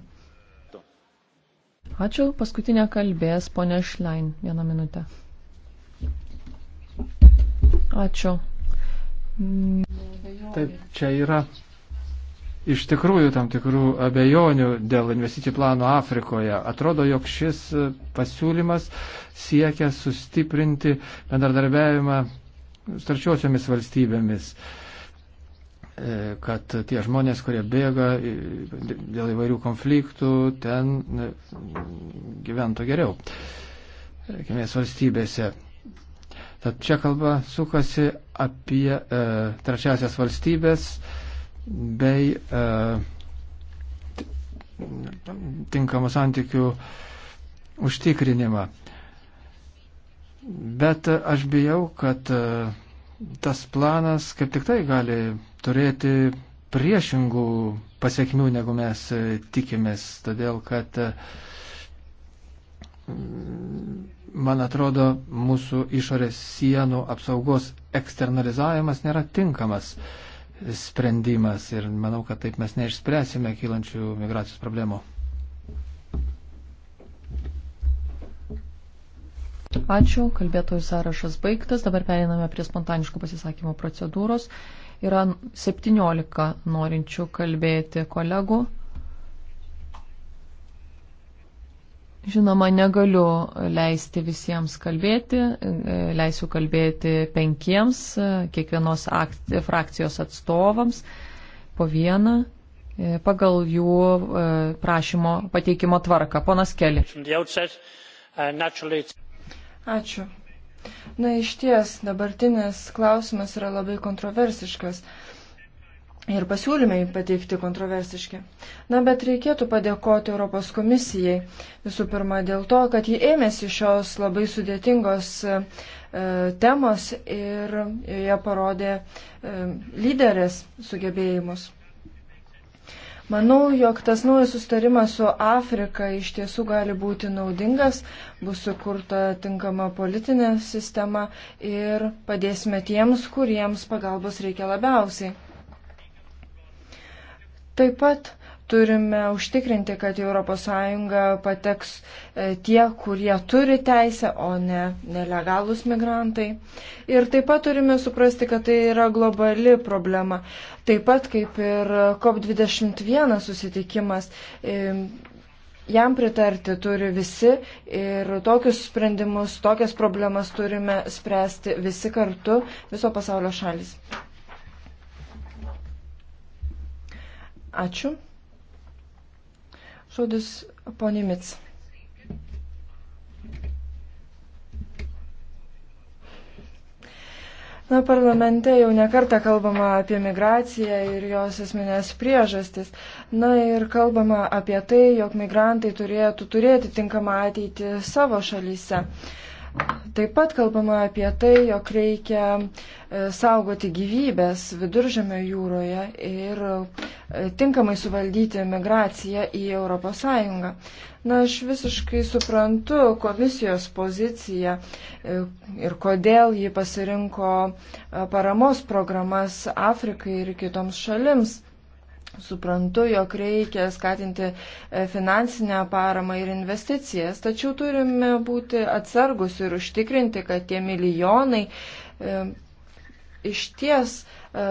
Ačiū. Paskutinė kalbės ponė Šlein. Vieną minutę. Ačiū. Taip, čia yra iš tikrųjų tam tikrų abejonių dėl investicijų plano Afrikoje. Atrodo, jog šis pasiūlymas siekia sustiprinti bendradarbiavimą starčiosiomis valstybėmis e, kad tie žmonės, kurie bėga dėl įvairių konfliktų, ten e, gyventų geriau. E, Kimės valstybėse. Tad čia kalba sukasi apie e, trečiasias valstybės, e, bei e, tinkamų santykių užtikrinimą. Bet aš bijau, kad e, tas planas kaip tik tai gali turėti priešingų pasiekmių, negu mes e, tikimės, todėl kad, e, man atrodo, mūsų išorės sienų apsaugos eksternalizavimas nėra tinkamas sprendimas ir manau, kad taip mes neišspręsime kylančių migracijos problemų. Ačiū, kalbėtojų sąrašas baigtas, dabar periname prie spontaniškų pasisakymo procedūros. Yra 17 norinčių kalbėti kolegų. Žinoma, negaliu leisti visiems kalbėti, e, leisiu kalbėti penkiems, e, kiekvienos frakcijos atstovams po vieną e, pagal jų prašymo pateikimo tvarką. Ponas Keli. Ačiū. Na iš ties, dabartinis klausimas yra labai kontroversiškas ir pasiūlymai pateikti kontroversiški. Na, bet reikėtų padėkoti Europos komisijai visų pirma dėl to, kad ji ėmėsi šios labai sudėtingos e, temos ir joje parodė e, lyderės sugebėjimus. Manau, jog tas naujas sustarimas su Afrika iš tiesų gali būti naudingas, bus sukurta tinkama politinė sistema ir padėsime tiems, kuriems pagalbos reikia labiausiai. Taip pat turime užtikrinti, kad į ES pateks e, tie, kurie turi teisę, o ne nelegalus migrantai. Ir taip pat turime suprasti, kad tai yra globali problema. Taip pat kaip ir COP21 susitikimas. E, jam pritarti turi visi ir tokius sprendimus, tokias problemas turime spręsti visi kartu, viso pasaulio šalis. Ačiū. Žodis ponė Mits. Na, parlamente jau nekarta kalbama apie migraciją ir jos esminės priežastis. Na ir kalbama apie tai, jog migrantai turėtų turėti tinkamą ateitį savo šalyse. Uh, Taip pat kalbama apie tai, jog reikia e, saugoti gyvybės viduržėme jūroje ir e, tinkamai suvaldyti migraciją į ES. Na, aš visiškai suprantu komisijos poziciją e, ir kodėl ji pasirinko paramos programas Afrikai ir kitoms šalims suprantu, jog reikia skatinti e, finansinę paramą ir investicijas, tačiau turime būti atsargus ir užtikrinti, kad tie milijonai e, iš ties e,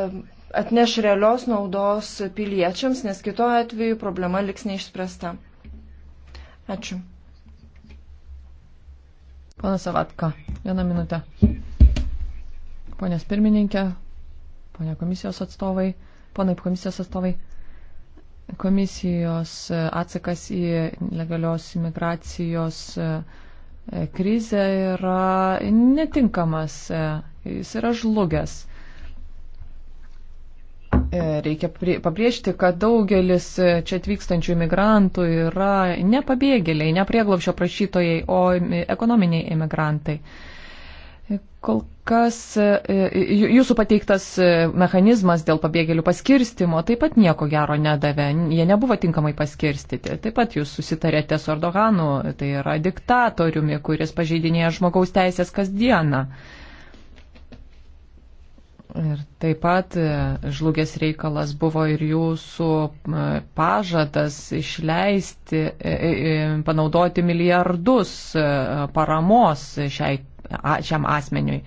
atneš realios naudos piliečiams, nes kito atveju problema liks neišspręsta. Ačiū. Pana Savatka, vieną minutę. Ponės pirmininkė, ponė komisijos atstovai, ponai komisijos atstovai komisijos atsakas į legalios imigracijos e, krizę yra netinkamas, e, jis yra žlugęs. E, reikia pabrėžti, kad daugelis čia atvykstančių imigrantų yra ne pabėgėliai, ne prieglopšio prašytojai, o ekonominiai imigrantai. Kol kas e, e, jūsų pateiktas e, mechanizmas dėl pabėgėlių paskirstimo taip pat nieko gero nedavė, jie nebuvo tinkamai paskirstyti. Taip pat jūs susitarėte su Erdoganu, tai yra diktatoriumi, kuris pažeidinėja žmogaus teisės kasdieną. Ir taip pat žlugęs reikalas buvo ir jūsų pažadas išleisti, panaudoti milijardus paramos šiai šiam asmeniui.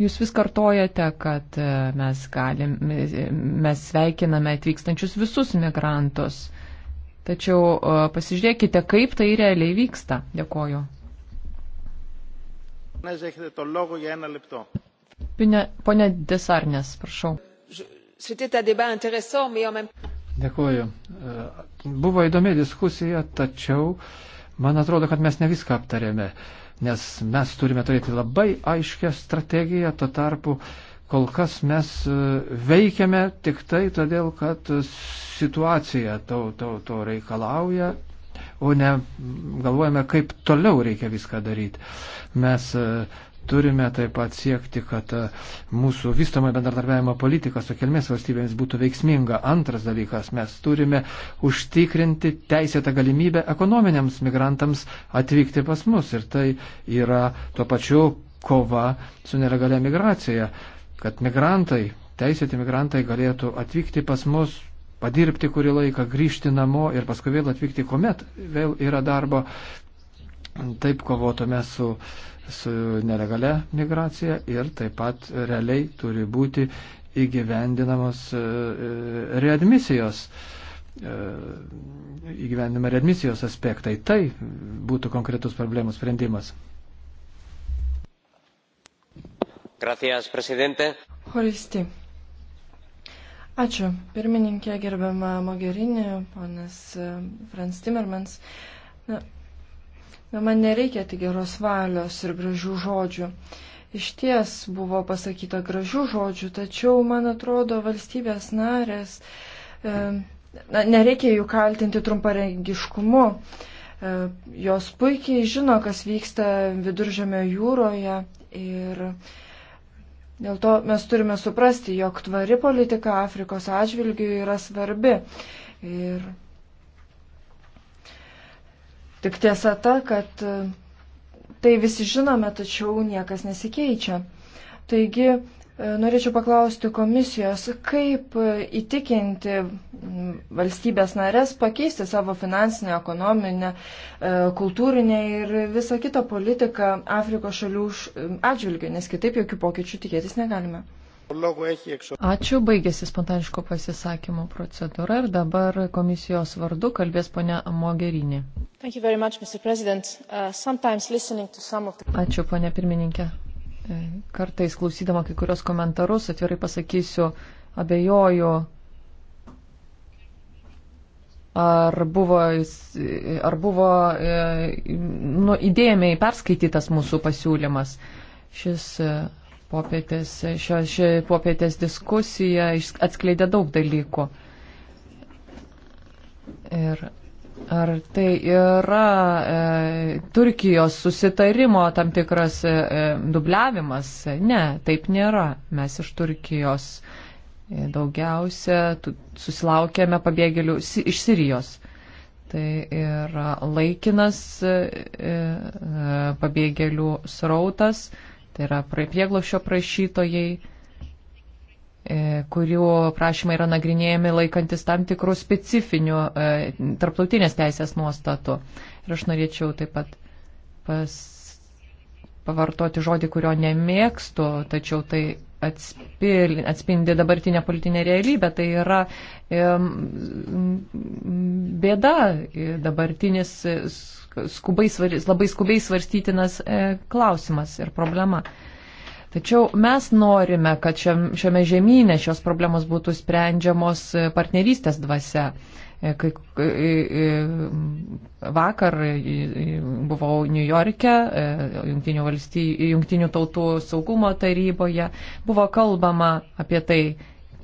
Jūs vis kartojate, kad e, mes, galim, e, mes sveikiname atvykstančius visus migrantus. Tačiau e, pasižiūrėkite, kaip tai realiai vyksta. Dėkoju. Pone, pone Desarnės, prašau. Dėkuoju. Buvo įdomi diskusija, tačiau man atrodo, kad mes ne viską aptarėme nes mes turime turėti labai aiškę strategiją, to tarpu kol kas mes e, veikiame tik tai todėl, kad situacija to, to, to reikalauja, o ne galvojame, kaip toliau reikia viską daryti. Mes e, Turime taip pat siekti, kad e, mūsų vystoma bendradarbiavimo politika su kelmės valstybėmis būtų veiksminga. Antras dalykas, mes turime užtikrinti teisėtą galimybę ekonominiams migrantams atvykti pas mus. Ir tai yra tuo pačiu kova su nelegalia migracija, kad migrantai, teisėti migrantai galėtų atvykti pas mus padirbti kurį laiką, grįžti namo ir paskui vėl atvykti, kuomet vėl yra darbo. Taip kovotume su uh, su nelegale migracija ir taip pat realiai turi būti įgyvendinamos e, e, readmisijos e, įgyvendinama readmisijos aspektai. Tai būtų konkretus problemų sprendimas. Gracias, prezidente. Horisti. Ačiū. Pirmininkė gerbiama Mogherini, ponas Franz Timmermans. Na, Man nereikia tik geros valios ir gražių žodžių. Iš ties buvo pasakyta gražių žodžių, tačiau, man atrodo, valstybės narės, e, na, nereikia jų kaltinti trumparegiškumu. E, jos puikiai žino, kas vyksta viduržėmio jūroje ir Dėl to mes turime suprasti, jog tvari politika Afrikos atžvilgių yra svarbi. Ir Tik tiesa ta, kad e, tai visi žinome, tačiau niekas nesikeičia. Taigi, e, norėčiau paklausti komisijos, kaip e, įtikinti valstybės narės pakeisti savo finansinę, ekonominę, kultūrinę ir visą kitą politiką Afrikos šalių atžvilgių, nes kitaip jokių pokyčių tikėtis negalime. Ačiū, baigėsi spontaniško pasisakymo procedūra ir dabar komisijos vardu kalbės ponia Mogerinė. Uh, Ačiū, ponia pirmininkė. E, kartais klausydama kai kurios komentarus, atvirai pasakysiu, abejoju, ar buvo, ar buvo e, nu, įdėmiai perskaitytas mūsų pasiūlymas. Šis e, popietės, šios ši popietės diskusija atskleidė daug dalykų. Ir ar tai yra e, Turkijos susitarimo tam tikras e, dubliavimas? Ne, taip nėra. Mes iš Turkijos e, daugiausia susilaukėme pabėgėlių si, iš Sirijos. Tai yra laikinas e, e, pabėgėlių srautas. E, tai yra prieglošio prašytojai, e, kurių prašymai yra nagrinėjami laikantis tam tikrų specifinių e, tarptautinės teisės nuostatų. Ir aš norėčiau taip pat pas, pavartoti žodį, kurio nemėgstu, tačiau tai atspili, atspindi dabartinę politinę realybę. Tai yra e, bėda dabartinis skubai, labai skubiai svarstytinas e, klausimas ir problema. Tačiau mes norime, kad šiame žemynė šios problemos būtų sprendžiamos e, partnerystės dvasia. E, kai vakar buvau New York'e, jungtinių, valstyj, jungtinių tautų saugumo taryboje, buvo kalbama apie tai,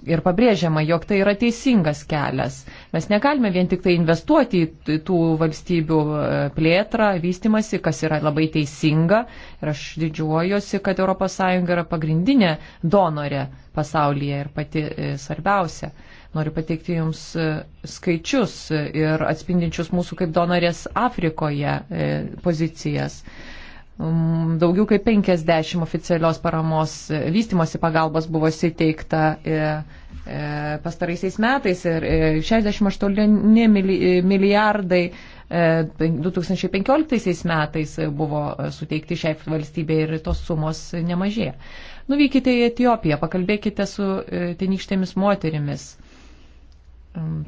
ir pabrėžiama, jog tai yra teisingas kelias. Mes negalime vien tik tai investuoti į tų valstybių e, plėtrą, vystimasi, kas yra labai teisinga. Ir aš didžiuojuosi, kad ES yra pagrindinė donorė pasaulyje ir pati e, svarbiausia. Noriu pateikti Jums e, skaičius ir atspindinčius mūsų kaip donorės Afrikoje pozicijas. Mm, daugiau kaip 50 oficialios paramos e, vystimosi pagalbos buvo suteikta e, e, pastaraisiais metais ir 68 milijardai 2015 metais buvo suteikti šiai valstybei ir tos sumos nemažėja. Nuvykite į Etiopiją, pakalbėkite su tenykštėmis moterimis mm,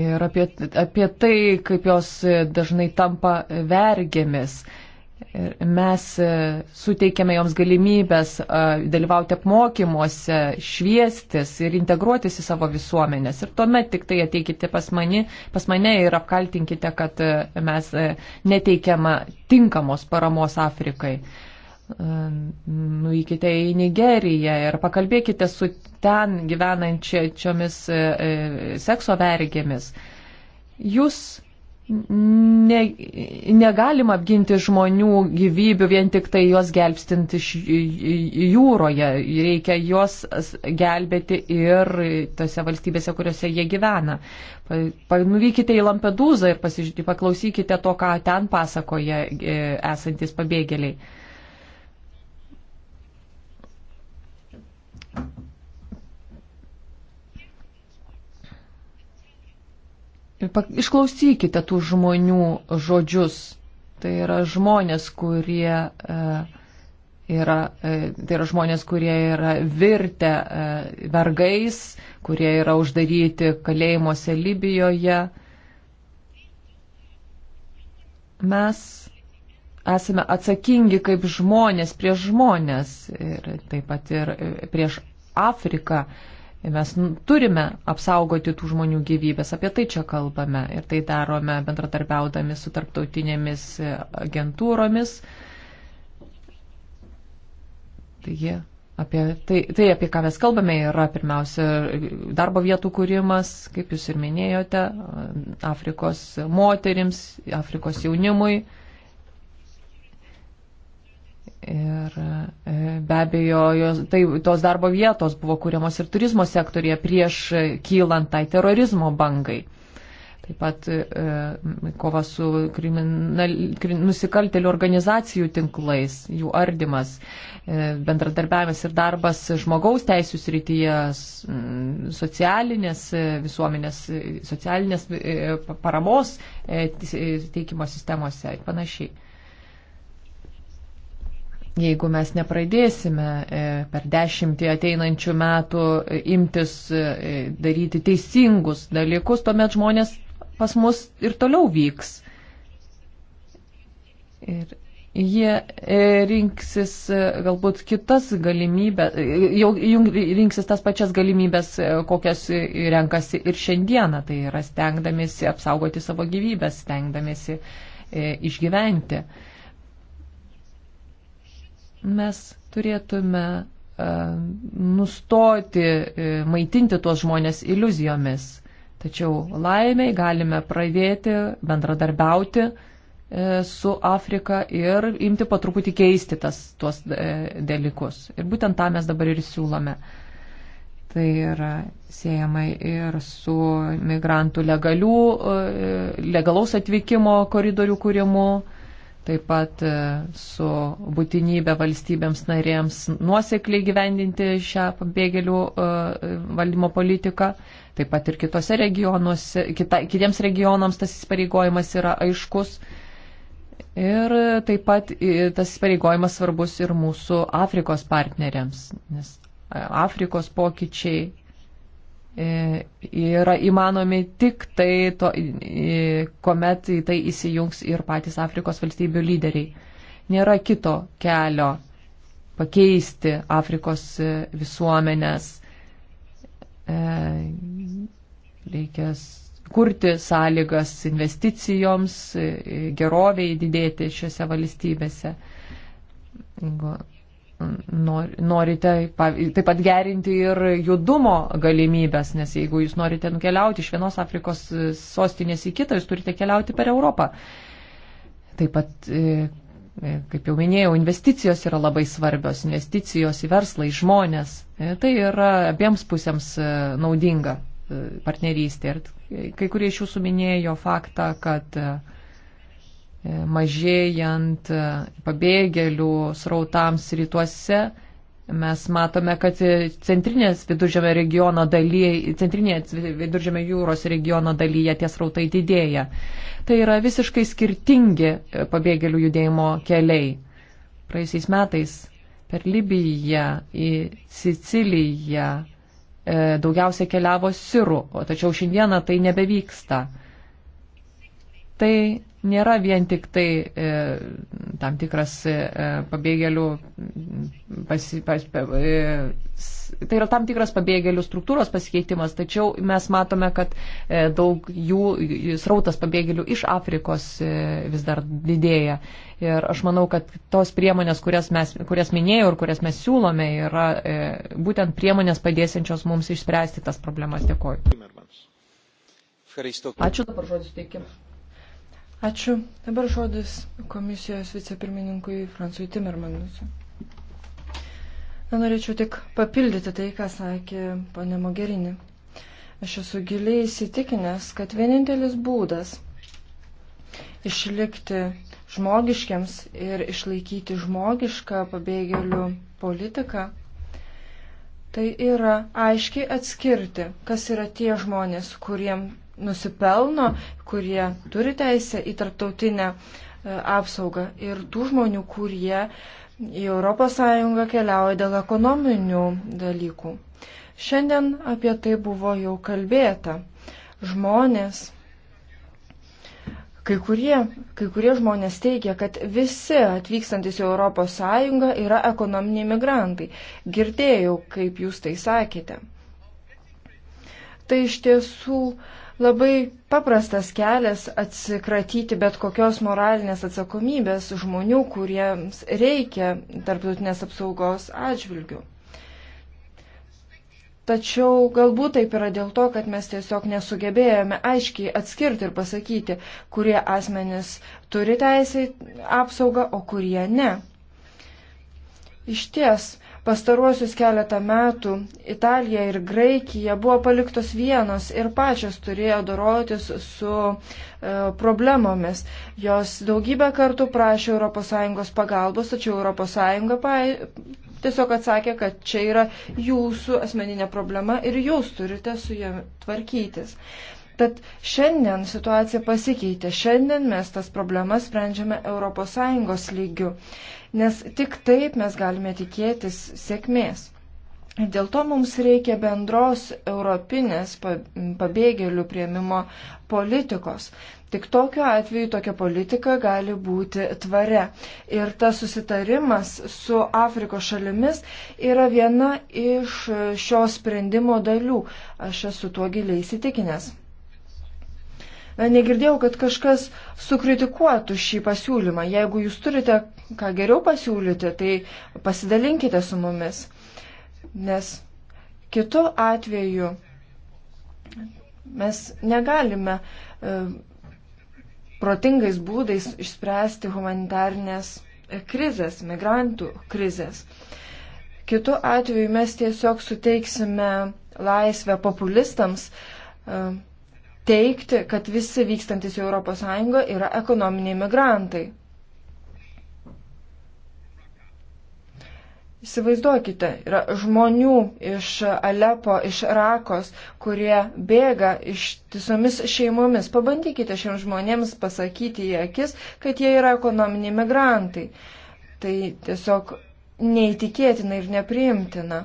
ir apie, apie tai, kaip jos dažnai tampa vergėmis. Ir mes suteikiame joms galimybės dalyvauti apmokymuose, šviestis ir integruotis į savo visuomenės. Ir tuomet tik tai ateikite pas, mani, pas mane ir apkaltinkite, kad mes neteikiame tinkamos paramos Afrikai. Ehm, nuvykite į Nigeriją ir pakalbėkite su ten gyvenančiomis e, e, sekso vergėmis. Jūs ne, negalim apginti žmonių gyvybių vien tik tai juos gelbstint iš jūroje. Reikia juos gelbėti ir tose valstybėse, kuriuose jie gyvena. Nuvykite į Lampedūzą ir paklausykite to, ką ten pasakoja e, esantis pabėgėliai Išklausykite tų žmonių žodžius. Tai yra žmonės, kurie e, yra, e, tai yra, žmonės, kurie yra virtę e, vergais, kurie yra uždaryti kalėjimuose Libijoje. Mes esame atsakingi kaip žmonės prieš žmonės ir taip pat ir prieš Afriką. Mes turime apsaugoti tų žmonių gyvybės, apie tai čia kalbame ir tai darome bendratarbiaudami su tarptautinėmis e, agentūromis. Taigi, apie tai, tai, apie ką mes kalbame, yra pirmiausia e, darbo vietų kūrimas, kaip jūs ir minėjote, e, Afrikos moterims, Afrikos jaunimui Ir e, be abejo, jos, tai, tos darbo vietos buvo kūriamos ir turizmo sektorija prieš kylant tai terorizmo bangai. Taip pat e, kova su kriminal, krim, nusikaltelių organizacijų tinklais, jų ardymas, e, bendradarbiavimas ir darbas žmogaus teisų srityje, socialinės e, visuomenės, e, socialinės e, paramos e, teikimo sistemose ir panašiai jeigu mes nepradėsime e, per dešimtį ateinančių metų e, imtis e, daryti teisingus dalykus, tuomet žmonės pas mus ir toliau vyks. Ir jie rinksis galbūt kitas galimybės, jau rinksis tas pačias galimybės, kokias renkasi ir šiandieną, tai yra stengdamėsi apsaugoti savo gyvybės, stengdamėsi išgyventi. Mes turėtume e, nustoti e, maitinti tuos žmonės iliuzijomis. Tačiau laimiai galime pradėti bendradarbiauti e, su Afrika ir imti po truputį keisti tas, tuos dalykus. Ir būtent tą mes dabar ir siūlome. Tai yra siejama ir su migrantų legalių, legalaus atvykimo koridorių kūrimu, taip pat e, su būtinybė valstybėms narėms nuosekliai gyvendinti šią pabėgėlių e, valdymo politiką. Taip pat ir kitose regionuose, kita, kitiems regionams tas įsipareigojimas yra aiškus. Ir taip pat e, tas įsipareigojimas svarbus ir mūsų Afrikos partneriams, nes Afrikos pokyčiai E, yra įmanomi tik tai, to, kuomet į tai įsijungs ir patys Afrikos valstybių lyderiai. Nėra kito kelio pakeisti Afrikos e, visuomenės. E, reikia kurti sąlygas investicijoms, geroviai didėti šiuose valstybėse. Jeigu norite taip pat gerinti ir judumo galimybės, nes jeigu jūs norite nukeliauti iš vienos Afrikos e, sostinės į kitą, jūs turite keliauti per Europą. Taip pat, e, e, kaip jau minėjau, investicijos yra labai svarbios, investicijos į verslą, į žmonės. Tai yra abiems pusėms naudinga partnerystė. Ir kai kurie iš jūsų minėjo faktą, kad uh, E, mažėjant e, pabėgėlių srautams rytuose, mes matome, kad e, centrinės viduržėmio regiono dalyje, centrinės viduržėmio jūros regiono dalyje tie srautai didėja. Tai yra visiškai skirtingi pabėgėlių judėjimo keliai. Praėjusiais metais per Libiją į Siciliją daugiausia keliavo sirų, o tačiau šiandieną tai nebevyksta. Tai nėra vien tik tai e, tam tikras e, pabėgėlių, pasi, pas, e, tai yra tam tikras pabėgėlių struktūros pasikeitimas, tačiau mes matome, kad e, daug jų srautas pabėgėlių iš Afrikos e, vis dar didėja. Ir aš manau, kad tos priemonės, kurias, mes, kurias minėjau ir kurias mes siūlome, yra e, būtent priemonės padėsiančios mums išspręsti tas problemas. Dėkuoju. Ačiū dabar žodžius teikimas. Ačiū. Dabar žodis komisijos vicepirmininkui Fransui Timermanusui. Na, norėčiau tik papildyti tai, ką sakė ponė Mogerinė. Aš esu giliai įsitikinęs, kad vienintelis būdas išlikti žmogiškiams ir išlaikyti žmogišką pabėgėlių politiką, tai yra aiškiai atskirti, kas yra tie žmonės, kuriem nusipelno, kurie turi teisę į tarptautinę e, apsaugą ir tų žmonių, kurie į ES keliauja dėl ekonominių dalykų. Šiandien apie tai buvo jau kalbėta. Žmonės, kai kurie, kai kurie žmonės teigia, kad visi atvykstantis į ES yra ekonominiai migrantai. Girdėjau, kaip jūs tai sakėte. Tai iš tiesų uh, Labai paprastas kelias atsikratyti bet kokios moralinės atsakomybės žmonių, kuriems reikia tarptautinės apsaugos atžvilgių. Tačiau galbūt taip yra dėl to, kad mes tiesiog nesugebėjome aiškiai atskirti ir pasakyti, kurie asmenys turi teisę apsaugą, o kurie ne. Iš ties, Pastaruosius keletą metų Italija ir Graikija buvo paliktos vienos ir pačios turėjo dorotis su e, problemomis. Jos daugybę kartų prašė ES pagalbos, tačiau ES tiesiog atsakė, kad čia yra jūsų asmeninė problema ir jūs turite su ja tvarkytis. Tad šiandien situacija pasikeitė. Šiandien mes tas problemas sprendžiame ES lygiu nes tik taip mes galime tikėtis sėkmės. Ir dėl to mums reikia bendros europinės pabėgėlių prieimimo politikos. Tik tokiu atveju tokia politika gali būti tvare. Ir tas susitarimas su Afrikos šalimis yra viena iš šio sprendimo dalių. Aš esu tuo giliai įsitikinęs negirdėjau, kad kažkas sukritikuotų šį pasiūlymą. Jeigu jūs turite ką geriau pasiūlyti, tai pasidalinkite su mumis. Nes kitu atveju mes negalime e, protingais būdais išspręsti humanitarnės krizės, migrantų krizės. Kitu atveju mes tiesiog suteiksime laisvę populistams e, teikti, kad visi vykstantis į ES yra ekonominiai migrantai. Įsivaizduokite, yra žmonių iš Alepo, iš Rakos, kurie bėga iš visomis šeimomis. Pabandykite šiems žmonėms pasakyti į akis, kad jie yra ekonominiai migrantai. Tai tiesiog neįtikėtina ir nepriimtina.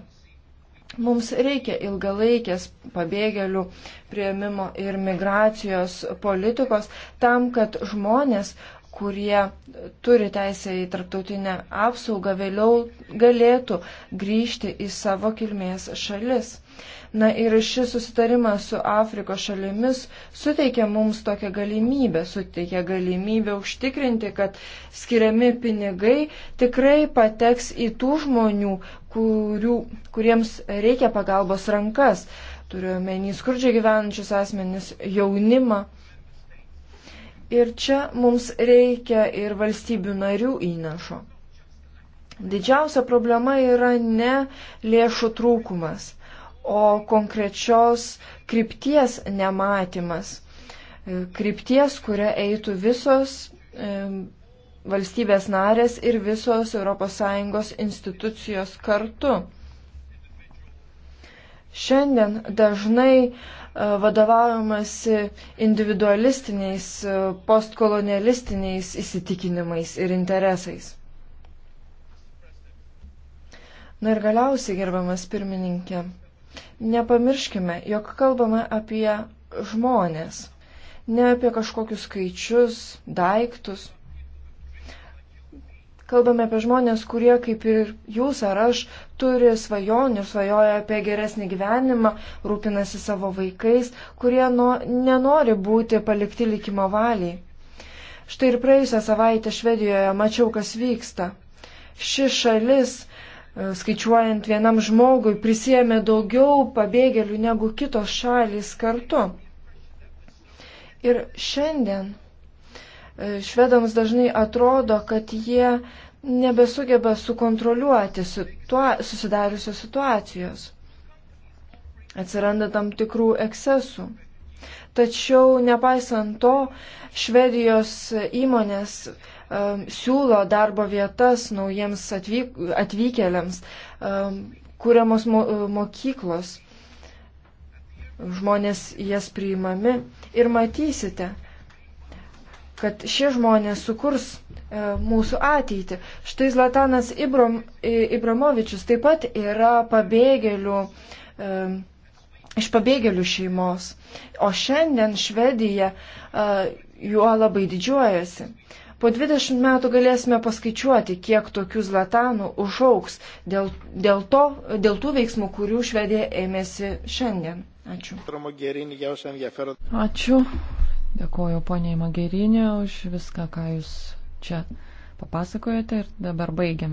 Mums reikia ilgalaikės pabėgėlių prieimimo ir migracijos politikos tam, kad žmonės, kurie turi teisę į tarptautinę apsaugą, vėliau galėtų grįžti į savo kilmės šalis. Na ir šis susitarimas su Afrikos šalimis suteikia mums tokią galimybę, suteikia galimybę užtikrinti, kad skiriami pinigai tikrai pateks į tų žmonių, kurių, kuriems reikia pagalbos rankas. Turiu menį skurdžiai gyvenančius asmenis, jaunimą. Ir čia mums reikia ir valstybių narių įnašo. Didžiausia problema yra ne lėšų trūkumas o konkrečios krypties nematymas. E, krypties, kuria eitų visos e, valstybės narės ir visos ES institucijos kartu. Šiandien dažnai e, vadovaujamasi individualistiniais, postkolonialistiniais įsitikinimais ir interesais. Na ir galiausiai, gerbamas pirmininkė, Nepamirškime, jog kalbame apie žmonės, ne apie kažkokius skaičius, daiktus. Kalbame apie žmonės, kurie, kaip ir jūs ar aš, turi svajonių ir svajoja apie geresnį gyvenimą, rūpinasi savo vaikais, kurie no, nenori būti palikti likimo valiai. Štai ir praėjusią savaitę Švedijoje mačiau, kas vyksta. Ši šalis E, skaičiuojant vienam žmogui, prisėmė daugiau pabėgėlių negu kitos šalys kartu. Ir šiandien e, švedams dažnai atrodo, kad jie nebesugeba sukontroliuoti situa susidariusios situacijos. Atsiranda tam tikrų ekscesų. Tačiau nepaisant to, Švedijos įmonės Um, siūlo darbo vietas naujiems atvyk, atvykėliams, um, kūriamos uh, mokyklos, žmonės jas priimami ir matysite, kad šie žmonės sukurs uh, mūsų ateitį. Štai Zlatanas Ibram, Ibramovičius taip pat yra pabėgėlių, um, iš pabėgėlių šeimos, o šiandien Švedija uh, juo labai didžiuojasi. Po 20 metų galėsime paskaičiuoti, kiek tokių zlatanų užauks dėl, dėl, to, dėl tų veiksmų, kurių Švedija ėmėsi šiandien. Ačiū. Ačiū. Dėkuoju poniai Magerinė už viską, ką jūs čia papasakojate ir dabar baigiame.